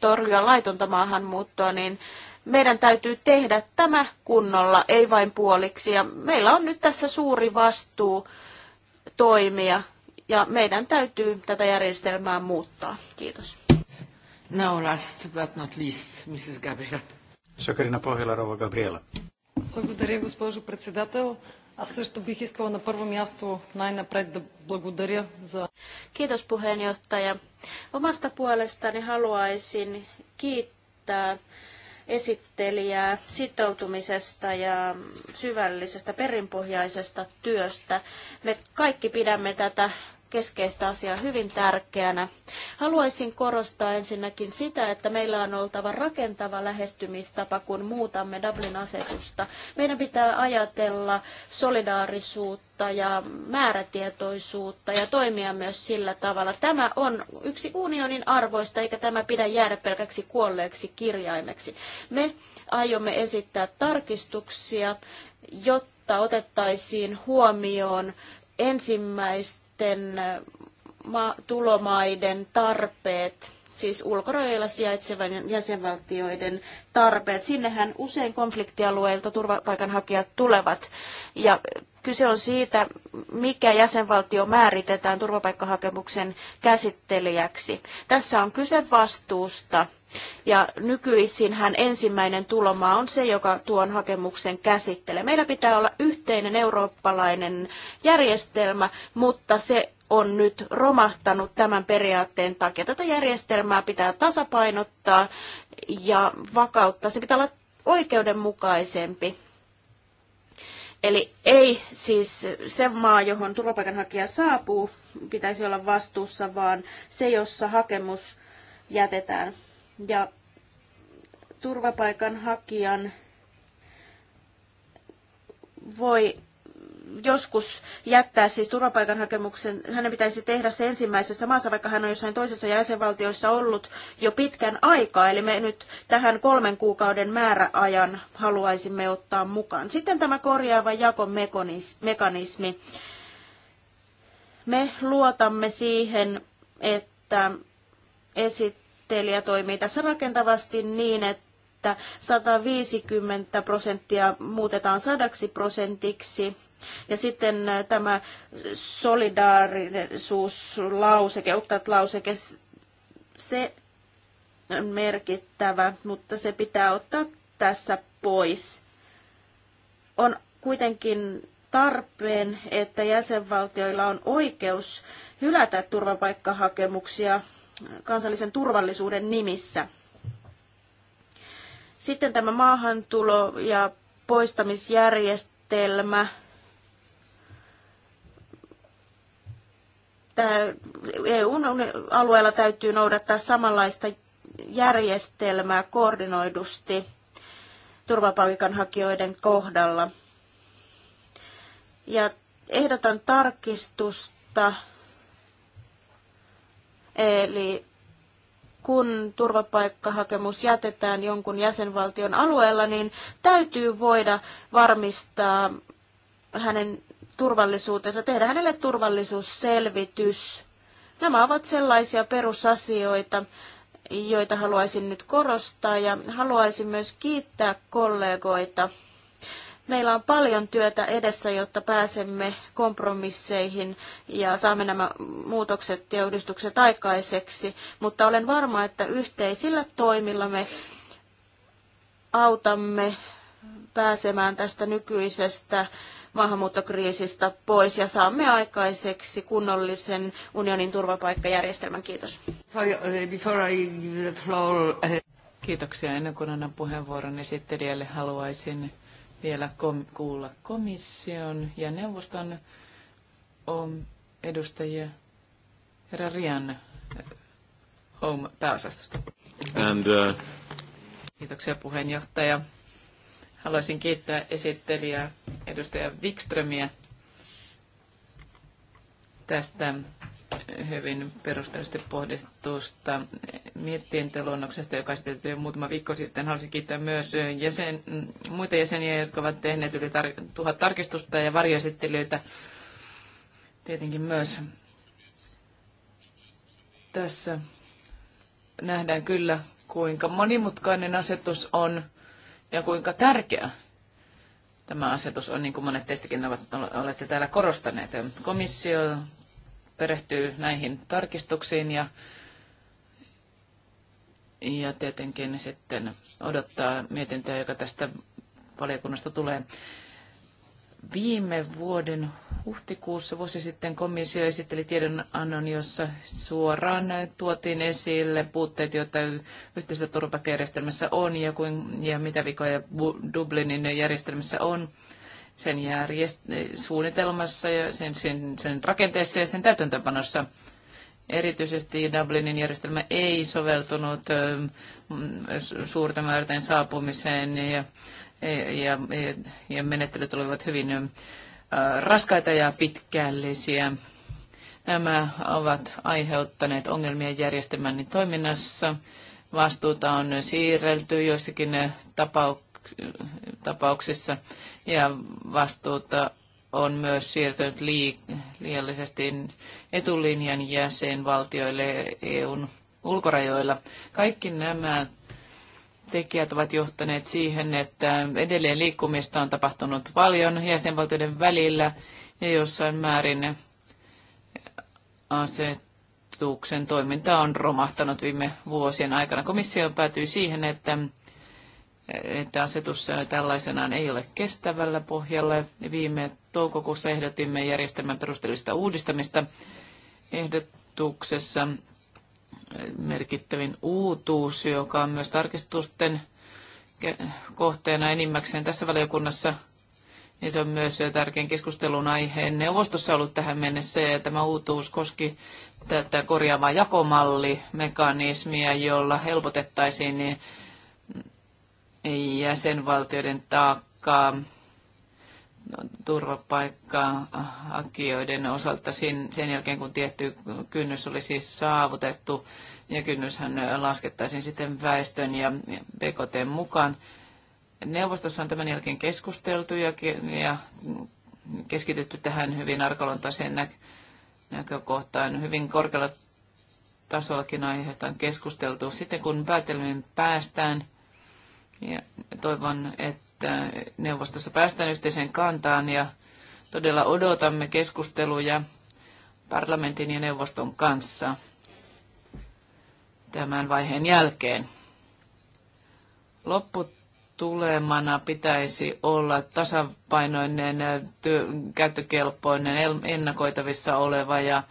torjua laitonta maahanmuuttoa, niin meidän täytyy tehdä tämä kunnolla, ei vain puoliksi. Ja meillä on nyt tässä suuri vastuu toimia ja meidän täytyy tätä järjestelmää muuttaa. Kiitos. Now last but not least, Mrs. Gabriela. Sokerina Pohjola, rova Gabriela. Благодаря, госпожо председател. Аз също бих искала на първо място най-напред да благодаря за... Kiitos puheenjohtaja. Omasta puolestani haluaisin kiittää esittelijää sitoutumisesta ja syvällisestä perinpohjaisesta työstä. Me kaikki pidämme tätä keskeistä asiaa hyvin tärkeänä. Haluaisin korostaa ensinnäkin sitä, että meillä on oltava rakentava lähestymistapa, kun muutamme Dublin-asetusta. Meidän pitää ajatella solidaarisuutta ja määrätietoisuutta ja toimia myös sillä tavalla. Tämä on yksi unionin arvoista, eikä tämä pidä jäädä pelkäksi kuolleeksi kirjaimeksi. Me aiomme esittää tarkistuksia, jotta otettaisiin huomioon ensimmäistä sitten tulomaiden tarpeet siis ulkorajoilla sijaitsevien jäsenvaltioiden tarpeet. Sinnehän usein konfliktialueilta turvapaikanhakijat tulevat. Ja kyse on siitä, mikä jäsenvaltio määritetään turvapaikkahakemuksen käsittelijäksi. Tässä on kyse vastuusta. Ja nykyisinhän ensimmäinen tulomaa on se, joka tuon hakemuksen käsittelee. Meillä pitää olla yhteinen eurooppalainen järjestelmä, mutta se on nyt romahtanut tämän periaatteen takia. Tätä järjestelmää pitää tasapainottaa ja vakauttaa. Se pitää olla oikeudenmukaisempi. Eli ei siis se maa, johon turvapaikanhakija saapuu, pitäisi olla vastuussa, vaan se, jossa hakemus jätetään. Ja turvapaikanhakijan voi joskus jättää siis turvapaikanhakemuksen, hänen pitäisi tehdä se ensimmäisessä maassa, vaikka hän on jossain toisessa jäsenvaltiossa ollut jo pitkän aikaa. Eli me nyt tähän kolmen kuukauden määräajan haluaisimme ottaa mukaan. Sitten tämä korjaava jakomekanismi. Me luotamme siihen, että esittelijä toimii tässä rakentavasti niin, että että 150 prosenttia muutetaan sadaksi prosentiksi ja sitten äh, tämä solidaarisuuslauseke, lauseke, se on merkittävä, mutta se pitää ottaa tässä pois. On kuitenkin tarpeen, että jäsenvaltioilla on oikeus hylätä turvapaikkahakemuksia kansallisen turvallisuuden nimissä. Sitten tämä maahantulo- ja poistamisjärjestelmä eu alueella täytyy noudattaa samanlaista järjestelmää koordinoidusti turvapaikanhakijoiden kohdalla. Ja ehdotan tarkistusta, eli kun turvapaikkahakemus jätetään jonkun jäsenvaltion alueella, niin täytyy voida varmistaa hänen turvallisuutensa, tehdä hänelle turvallisuusselvitys. Nämä ovat sellaisia perusasioita, joita haluaisin nyt korostaa ja haluaisin myös kiittää kollegoita. Meillä on paljon työtä edessä, jotta pääsemme kompromisseihin ja saamme nämä muutokset ja uudistukset aikaiseksi, mutta olen varma, että yhteisillä toimilla me autamme pääsemään tästä nykyisestä maahanmuuttokriisistä pois ja saamme aikaiseksi kunnollisen unionin turvapaikkajärjestelmän. Kiitos. Eh, Kiitoksia. Ennen kuin annan puheenvuoron esittelijälle, haluaisin vielä kom- kuulla komission ja neuvoston on edustajia. Herra Rian Home eh, pääosastosta. And, uh... Kiitoksia puheenjohtaja. Haluaisin kiittää esittelijää edustaja Wikströmiä tästä hyvin perusteellisesti pohdistusta mietintöluonnoksesta, joka esitettiin muutama viikko sitten. Haluaisin kiittää myös jäsen, muita jäseniä, jotka ovat tehneet yli tar- tuhat tarkistusta ja varjoesittelyitä. tietenkin myös. Tässä nähdään kyllä, kuinka monimutkainen asetus on ja kuinka tärkeä tämä asetus on, niin kuin monet teistäkin ovat, olette täällä korostaneet. Komissio perehtyy näihin tarkistuksiin ja, ja tietenkin sitten odottaa mietintöä, joka tästä valiokunnasta tulee. Viime vuoden huhtikuussa vuosi sitten komissio esitteli tiedonannon, jossa suoraan tuotiin esille puutteet, joita yhteisessä turvapaikkajärjestelmässä on ja, kuin, ja mitä vikoja Dublinin järjestelmässä on sen järjest- suunnitelmassa ja sen, sen, sen rakenteessa ja sen täytäntöönpanossa. Erityisesti Dublinin järjestelmä ei soveltunut ähm, suurten määrän saapumiseen ja, ja, ja menettelyt olivat hyvin ähm, raskaita ja pitkällisiä. Nämä ovat aiheuttaneet ongelmia järjestelmän toiminnassa. Vastuuta on siirrelty joissakin tapauksissa ja vastuuta on myös siirtynyt liiallisesti etulinjan jäsenvaltioille EUn ulkorajoilla. Kaikki nämä tekijät ovat johtaneet siihen, että edelleen liikkumista on tapahtunut paljon jäsenvaltioiden välillä ja jossain määrin asetuksen toiminta on romahtanut viime vuosien aikana. Komissio päätyi siihen, että, että asetus tällaisenaan ei ole kestävällä pohjalla. Viime toukokuussa ehdotimme järjestelmän perusteellista uudistamista. Ehdotuksessa merkittävin uutuus, joka on myös tarkistusten kohteena enimmäkseen tässä valiokunnassa. Ja se on myös tärkein keskustelun aiheen. neuvostossa ollut tähän mennessä, ja tämä uutuus koski tätä korjaavaa jakomallimekanismia, jolla helpotettaisiin jäsenvaltioiden taakkaa turvapaikkaa hakijoiden osalta sen sen jälkeen, kun tietty kynnys oli siis saavutettu, ja kynnyshän laskettaisiin sitten väestön ja BKT mukaan. Neuvostossa on tämän jälkeen keskusteltu ja, ja keskitytty tähän hyvin arkalontaiseen nä- näkökohtaan. Hyvin korkealla tasollakin aiheesta on keskusteltu. Sitten kun päätelmiin päästään, ja toivon, että että neuvostossa päästään yhteiseen kantaan ja todella odotamme keskusteluja parlamentin ja neuvoston kanssa tämän vaiheen jälkeen. Lopputulemana pitäisi olla tasapainoinen, käyttökelpoinen, ennakoitavissa oleva ja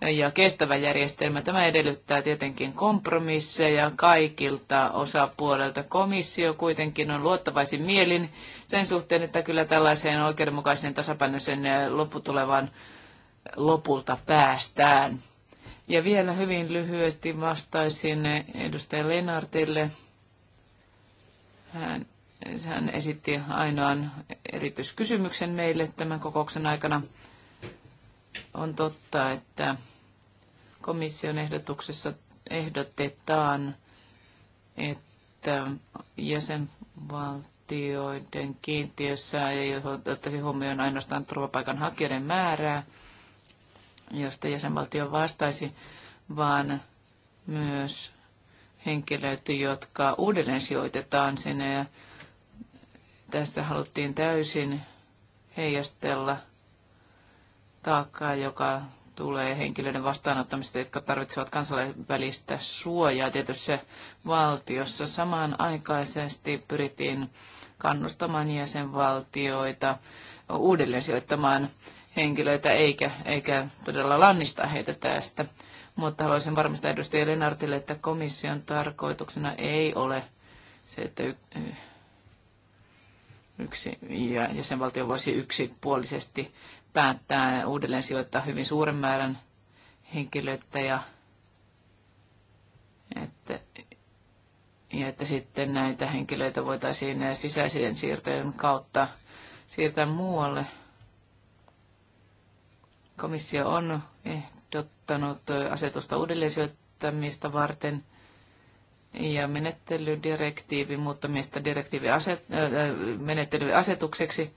ja kestävä järjestelmä. Tämä edellyttää tietenkin kompromisseja kaikilta osapuolelta. Komissio kuitenkin on luottavaisin mielin sen suhteen, että kyllä tällaiseen oikeudenmukaisen tasapainoisen lopputulevan lopulta päästään. Ja vielä hyvin lyhyesti vastaisin edustaja Lenartille. Hän, hän esitti ainoan erityiskysymyksen meille tämän kokouksen aikana. On totta, että komission ehdotuksessa ehdotetaan, että jäsenvaltioiden kiintiössä ei ottaisi huomioon ainoastaan turvapaikanhakijoiden määrää, josta jäsenvaltio vastaisi, vaan myös henkilöt, jotka uudelleen sijoitetaan sinne. Ja tässä haluttiin täysin heijastella – taakkaa, joka tulee henkilöiden vastaanottamista, jotka tarvitsevat kansainvälistä suojaa tietyssä valtiossa. Samanaikaisesti pyrittiin kannustamaan jäsenvaltioita uudelleen sijoittamaan henkilöitä eikä, eikä todella lannista heitä tästä. Mutta haluaisin varmistaa edustaja Lenartille, että komission tarkoituksena ei ole se, että yksi, ja jäsenvaltio voisi yksipuolisesti päättää uudelleen sijoittaa hyvin suuren määrän henkilöitä ja että, ja että sitten näitä henkilöitä voitaisiin sisäisen siirtojen kautta siirtää muualle. Komissio on ehdottanut asetusta uudelleen sijoittamista varten – ja menettelydirektiivi muuttamista menettelyasetukseksi.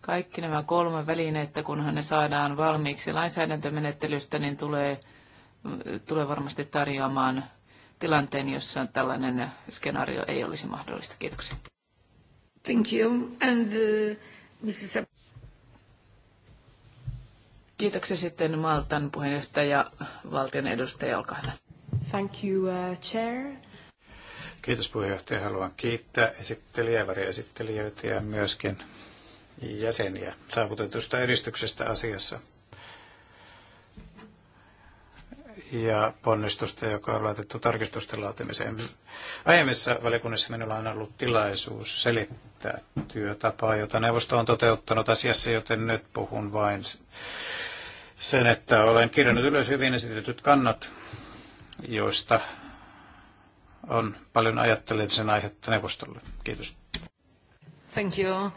Kaikki nämä kolme välineettä, kunhan ne saadaan valmiiksi lainsäädäntömenettelystä, niin tulee, tulee varmasti tarjoamaan tilanteen, jossa tällainen skenaario ei olisi mahdollista. Kiitoksia. Thank you. And, uh, Mrs. Kiitoksia sitten Maltan puheenjohtaja, valtion edustaja, olkaa hyvä. Thank you, uh, Chair. Kiitos puheenjohtaja. Haluan kiittää esittelijä, esittelijöitä ja myöskin jäseniä saavutetusta edistyksestä asiassa ja ponnistusta, joka on laitettu tarkistusten laatimiseen. Aiemmissa valiokunnissa minulla on ollut tilaisuus selittää työtapaa, jota neuvosto on toteuttanut asiassa, joten nyt puhun vain sen, että olen kirjannut ylös hyvin esitetyt kannat, joista on paljon ajattelemisen aihetta neuvostolle. Kiitos. Thank you.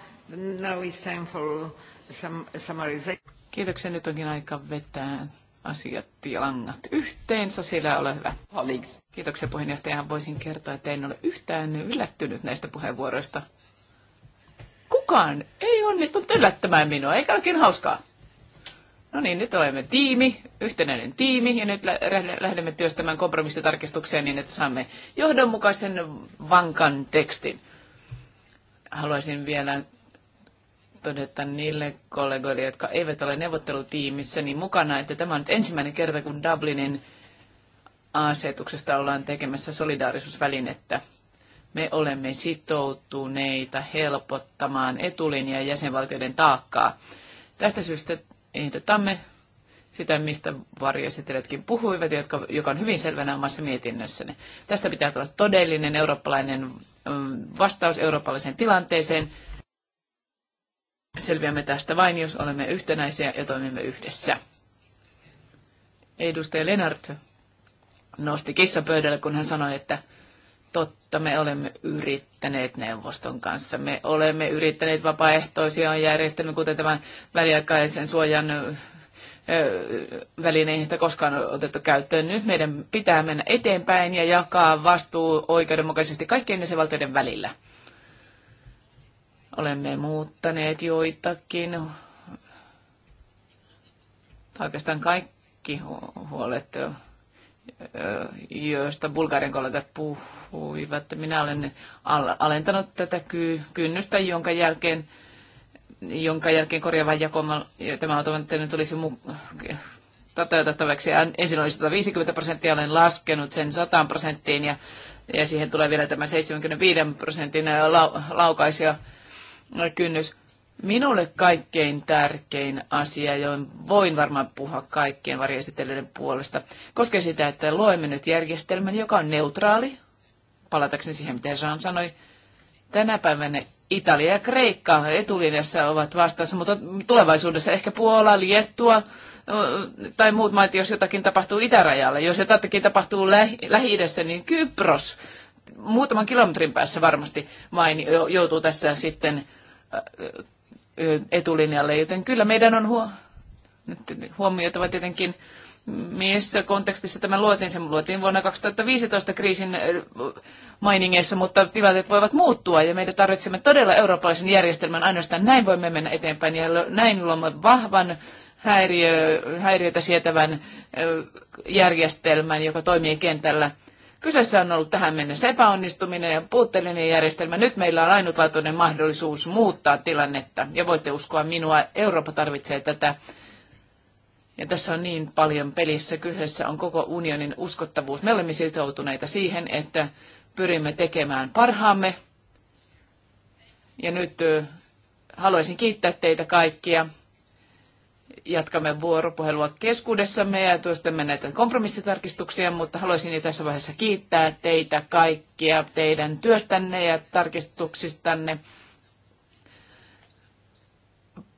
Now it's time for some Kiitoksia. Nyt onkin aika vetää asiat ja langat yhteensä, siellä ole hyvä. Kiitoksia puheenjohtajahan. Voisin kertoa, että en ole yhtään yllättynyt näistä puheenvuoroista. Kukaan ei onnistunut yllättämään minua, eikä olekin hauskaa. No niin, nyt olemme tiimi, yhtenäinen tiimi, ja nyt lähdemme työstämään kompromissitarkistuksia niin, että saamme johdonmukaisen vankan tekstin. Haluaisin vielä todeta niille kollegoille, jotka eivät ole neuvottelutiimissä, niin mukana, että tämä on nyt ensimmäinen kerta, kun Dublinin asetuksesta ollaan tekemässä solidaarisuusvälinettä. Me olemme sitoutuneita helpottamaan etulinjan jäsenvaltioiden taakkaa. Tästä syystä ehdotamme sitä, mistä varjoesittelijätkin puhuivat, jotka, joka on hyvin selvänä omassa mietinnössäni. Tästä pitää tulla todellinen eurooppalainen mm, vastaus eurooppalaiseen tilanteeseen. Selviämme tästä vain, jos olemme yhtenäisiä ja toimimme yhdessä. Edustaja Lennart nosti pöydälle, kun hän sanoi, että totta, me olemme yrittäneet neuvoston kanssa. Me olemme yrittäneet vapaaehtoisia järjestelmiä, kuten tämän väliaikaisen suojan välineihin sitä koskaan otettu käyttöön. Nyt meidän pitää mennä eteenpäin ja jakaa vastuu oikeudenmukaisesti kaikkien jäsenvaltioiden välillä. Olemme muuttaneet joitakin, oikeastaan kaikki huolet joista Bulgarian kollegat puhuivat. Minä olen alentanut tätä kynnystä, jonka jälkeen, jonka jälkeen korjaavan jakoma, tämä automaattinen tulisi mu- toteutettavaksi. Ensin oli 150 prosenttia, olen laskenut sen 100 prosenttiin ja, ja siihen tulee vielä tämä 75 prosentin lau, laukaisia kynnys. Minulle kaikkein tärkein asia, johon voin varmaan puhua kaikkien varjoesitellyiden puolesta, koskee sitä, että loemme nyt järjestelmän, joka on neutraali. Palatakseni siihen, mitä Jean sanoi. Tänä päivänä Italia ja Kreikka etulinjassa ovat vastassa, mutta tulevaisuudessa ehkä Puola, Liettua tai muut maat, jos jotakin tapahtuu itärajalla. Jos jotakin tapahtuu Lähi-idässä, niin Kypros muutaman kilometrin päässä varmasti vain joutuu tässä sitten etulinjalle, joten kyllä meidän on huo- nyt huomioitava tietenkin, missä kontekstissa tämä luotiin. Se luotiin vuonna 2015 kriisin mainingeissa, mutta tilanteet voivat muuttua ja meidän tarvitsemme todella eurooppalaisen järjestelmän. Ainoastaan näin voimme mennä eteenpäin ja näin luomme vahvan häiriö, häiriötä sietävän järjestelmän, joka toimii kentällä. Kyseessä on ollut tähän mennessä epäonnistuminen ja puutteellinen järjestelmä. Nyt meillä on ainutlaatuinen mahdollisuus muuttaa tilannetta. Ja voitte uskoa minua, Eurooppa tarvitsee tätä. Ja tässä on niin paljon pelissä. Kyseessä on koko unionin uskottavuus. Me olemme sitoutuneita siihen, että pyrimme tekemään parhaamme. Ja nyt haluaisin kiittää teitä kaikkia jatkamme vuoropuhelua keskuudessamme ja työstämme näitä kompromissitarkistuksia, mutta haluaisin tässä vaiheessa kiittää teitä kaikkia teidän työstänne ja tarkistuksistanne.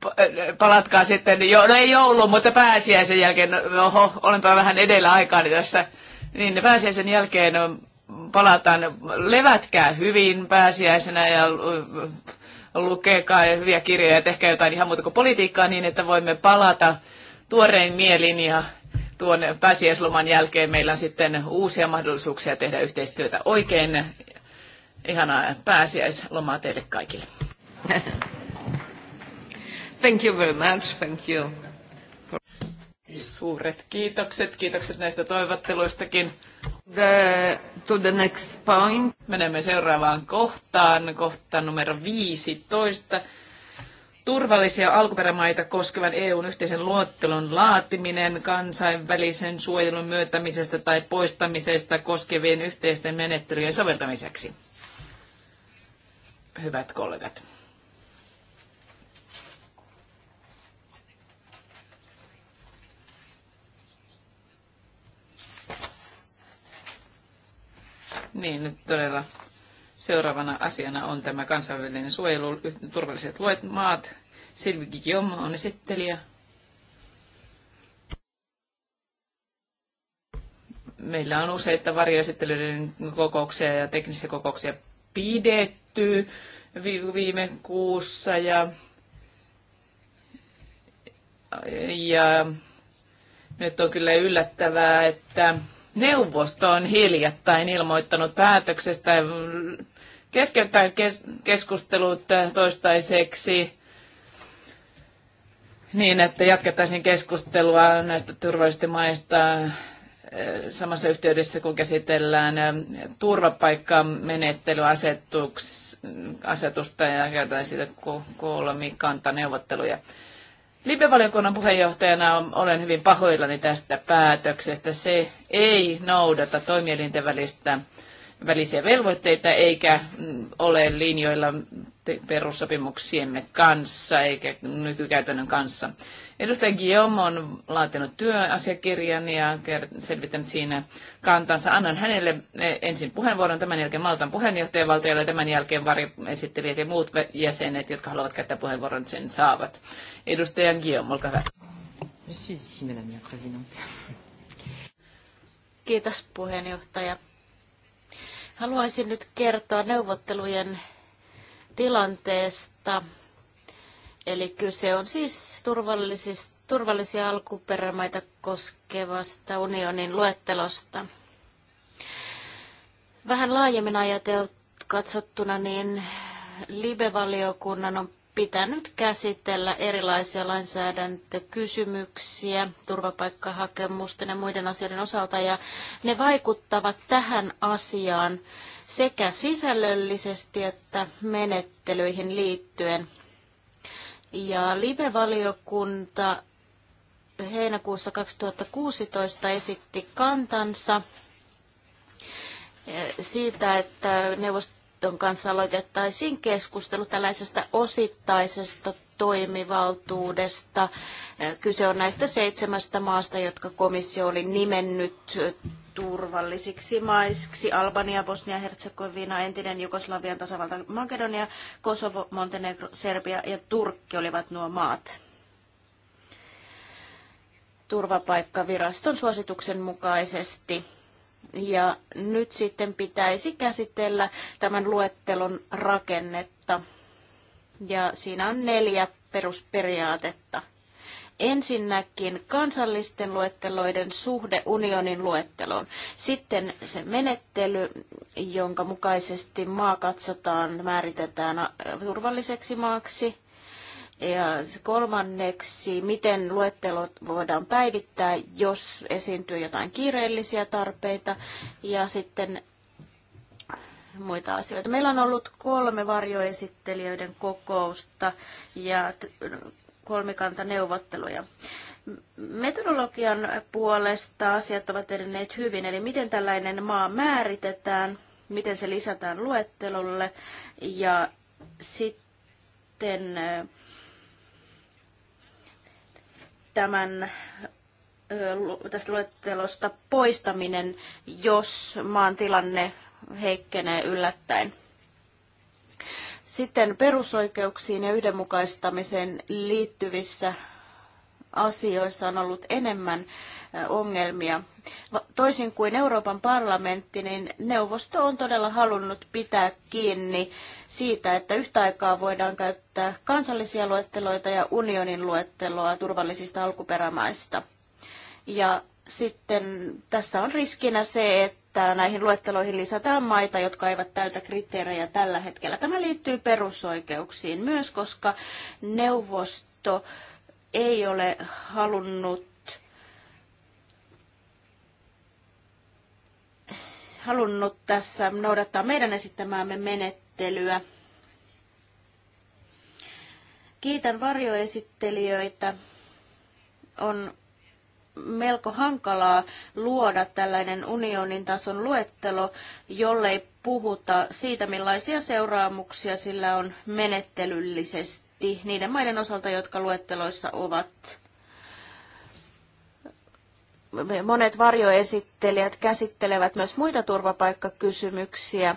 Äh, palatkaa sitten, jo, no ei joulu, mutta pääsiäisen jälkeen, oho, olenpa vähän edellä aikaani tässä, niin pääsiäisen jälkeen palataan, levätkää hyvin pääsiäisenä ja äh, lukekaa hyviä kirjoja ja tehkää jotain ihan muuta kuin politiikkaa niin, että voimme palata tuorein mielin ja tuon pääsiäisloman jälkeen meillä on sitten uusia mahdollisuuksia tehdä yhteistyötä oikein. Ihanaa pääsiäislomaa teille kaikille. Thank you very much. Thank you. Suuret kiitokset. Kiitokset näistä toivotteluistakin. The, to the next point. Menemme seuraavaan kohtaan, kohta numero 15. Turvallisia alkuperämaita koskevan EUn yhteisen luottelon laatiminen kansainvälisen suojelun myöntämisestä tai poistamisesta koskevien yhteisten menettelyjen soveltamiseksi. Hyvät kollegat. Niin, todella. Seuraavana asiana on tämä kansainvälinen suojelu, turvalliset luet, maat. Silvi Guillaume on esittelijä. Meillä on useita varjoesittelyiden kokouksia ja teknisiä kokouksia pidetty viime kuussa ja, ja nyt on kyllä yllättävää, että Neuvosto on hiljattain ilmoittanut päätöksestä keskeyttää kes- keskustelut toistaiseksi niin, että jatkettaisiin keskustelua näistä turvallisista maista eh, samassa yhteydessä, kun käsitellään eh, turvapaikkamenettelyasetusta ja käytetään siitä kolmikantaneuvotteluja. neuvotteluja Libevaliokunnan puheenjohtajana olen hyvin pahoillani tästä päätöksestä. Se ei noudata toimielinten välistä, välisiä velvoitteita eikä mm, ole linjoilla perussopimuksiemme kanssa eikä nykykäytännön kanssa. Edustaja Guillaume on laatinut työasiakirjan ja selvittänyt siinä kantansa. Annan hänelle e, ensin puheenvuoron, tämän jälkeen Maltan puheenjohtajavaltiolle, tämän jälkeen esittelijät ja muut jäsenet, jotka haluavat käyttää puheenvuoron, sen saavat. Edustaja Guillaume, olkaa hyvä. Kiitos puheenjohtaja. Haluaisin nyt kertoa neuvottelujen tilanteesta Eli kyse on siis turvallisia alkuperämaita koskevasta unionin luettelosta. Vähän laajemmin ajateltu katsottuna, niin Libe-valiokunnan on pitänyt käsitellä erilaisia lainsäädäntökysymyksiä turvapaikkahakemusten ja muiden asioiden osalta, ja ne vaikuttavat tähän asiaan sekä sisällöllisesti että menettelyihin liittyen. Ja live-valiokunta heinäkuussa 2016 esitti kantansa eh, siitä, että neuvoston kanssa aloitettaisiin keskustelu tällaisesta osittaisesta toimivaltuudesta. Eh, kyse on näistä seitsemästä maasta, jotka komissio oli nimennyt eh, turvallisiksi maiksi Albania, Bosnia, Herzegovina, entinen Jugoslavian tasavalta Makedonia, Kosovo, Montenegro, Serbia ja Turkki olivat nuo maat. Turvapaikkaviraston suosituksen mukaisesti. Ja nyt sitten pitäisi käsitellä tämän luettelon rakennetta. Ja siinä on neljä perusperiaatetta. Ensinnäkin kansallisten luetteloiden suhde unionin luetteloon. Sitten se menettely, jonka mukaisesti maa katsotaan, määritetään äh, turvalliseksi maaksi. Ja kolmanneksi, miten luettelot voidaan päivittää, jos esiintyy jotain kiireellisiä tarpeita. Ja sitten muita asioita. Meillä on ollut kolme varjoesittelijöiden kokousta ja kolmikantaneuvotteluja. Metodologian puolesta asiat ovat edenneet hyvin, eli miten tällainen maa määritetään, miten se lisätään luettelolle ja sitten tämän tästä luettelosta poistaminen, jos maan tilanne heikkenee yllättäen. Sitten perusoikeuksiin ja yhdenmukaistamiseen liittyvissä asioissa on ollut enemmän ongelmia. Toisin kuin Euroopan parlamentti, niin neuvosto on todella halunnut pitää kiinni siitä, että yhtä aikaa voidaan käyttää kansallisia luetteloita ja unionin luetteloa turvallisista alkuperämaista. Ja sitten tässä on riskinä se, että että näihin luetteloihin lisätään maita, jotka eivät täytä kriteerejä tällä hetkellä. Tämä liittyy perusoikeuksiin myös, koska neuvosto ei ole halunnut halunnut tässä noudattaa meidän esittämäämme menettelyä. Kiitän varjoesittelijöitä. On melko hankalaa luoda tällainen unionin tason luettelo, jollei puhuta siitä, millaisia seuraamuksia sillä on menettelyllisesti niiden maiden osalta, jotka luetteloissa ovat. Monet varjoesittelijät käsittelevät myös muita turvapaikkakysymyksiä.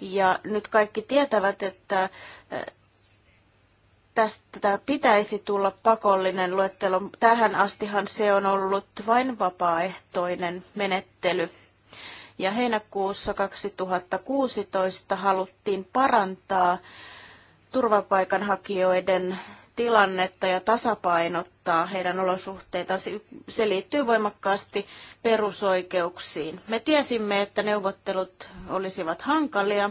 Ja nyt kaikki tietävät, että tästä pitäisi tulla pakollinen luettelo. Tähän astihan se on ollut vain vapaaehtoinen menettely. Ja heinäkuussa 2016 haluttiin parantaa turvapaikanhakijoiden tilannetta ja tasapainottaa heidän olosuhteitaan. Se liittyy voimakkaasti perusoikeuksiin. Me tiesimme, että neuvottelut olisivat hankalia,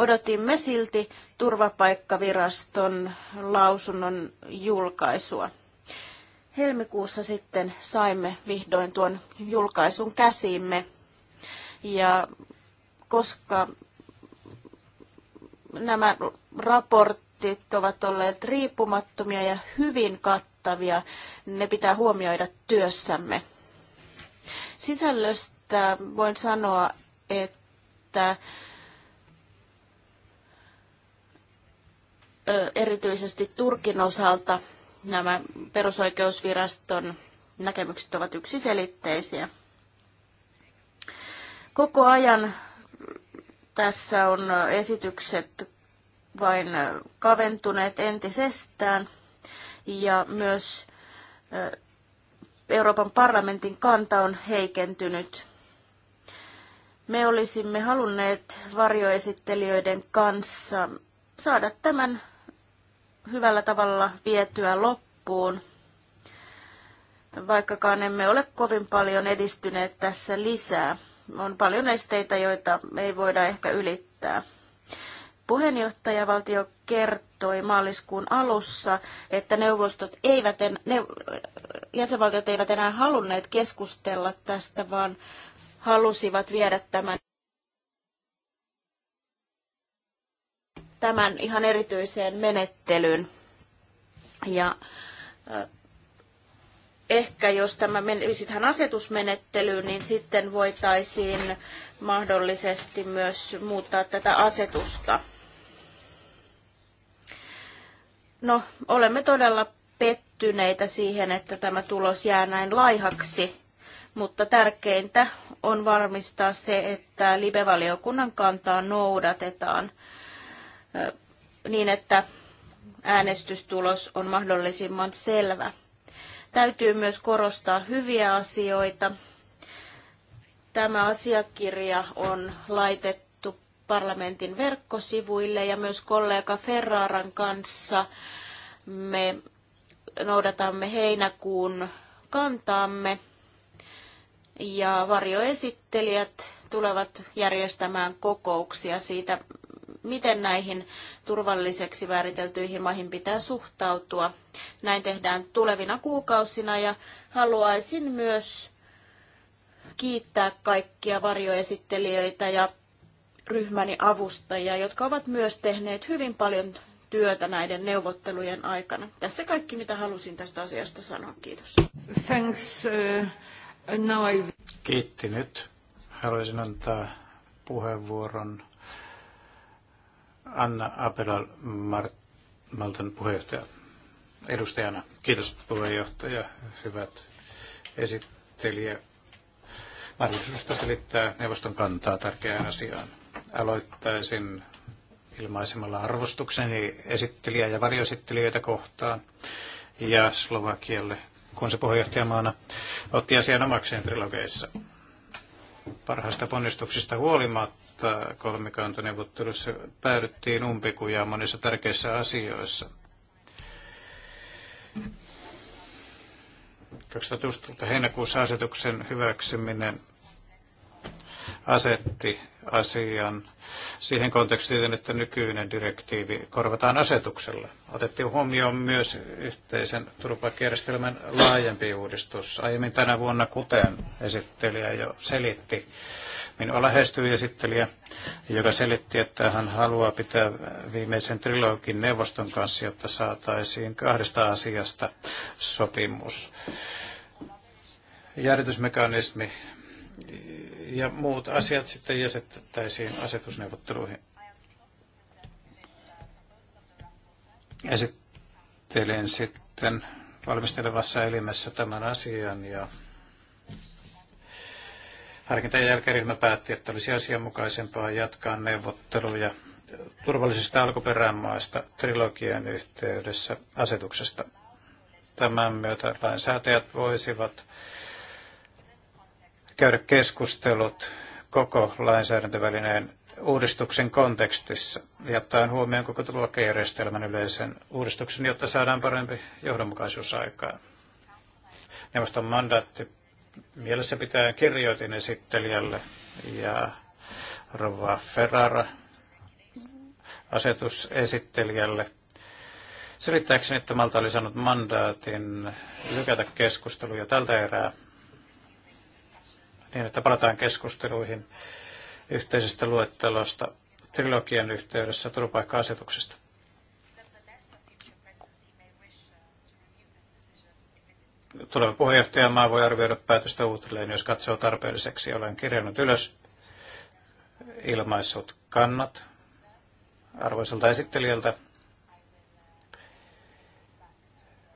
Odotimme silti turvapaikkaviraston lausunnon julkaisua. Helmikuussa sitten saimme vihdoin tuon julkaisun käsiimme. Ja koska nämä raportit ovat olleet riippumattomia ja hyvin kattavia, ne pitää huomioida työssämme. Sisällöstä voin sanoa, että erityisesti Turkin osalta nämä perusoikeusviraston näkemykset ovat yksiselitteisiä. Koko ajan tässä on esitykset vain kaventuneet entisestään ja myös Euroopan parlamentin kanta on heikentynyt. Me olisimme halunneet varjoesittelijöiden kanssa saada tämän hyvällä tavalla vietyä loppuun, vaikkakaan emme ole kovin paljon edistyneet tässä lisää. On paljon esteitä, joita ei voida ehkä ylittää. Puheenjohtajavaltio kertoi maaliskuun alussa, että neuvostot eivät en, ne, jäsenvaltiot eivät enää halunneet keskustella tästä, vaan halusivat viedä tämän tämän ihan erityiseen menettelyyn. Ja ehkä jos tämä menisi tähän asetusmenettelyyn, niin sitten voitaisiin mahdollisesti myös muuttaa tätä asetusta. No, olemme todella pettyneitä siihen, että tämä tulos jää näin laihaksi, mutta tärkeintä on varmistaa se, että libevaliokunnan kantaa noudatetaan – niin, että äänestystulos on mahdollisimman selvä. Täytyy myös korostaa hyviä asioita. Tämä asiakirja on laitettu parlamentin verkkosivuille ja myös kollega Ferraran kanssa me noudatamme heinäkuun kantaamme ja varjoesittelijät tulevat järjestämään kokouksia siitä, miten näihin turvalliseksi määriteltyihin maihin pitää suhtautua. Näin tehdään tulevina kuukausina ja haluaisin myös kiittää kaikkia varjoesittelijöitä ja ryhmäni avustajia, jotka ovat myös tehneet hyvin paljon työtä näiden neuvottelujen aikana. Tässä kaikki, mitä halusin tästä asiasta sanoa. Kiitos. Thanks. Uh, now I... Kiitti nyt. Haluaisin antaa puheenvuoron Anna Apelal Maltan puheenjohtaja edustajana. Kiitos puheenjohtaja, hyvät esittelijä. Mahdollisuudesta selittää neuvoston kantaa tärkeään asiaan. Aloittaisin ilmaisemalla arvostukseni esittelijä- ja varjoesittelijöitä kohtaan ja Slovakialle, kun se puheenjohtajamaana otti asian omakseen trilogeissa. Parhaista ponnistuksista huolimatta mutta kolmikantaneuvottelussa päädyttiin umpikujaan monissa tärkeissä asioissa. 2016 heinäkuussa asetuksen hyväksyminen asetti asian siihen kontekstiin, että nykyinen direktiivi korvataan asetuksella. Otettiin huomioon myös yhteisen turvapaikkajärjestelmän laajempi uudistus aiemmin tänä vuonna, kuten esittelijä jo selitti. Minua lähestyi esittelijä, joka selitti, että hän haluaa pitää viimeisen trilogin neuvoston kanssa, jotta saataisiin kahdesta asiasta sopimus. Järjitysmekanismi ja muut asiat sitten jäsettäisiin asetusneuvotteluihin. Esittelen sitten valmistelevassa elimessä tämän asian ja Harkintojen ryhmä päätti, että olisi asianmukaisempaa jatkaa neuvotteluja turvallisista alkuperämaista trilogian yhteydessä asetuksesta. Tämän myötä lainsäätäjät voisivat käydä keskustelut koko lainsäädäntövälineen uudistuksen kontekstissa jättäen huomioon koko tulokejärjestelmän yleisen uudistuksen, jotta saadaan parempi johdonmukaisuus aikaan. Neuvoston mandaatti Mielessä pitää kirjoitin esittelijälle ja Rova Ferrara asetusesittelijälle selittääkseni, että Malta oli saanut mandaatin lykätä keskusteluja tältä erää niin, että palataan keskusteluihin yhteisestä luettelosta trilogian yhteydessä turvapaikka-asetuksesta. tuleva maa voi arvioida päätöstä uudelleen, jos katsoo tarpeelliseksi. Olen kirjannut ylös ilmaissut kannat arvoiselta esittelijältä.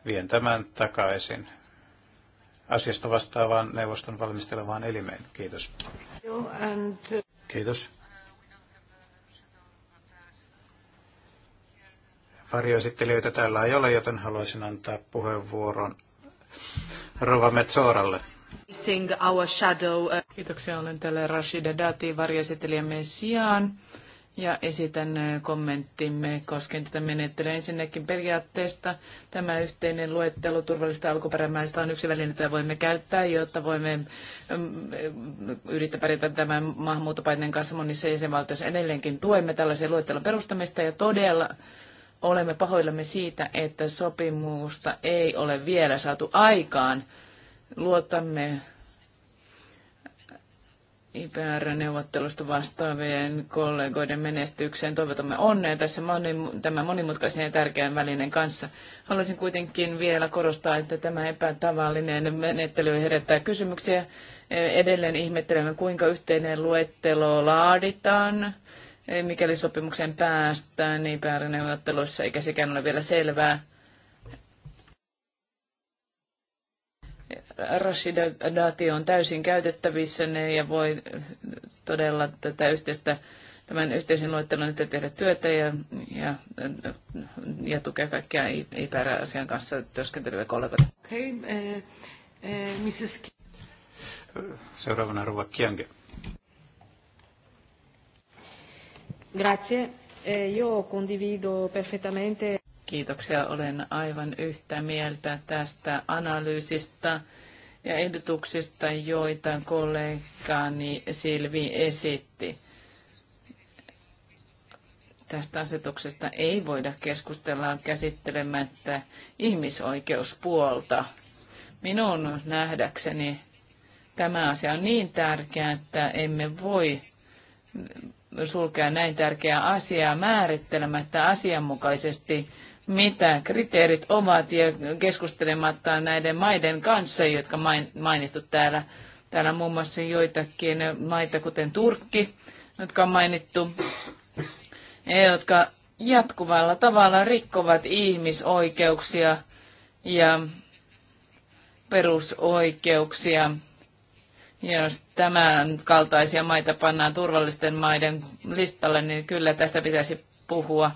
Vien tämän takaisin asiasta vastaavaan neuvoston valmistelevaan elimeen. Kiitos. Kiitos. Varjoesittelijöitä täällä ei ole, joten haluaisin antaa puheenvuoron Rova Metsoralle. Our shadow. Uh, Kiitoksia, olen täällä Rashida Dati varjoesittelijämme sijaan ja esitän uh, kommenttimme koskien tätä menettelyä. Ensinnäkin periaatteesta tämä yhteinen luettelo turvallista alkuperämäistä on yksi väline, jota voimme käyttää, jotta voimme um, uh, yrittää pärjätä tämän maahanmuuttopaineen kanssa monissa jäsenvaltioissa. Edelleenkin tuemme tällaisen luettelon perustamista ja todella Olemme pahoillamme siitä, että sopimusta ei ole vielä saatu aikaan. Luotamme IPR-neuvottelusta vastaavien kollegoiden menestykseen. Toivotamme onnea tässä moni, tämän monimutkaisen ja tärkeän välinen kanssa. Haluaisin kuitenkin vielä korostaa, että tämä epätavallinen menettely herättää kysymyksiä. Edelleen ihmettelemme, kuinka yhteinen luettelo laaditaan mikäli sopimukseen päästään, niin pääneuvotteluissa eikä sekään ole vielä selvää. Rashidati on täysin käytettävissä ne ja voi todella tätä yhteistä, tämän yhteisen luettelon että tehdä työtä ja, ja, ja tukea kaikkia IPR-asian kanssa työskenteleviä kollegat. Okay, uh, uh, Mrs. Seuraavana Ruva Kiange. Grazie. Eh, io condivido perfettamente. Kiitoksia. Olen aivan yhtä mieltä tästä analyysistä ja ehdotuksista, joita kollegani Silvi esitti. Tästä asetuksesta ei voida keskustella käsittelemättä ihmisoikeuspuolta. Minun nähdäkseni tämä asia on niin tärkeä, että emme voi sulkea näin tärkeää asiaa määrittelemättä asianmukaisesti, mitä kriteerit ovat ja keskustelematta näiden maiden kanssa, jotka mainittu täällä. Täällä on muun muassa joitakin maita, kuten Turkki, jotka on mainittu, jotka jatkuvalla tavalla rikkovat ihmisoikeuksia ja perusoikeuksia jos tämän kaltaisia maita pannaan turvallisten maiden listalle, niin kyllä tästä pitäisi puhua.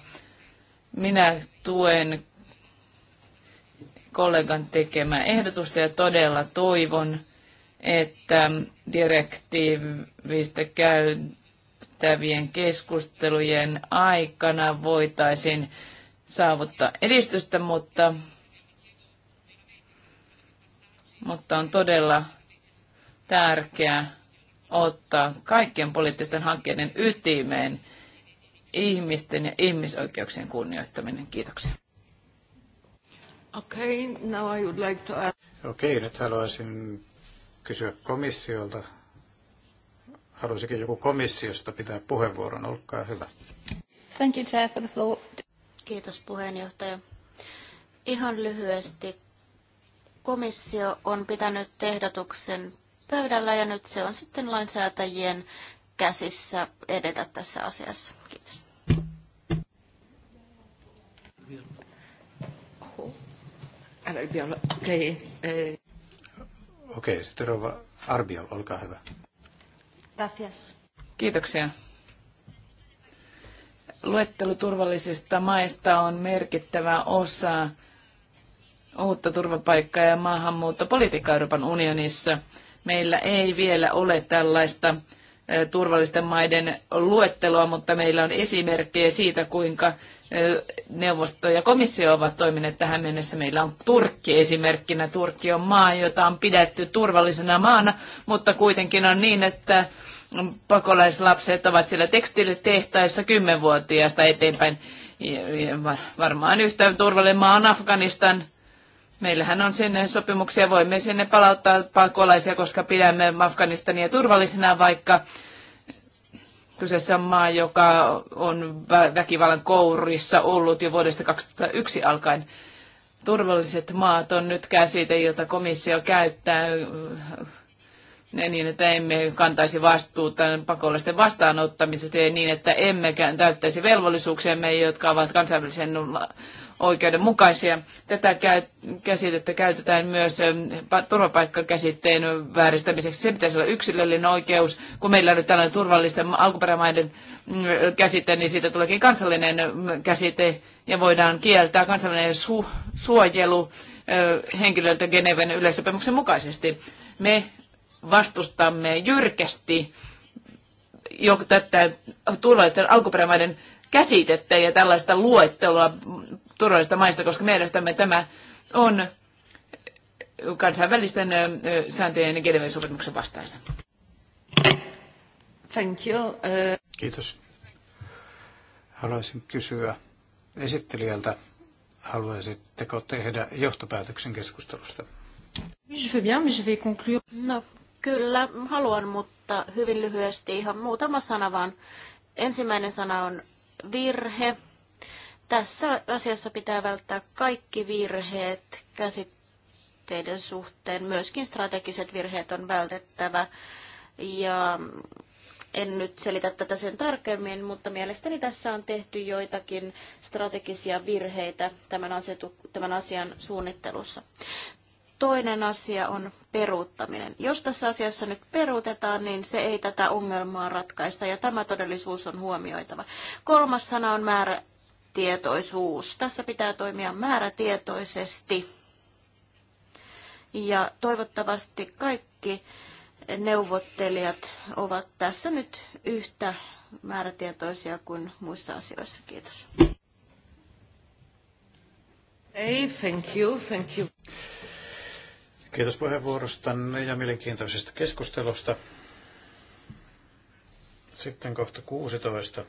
Minä tuen kollegan tekemää ehdotusta ja todella toivon, että direktiivistä käytävien keskustelujen aikana voitaisiin saavuttaa edistystä, mutta, mutta on todella tärkeää ottaa kaikkien poliittisten hankkeiden ytimeen ihmisten ja ihmisoikeuksien kunnioittaminen. Kiitoksia. Okei, okay, like to okay, nyt haluaisin kysyä komissiolta. Haluaisikin joku komissiosta pitää puheenvuoron, olkaa hyvä. Thank you, Chair, for the floor. Kiitos puheenjohtaja. Ihan lyhyesti. Komissio on pitänyt ehdotuksen pöydällä ja nyt se on sitten lainsäätäjien käsissä edetä tässä asiassa. Kiitos. Okei, okay. okay, sitten Rova Arbiol, olkaa hyvä. Gracias. Kiitoksia. Luettelu turvallisista maista on merkittävä osa uutta turvapaikkaa ja maahanmuuttopolitiikkaa Euroopan unionissa – Meillä ei vielä ole tällaista turvallisten maiden luetteloa, mutta meillä on esimerkkejä siitä, kuinka neuvosto ja komissio ovat toimineet tähän mennessä. Meillä on Turkki esimerkkinä. Turkki on maa, jota on pidetty turvallisena maana, mutta kuitenkin on niin, että pakolaislapset ovat siellä tekstiilitehtaissa kymmenvuotiaasta eteenpäin. Varmaan yhtä turvallinen maa on Afganistan, Meillähän on sinne sopimuksia, voimme sinne palauttaa pakolaisia, koska pidämme Afganistania turvallisena, vaikka kyseessä on maa, joka on väkivallan kourissa ollut jo vuodesta 2001 alkaen. Turvalliset maat on nyt käsite, jota komissio käyttää ne niin, että emme kantaisi vastuuta pakollisten vastaanottamisesta ja niin, että emme täyttäisi velvollisuuksemme, jotka ovat kansainvälisen oikeudenmukaisia. Tätä käsitettä käytetään myös turvapaikkakäsitteen vääristämiseksi. Se pitäisi olla yksilöllinen oikeus. Kun meillä on nyt tällainen turvallisten alkuperämaiden mm, käsite, niin siitä tuleekin kansallinen mm, käsite ja voidaan kieltää kansallinen su- suojelu henkilöltä Geneven yleissopimuksen mukaisesti. Me vastustamme jyrkästi jo tätä turvallisten alkuperämaiden käsitettä ja tällaista luettelua turvallisista maista, koska mielestämme tämä on kansainvälisten sääntöjen ja Geneven sopimuksen vastaista. Thank you. Uh... Kiitos. Haluaisin kysyä esittelijältä, haluaisitteko tehdä johtopäätöksen keskustelusta? Je veux bien, mais je vais conclure. No, kyllä, haluan, mutta hyvin lyhyesti ihan muutama sana vaan. Ensimmäinen sana on virhe. Tässä asiassa pitää välttää kaikki virheet käsitteiden suhteen. Myöskin strategiset virheet on vältettävä. Ja en nyt selitä tätä sen tarkemmin, mutta mielestäni tässä on tehty joitakin strategisia virheitä tämän, asetu, tämän asian suunnittelussa. Toinen asia on peruuttaminen. Jos tässä asiassa nyt peruutetaan, niin se ei tätä ongelmaa ratkaista, ja tämä todellisuus on huomioitava. Kolmas sana on määrä tietoisuus. Tässä pitää toimia määrätietoisesti ja toivottavasti kaikki neuvottelijat ovat tässä nyt yhtä määrätietoisia kuin muissa asioissa. Kiitos. Hey, thank you, thank you. Kiitos puheenvuorostanne ja mielenkiintoisesta keskustelusta. Sitten kohta 16.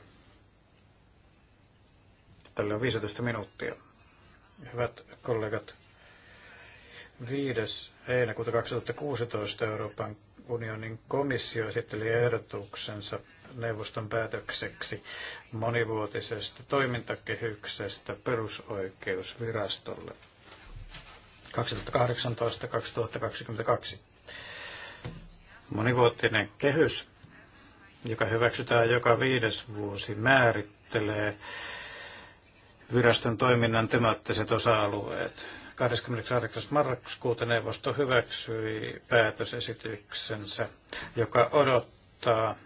Tälle on 15 minuuttia. Hyvät kollegat, 5. heinäkuuta 2016 Euroopan unionin komissio esitteli ehdotuksensa neuvoston päätökseksi monivuotisesta toimintakehyksestä perusoikeusvirastolle 2018-2022. Monivuotinen kehys, joka hyväksytään joka viides vuosi, määrittelee viraston toiminnan temaattiset osa-alueet. 28. marraskuuta neuvosto hyväksyi päätösesityksensä, joka odottaa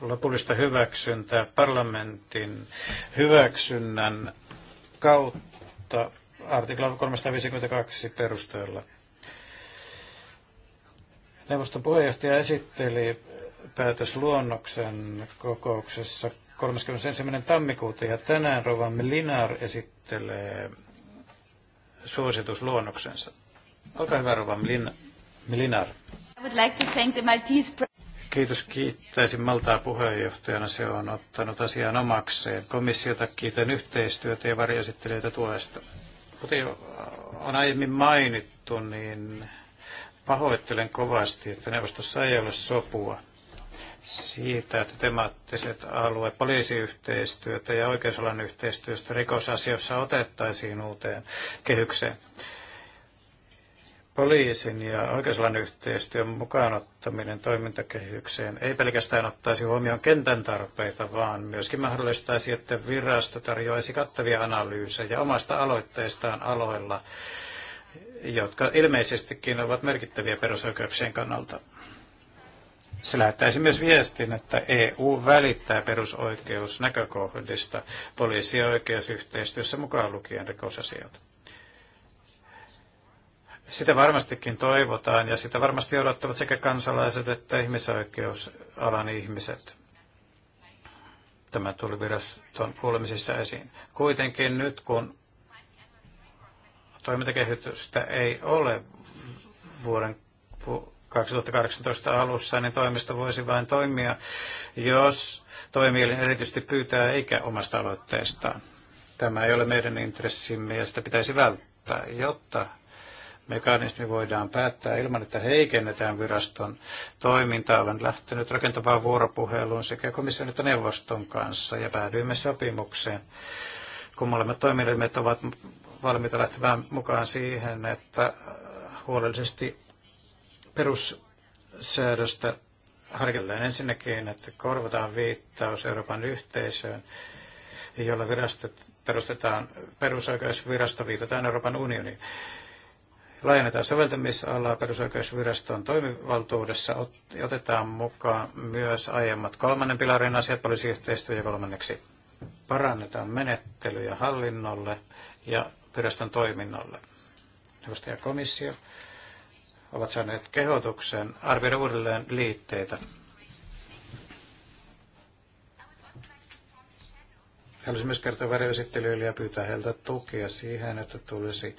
lopullista hyväksyntää parlamentin hyväksynnän kautta artiklan 352 perusteella. Neuvoston puheenjohtaja esitteli päätösluonnoksen kokouksessa 31. tammikuuta ja tänään rovamme Linar esittelee suositusluonnoksensa. Olkaa hyvä Rova Linar. Kiitos, kiittäisin Maltaa puheenjohtajana. Se on ottanut asian omakseen. Komissiota kiitän yhteistyötä ja varjoesittelijöitä tuesta. Kuten äh, on aiemmin mainittu, niin pahoittelen kovasti, että neuvostossa ei ole sopua siitä, että temaattiset alueet poliisiyhteistyötä ja oikeusalan yhteistyöstä rikosasioissa otettaisiin uuteen kehykseen. Poliisin ja oikeusalan yhteistyön mukaan ottaminen toimintakehykseen ei pelkästään ottaisi huomioon kentän tarpeita, vaan myöskin mahdollistaisi, että virasto tarjoaisi kattavia analyysejä omasta aloitteestaan aloilla, jotka ilmeisestikin ovat merkittäviä perusoikeuksien kannalta. Se lähettäisi myös viestin, että EU välittää perusoikeusnäkökohdista poliisi- ja oikeusyhteistyössä mukaan lukien rikosasiat. Sitä varmastikin toivotaan ja sitä varmasti odottavat sekä kansalaiset että ihmisoikeusalan ihmiset. Tämä tuli viraston kuulemisissa esiin. Kuitenkin nyt kun toimintakehitystä ei ole vuoden 2018 alussa, niin toimisto voisi vain toimia, jos toimielin erityisesti pyytää eikä omasta aloitteestaan. Tämä ei ole meidän intressimme ja sitä pitäisi välttää, jotta mekanismi voidaan päättää ilman, että heikennetään viraston toimintaa. Olen lähtenyt rakentavaan vuoropuheluun sekä komission että neuvoston kanssa ja päädyimme sopimukseen. Kun molemmat toimielimet ovat valmiita lähtemään mukaan siihen, että huolellisesti perussäädöstä harkitellaan ensinnäkin, että korvataan viittaus Euroopan yhteisöön, jolla virastot perustetaan perusoikeusvirasto, viitataan Euroopan unioniin. Laajennetaan soveltamisalaa perusoikeusviraston toimivaltuudessa, otetaan mukaan myös aiemmat kolmannen pilarin asiat, poliisiyhteistyö ja kolmanneksi parannetaan menettelyjä hallinnolle ja viraston toiminnolle. Neuvosto ja komissio ovat saaneet kehotuksen arvioida uudelleen liitteitä. Haluaisin myös kertoa väriesittelyille ja pyytää heiltä tukea siihen, että tulisi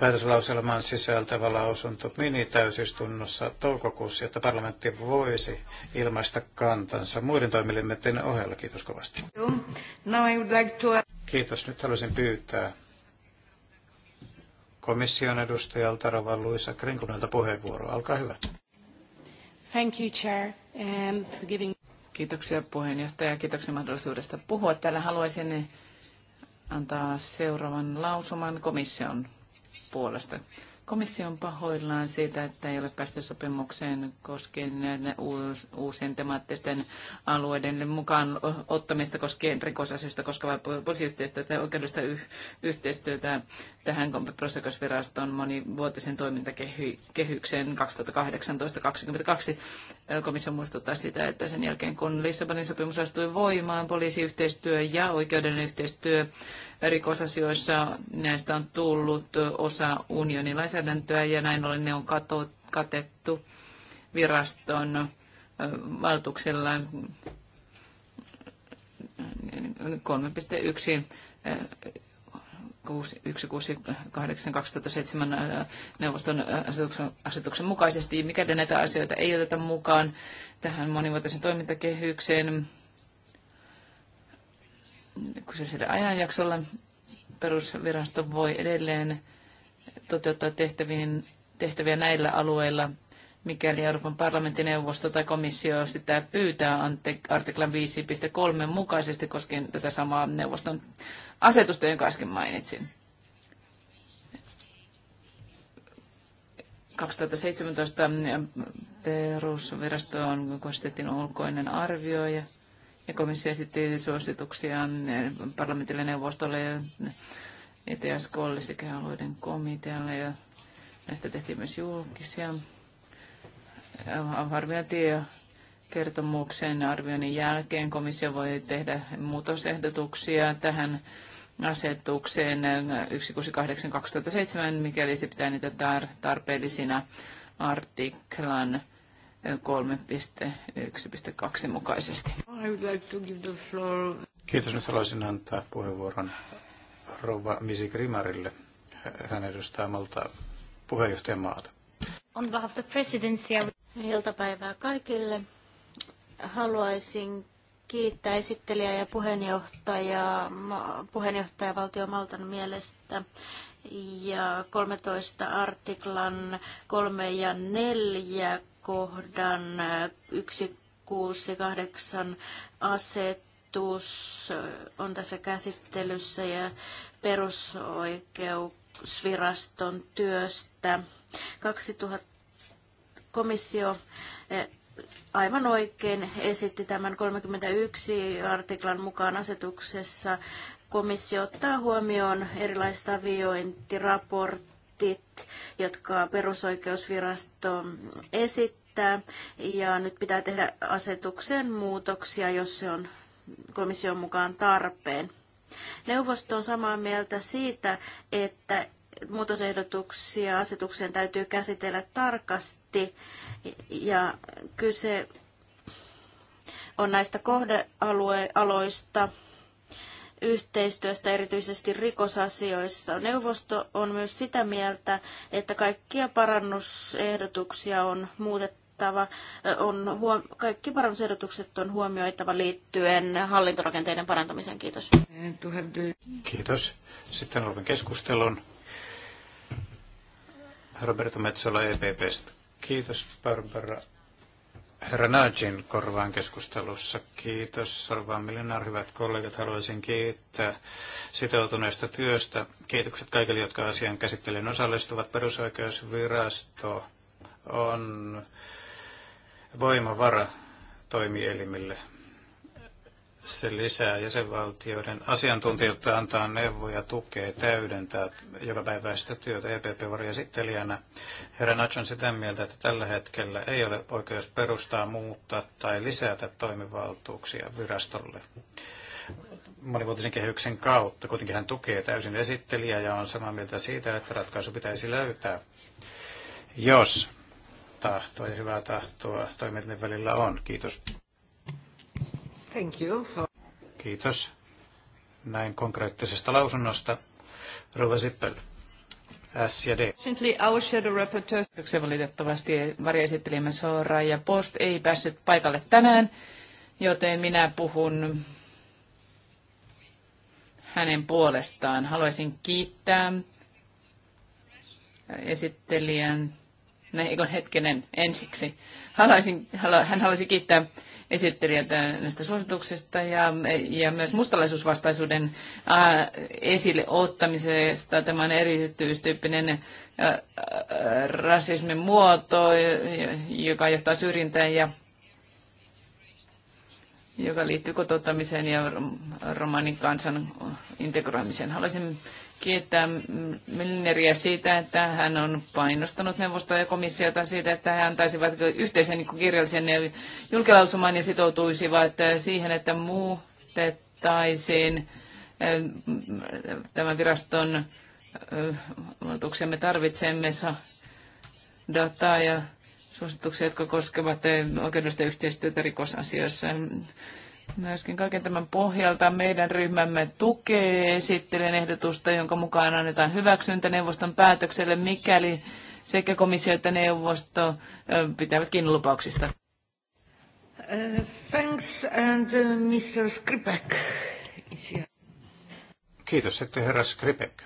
päätöslauselman sisältävä lausunto mini-täysistunnossa toukokuussa, jotta parlamentti voisi ilmaista kantansa muiden toimielimetteiden ohella. Kiitos kovasti. Kiitos. Nyt haluaisin pyytää komission edustajalta Rova Luisa Krinkunelta puheenvuoro. Alkaa hyvä. Thank you, Chair, um, for giving... Kiitoksia puheenjohtaja. Kiitoksia mahdollisuudesta puhua. Täällä haluaisin antaa seuraavan lausuman komission puolesta. Komissio on pahoillaan siitä, että ei ole päästy sopimukseen koskien uusien temaattisten alueiden mukaan ottamista koskien rikosasioista koskevaa poliisiyhteistyötä ja oikeudellista yhteistyötä tähän prosessikasviraston monivuotisen toimintakehykseen 2018-2022. Komissio muistuttaa sitä, että sen jälkeen kun Lissabonin sopimus astui voimaan, poliisiyhteistyö ja oikeudellinen yhteistyö rikosasioissa näistä on tullut osa unionin lainsäädäntöä ja näin ollen ne on katettu viraston valtuuksella 3.1.168.2007 neuvoston asetuksen, asetuksen mukaisesti, mikäli näitä asioita ei oteta mukaan tähän monivuotisen toimintakehykseen kyseisellä ajanjaksolla perusvirasto voi edelleen toteuttaa tehtäviin, tehtäviä näillä alueilla, mikäli Euroopan parlamentin neuvosto tai komissio sitä pyytää artiklan 5.3 mukaisesti koskien tätä samaa neuvoston asetusta, jonka äsken mainitsin. 2017 perusvirastoon kohdistettiin ulkoinen arvio ja ja komissio esitti suosituksia parlamentille neuvostolle ja ETS-kolle sekä alueiden komitealle ja näistä tehtiin myös julkisia. arviointia kertomuksen arvioinnin jälkeen komissio voi tehdä muutosehdotuksia tähän asetukseen 168-2007, mikäli se pitää niitä tar- tarpeellisina artiklan 3.1.2 mukaisesti. Kiitos. Nyt haluaisin antaa puheenvuoron rouva Misi Grimarille. Hän edustaa Maltaa puheenjohtajamaata. On behalf the presidency. Iltapäivää kaikille. Haluaisin kiittää esittelijää ja puheenjohtajaa, puheenjohtaja valtio Maltan mielestä ja 13 artiklan 3 ja 4 kohdan 168 asetus on tässä käsittelyssä ja perusoikeusviraston työstä. 2000 komissio aivan oikein esitti tämän 31 artiklan mukaan asetuksessa komissio ottaa huomioon erilaista aviointiraportit raportit, jotka perusoikeusvirasto esittää. Ja nyt pitää tehdä asetuksen muutoksia, jos se on komission mukaan tarpeen. Neuvosto on samaa mieltä siitä, että muutosehdotuksia asetukseen täytyy käsitellä tarkasti ja kyse on näistä kohdealoista yhteistyöstä erityisesti rikosasioissa. Neuvosto on myös sitä mieltä, että kaikkia parannusehdotuksia on muutettava, on huom- kaikki parannusehdotukset on huomioitava liittyen hallintorakenteiden parantamiseen. Kiitos. Kiitos. Sitten olen keskustelun. Roberto Metsola EPPstä. Kiitos Barbara herra Najin korvaan keskustelussa. Kiitos Salvaan Milinar, hyvät kollegat. Haluaisin kiittää sitoutuneesta työstä. Kiitokset kaikille, jotka asian käsittelyyn osallistuvat. Perusoikeusvirasto on voimavara toimielimille se lisää jäsenvaltioiden asiantuntijoita, antaa neuvoja, tukea, täydentää jokapäiväistä työtä epp esittelijänä. Herra Natch on sitä mieltä, että tällä hetkellä ei ole oikeus perustaa, muuttaa tai lisätä toimivaltuuksia virastolle monivuotisen kehyksen kautta. Kuitenkin hän tukee täysin esittelijää ja on samaa mieltä siitä, että ratkaisu pitäisi löytää, jos tahtoa ja hyvää tahtoa toimijoiden välillä on. Kiitos. Thank you for... Kiitos näin konkreettisesta lausunnosta. Rova Zippel. S ja D. Kiitoksia valitettavasti varjoesittelijämme Soora ja Post ei päässyt paikalle tänään, joten minä puhun hänen puolestaan. Haluaisin kiittää esittelijän, ne, hetkinen, ensiksi. Haluaisin, halu, hän halusi kiittää esittelijältä äh, näistä suosituksista ja, ja myös mustalaisuusvastaisuuden äh, esille ottamisesta. Tämä on erityistyyppinen äh, rasismin muoto, joka johtaa syrjintään ja joka liittyy kotouttamiseen ja romanin kansan integroimiseen. Haluaisin kiittää Milneriä siitä, että hän on painostanut neuvostoa ja komissiota siitä, että he antaisivat yhteisen kirjallisen julkilausuman ja sitoutuisivat siihen, että muutettaisiin eh, tämän viraston eh, Me tarvitsemme dataa ja suosituksia, jotka koskevat eh, oikeudellista yhteistyötä rikosasioissa myöskin kaiken tämän pohjalta meidän ryhmämme tukee esittelen ehdotusta, jonka mukaan annetaan hyväksyntä neuvoston päätökselle, mikäli sekä komissio että neuvosto pitävät kiinni lupauksista. Uh, thanks and uh, Mr. Skripek. Kiitos, että herra Skripek.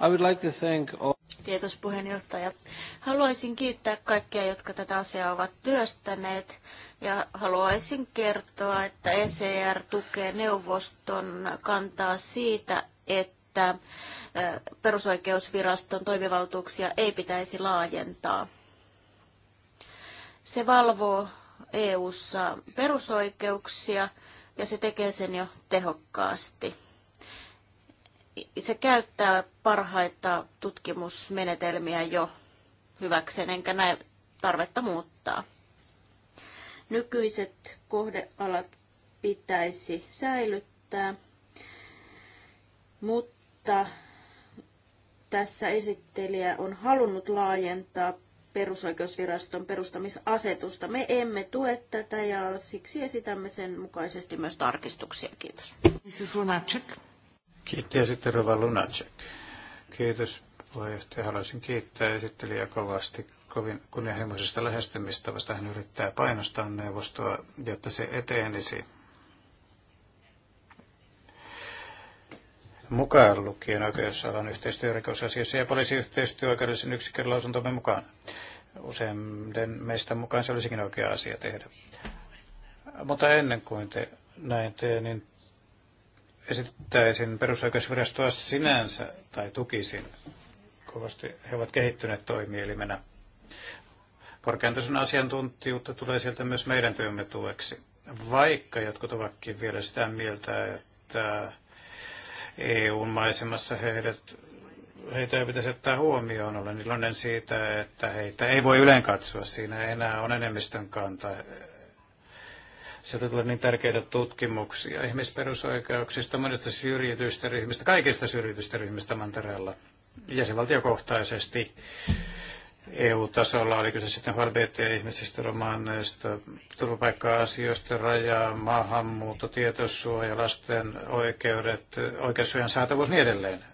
I would like to thank all... Kiitos puheenjohtaja. Haluaisin kiittää kaikkia, jotka tätä asiaa ovat työstäneet. Ja haluaisin kertoa, että ECR tukee neuvoston kantaa siitä, että perusoikeusviraston toimivaltuuksia ei pitäisi laajentaa. Se valvoo EU:ssa perusoikeuksia ja se tekee sen jo tehokkaasti. Se käyttää parhaita tutkimusmenetelmiä jo hyväkseen, enkä näe tarvetta muuttaa. Nykyiset kohdealat pitäisi säilyttää, mutta tässä esittelijä on halunnut laajentaa perusoikeusviraston perustamisasetusta. Me emme tue tätä ja siksi esitämme sen mukaisesti myös tarkistuksia. Kiitos. Mrs. Lunacek. Kiitti esittelyvä Lunacek. Kiitos puheenjohtaja. Haluaisin kiittää esittelijä kovasti kovin kunnianhimoisesta lähestymistavasta. Hän yrittää painostaa neuvostoa, jotta se etenisi mukaan lukien oikeusalan yhteistyö rikosasioissa ja poliisiyhteistyö oikeudellisen yksikön lausuntomme mukaan. Useimmiten meistä mukaan se olisikin oikea asia tehdä. Mutta ennen kuin te näin teen, niin esittäisin perusoikeusvirastoa sinänsä tai tukisin kovasti. He ovat kehittyneet toimielimenä Korkeintason asiantuntijuutta tulee sieltä myös meidän työmme tueksi, vaikka jotkut ovatkin vielä sitä mieltä, että EU-maisemassa heidät, heitä ei pitäisi ottaa huomioon. Olen iloinen siitä, että heitä ei voi yleen katsoa. Siinä enää on enemmistön kanta. Sieltä tulee niin tärkeitä tutkimuksia ihmisperusoikeuksista, monista syrjityistä ryhmistä, kaikista syrjityistä ryhmistä mantereella jäsenvaltiokohtaisesti. EU-tasolla, oli kyse sitten HLBT-ihmisistä, romaaneista, turvapaikka-asioista, rajaa, maahanmuutto, tietosuoja, lasten oikeudet, oikeussuojan saatavuus niin edelleen.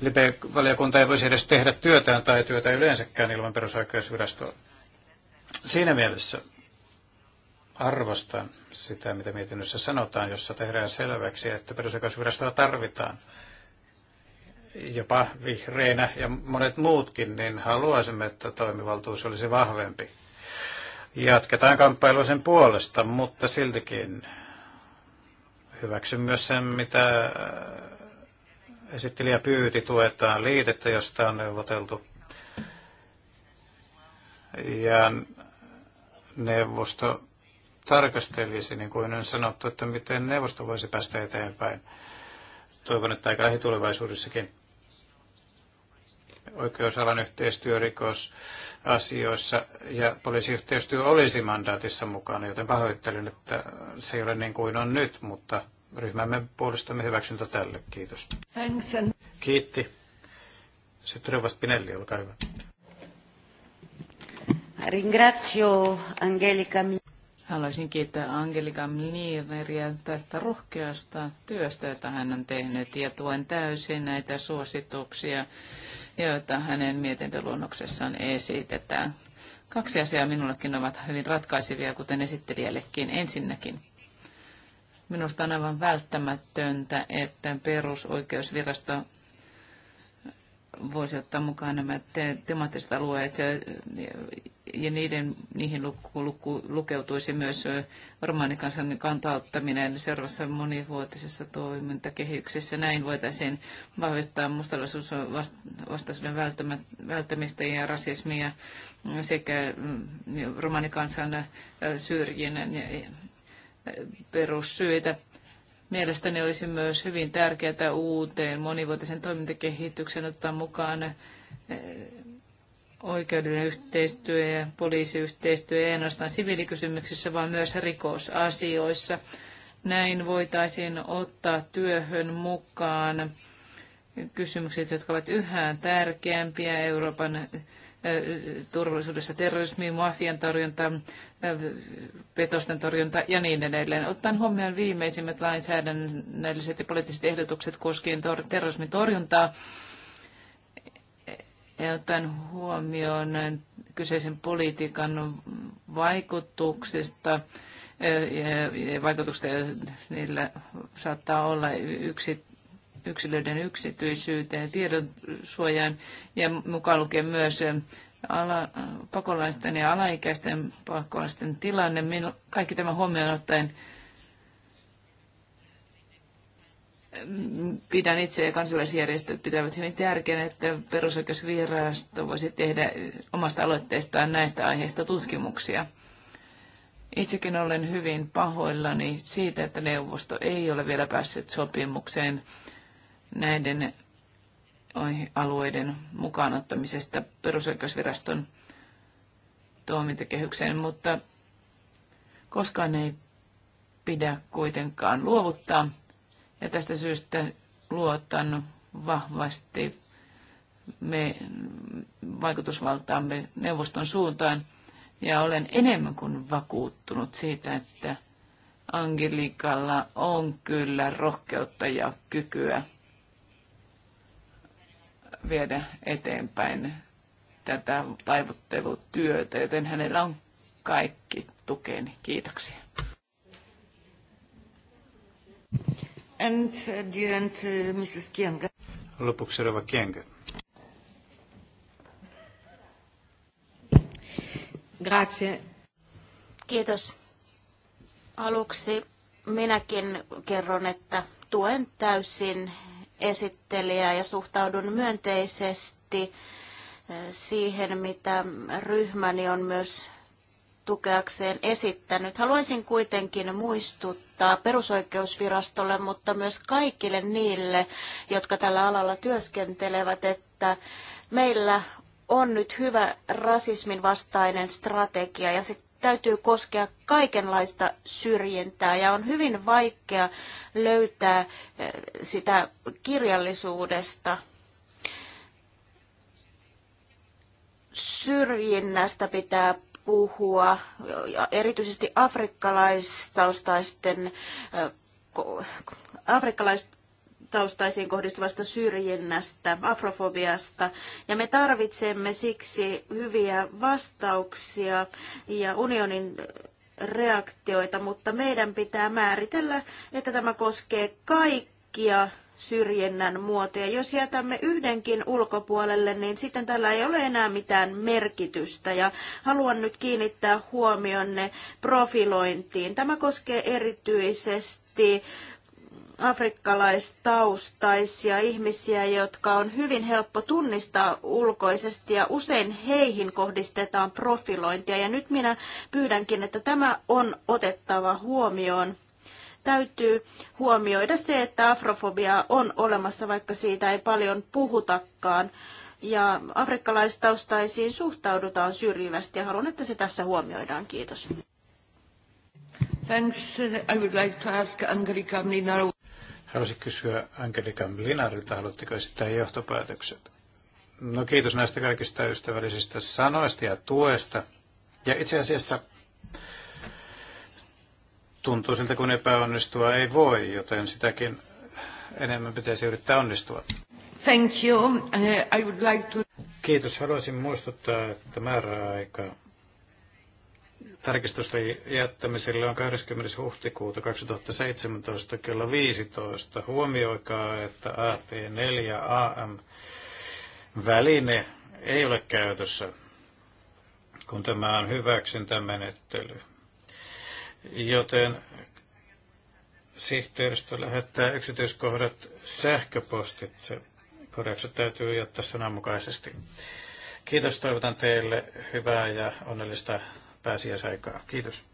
LIBE-valiokunta ei voisi edes tehdä työtään tai työtä yleensäkään ilman perusoikeusvirastoa. Siinä mielessä arvostan sitä, mitä mietinnössä sanotaan, jossa tehdään selväksi, että perusoikeusvirastoa tarvitaan – jopa vihreinä ja monet muutkin, niin haluaisimme, että toimivaltuus olisi vahvempi. Jatketaan kamppailua sen puolesta, mutta siltikin hyväksyn myös sen, mitä esittelijä pyyti, tuetaan liitettä, josta on neuvoteltu. Ja neuvosto tarkastelisi, niin kuin on sanottu, että miten neuvosto voisi päästä eteenpäin. Toivon, että aika lähitulevaisuudessakin oikeusalan yhteistyö ja poliisiyhteistyö olisi mandaatissa mukana, joten pahoittelen, että se ei ole niin kuin on nyt, mutta ryhmämme puolustamme hyväksyntä tälle. Kiitos. Thanks. Kiitti. Sitten Rova Spinelli, olkaa hyvä. Ringrazio Angelica Haluaisin kiittää Angelika Mlineria tästä rohkeasta työstä, jota hän on tehnyt, ja tuen täysin näitä suosituksia joita hänen mietintöluonnoksessaan esitetään. Kaksi asiaa minullekin ovat hyvin ratkaisevia, kuten esittelijällekin. Ensinnäkin, minusta on aivan välttämätöntä, että perusoikeusvirasto voisi ottaa mukaan nämä te- temaattiset alueet ja, ja niiden, niihin luku, luku, lukeutuisi myös romanikansan kantauttaminen seuraavassa monivuotisessa toimintakehyksessä. Näin voitaisiin vahvistaa mustalaisuusvastaisuuden välttämistä ja rasismia sekä mm, romanikansan syrjinnän perussyitä Mielestäni olisi myös hyvin tärkeää uuteen monivuotisen toimintakehityksen ottaa mukaan eh, oikeudellinen yhteistyö ja poliisiyhteistyö ei ainoastaan siviilikysymyksissä, vaan myös rikosasioissa. Näin voitaisiin ottaa työhön mukaan kysymykset, jotka ovat yhä tärkeämpiä Euroopan turvallisuudessa, terrorismi, mafian torjunta, petosten torjunta ja niin edelleen. Ottaen huomioon viimeisimmät lainsäädännölliset ja poliittiset ehdotukset koskien tor- terrorismin torjuntaa, ja ottaen huomioon kyseisen politiikan vaikutuksista, vaikutuksista niillä saattaa olla yksittäisiä yksilöiden yksityisyyteen, tiedonsuojaan ja mukaan lukien myös eh, ala, pakolaisten ja alaikäisten pakolaisten tilanne. Kaikki tämä huomioon ottaen mm, pidän itse ja kansalaisjärjestöt pitävät hyvin tärkeänä, että perusoikeusvirasto voisi tehdä omasta aloitteestaan näistä aiheista tutkimuksia. Itsekin olen hyvin pahoillani siitä, että neuvosto ei ole vielä päässyt sopimukseen näiden alueiden mukaanottamisesta perusoikeusviraston toimintakehykseen, mutta koskaan ei pidä kuitenkaan luovuttaa. Ja tästä syystä luotan vahvasti me vaikutusvaltaamme neuvoston suuntaan. Ja olen enemmän kuin vakuuttunut siitä, että Angelikalla on kyllä rohkeutta ja kykyä viedä eteenpäin tätä taivuttelutyötä, joten hänellä on kaikki tukeni. Kiitoksia. And at end, uh, uh Mrs. Kienge. Lopuksi Rova Kienge. Grazie. Kiitos. Aluksi minäkin kerron, että tuen täysin esittelijä ja suhtaudun myönteisesti eh, siihen, mitä ryhmäni on myös tukeakseen esittänyt. Haluaisin kuitenkin muistuttaa perusoikeusvirastolle, mutta myös kaikille niille, jotka tällä alalla työskentelevät, että meillä on nyt hyvä rasismin vastainen strategia ja se täytyy koskea kaikenlaista syrjintää ja on hyvin vaikea löytää eh, sitä kirjallisuudesta. Syrjinnästä pitää puhua, erityisesti afrikkalaistaustaisten eh, afrikkalaiset taustaisiin kohdistuvasta syrjinnästä, afrofobiasta. Ja me tarvitsemme siksi hyviä vastauksia ja unionin reaktioita, mutta meidän pitää määritellä, että tämä koskee kaikkia syrjinnän muotoja. Jos jätämme yhdenkin ulkopuolelle, niin sitten tällä ei ole enää mitään merkitystä. Ja haluan nyt kiinnittää huomionne profilointiin. Tämä koskee erityisesti afrikkalaistaustaisia ihmisiä, jotka on hyvin helppo tunnistaa ulkoisesti ja usein heihin kohdistetaan profilointia. Ja nyt minä pyydänkin, että tämä on otettava huomioon. Täytyy huomioida se, että afrofobia on olemassa, vaikka siitä ei paljon puhutakaan. Ja afrikkalaistaustaisiin suhtaudutaan syrjivästi ja haluan, että se tässä huomioidaan. Kiitos. Thanks. I would like to ask Angelika Mlinaru. Haluaisin kysyä Angelika Linarilta, haluatteko esittää johtopäätökset? No kiitos näistä kaikista ystävällisistä sanoista ja tuesta. Ja itse asiassa tuntuu siltä, kun epäonnistua ei voi, joten sitäkin enemmän pitäisi yrittää onnistua. Thank you. Uh, I would like to... Kiitos. Haluaisin muistuttaa, että määräaika Tarkistusten jättämiselle on 20. huhtikuuta 2017 kello 15. Huomioikaa, että AT4AM-väline ei ole käytössä, kun tämä on hyväksyntämenettely. Joten sihteeristö lähettää yksityiskohdat sähköpostitse. Korjaukset täytyy jättää sananmukaisesti. Kiitos, toivotan teille hyvää ja onnellista pääsiäisaikaa. Kiitos.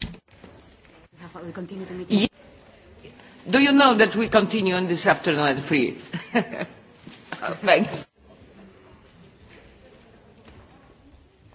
Do you know that we continue on this afternoon at three? Thanks.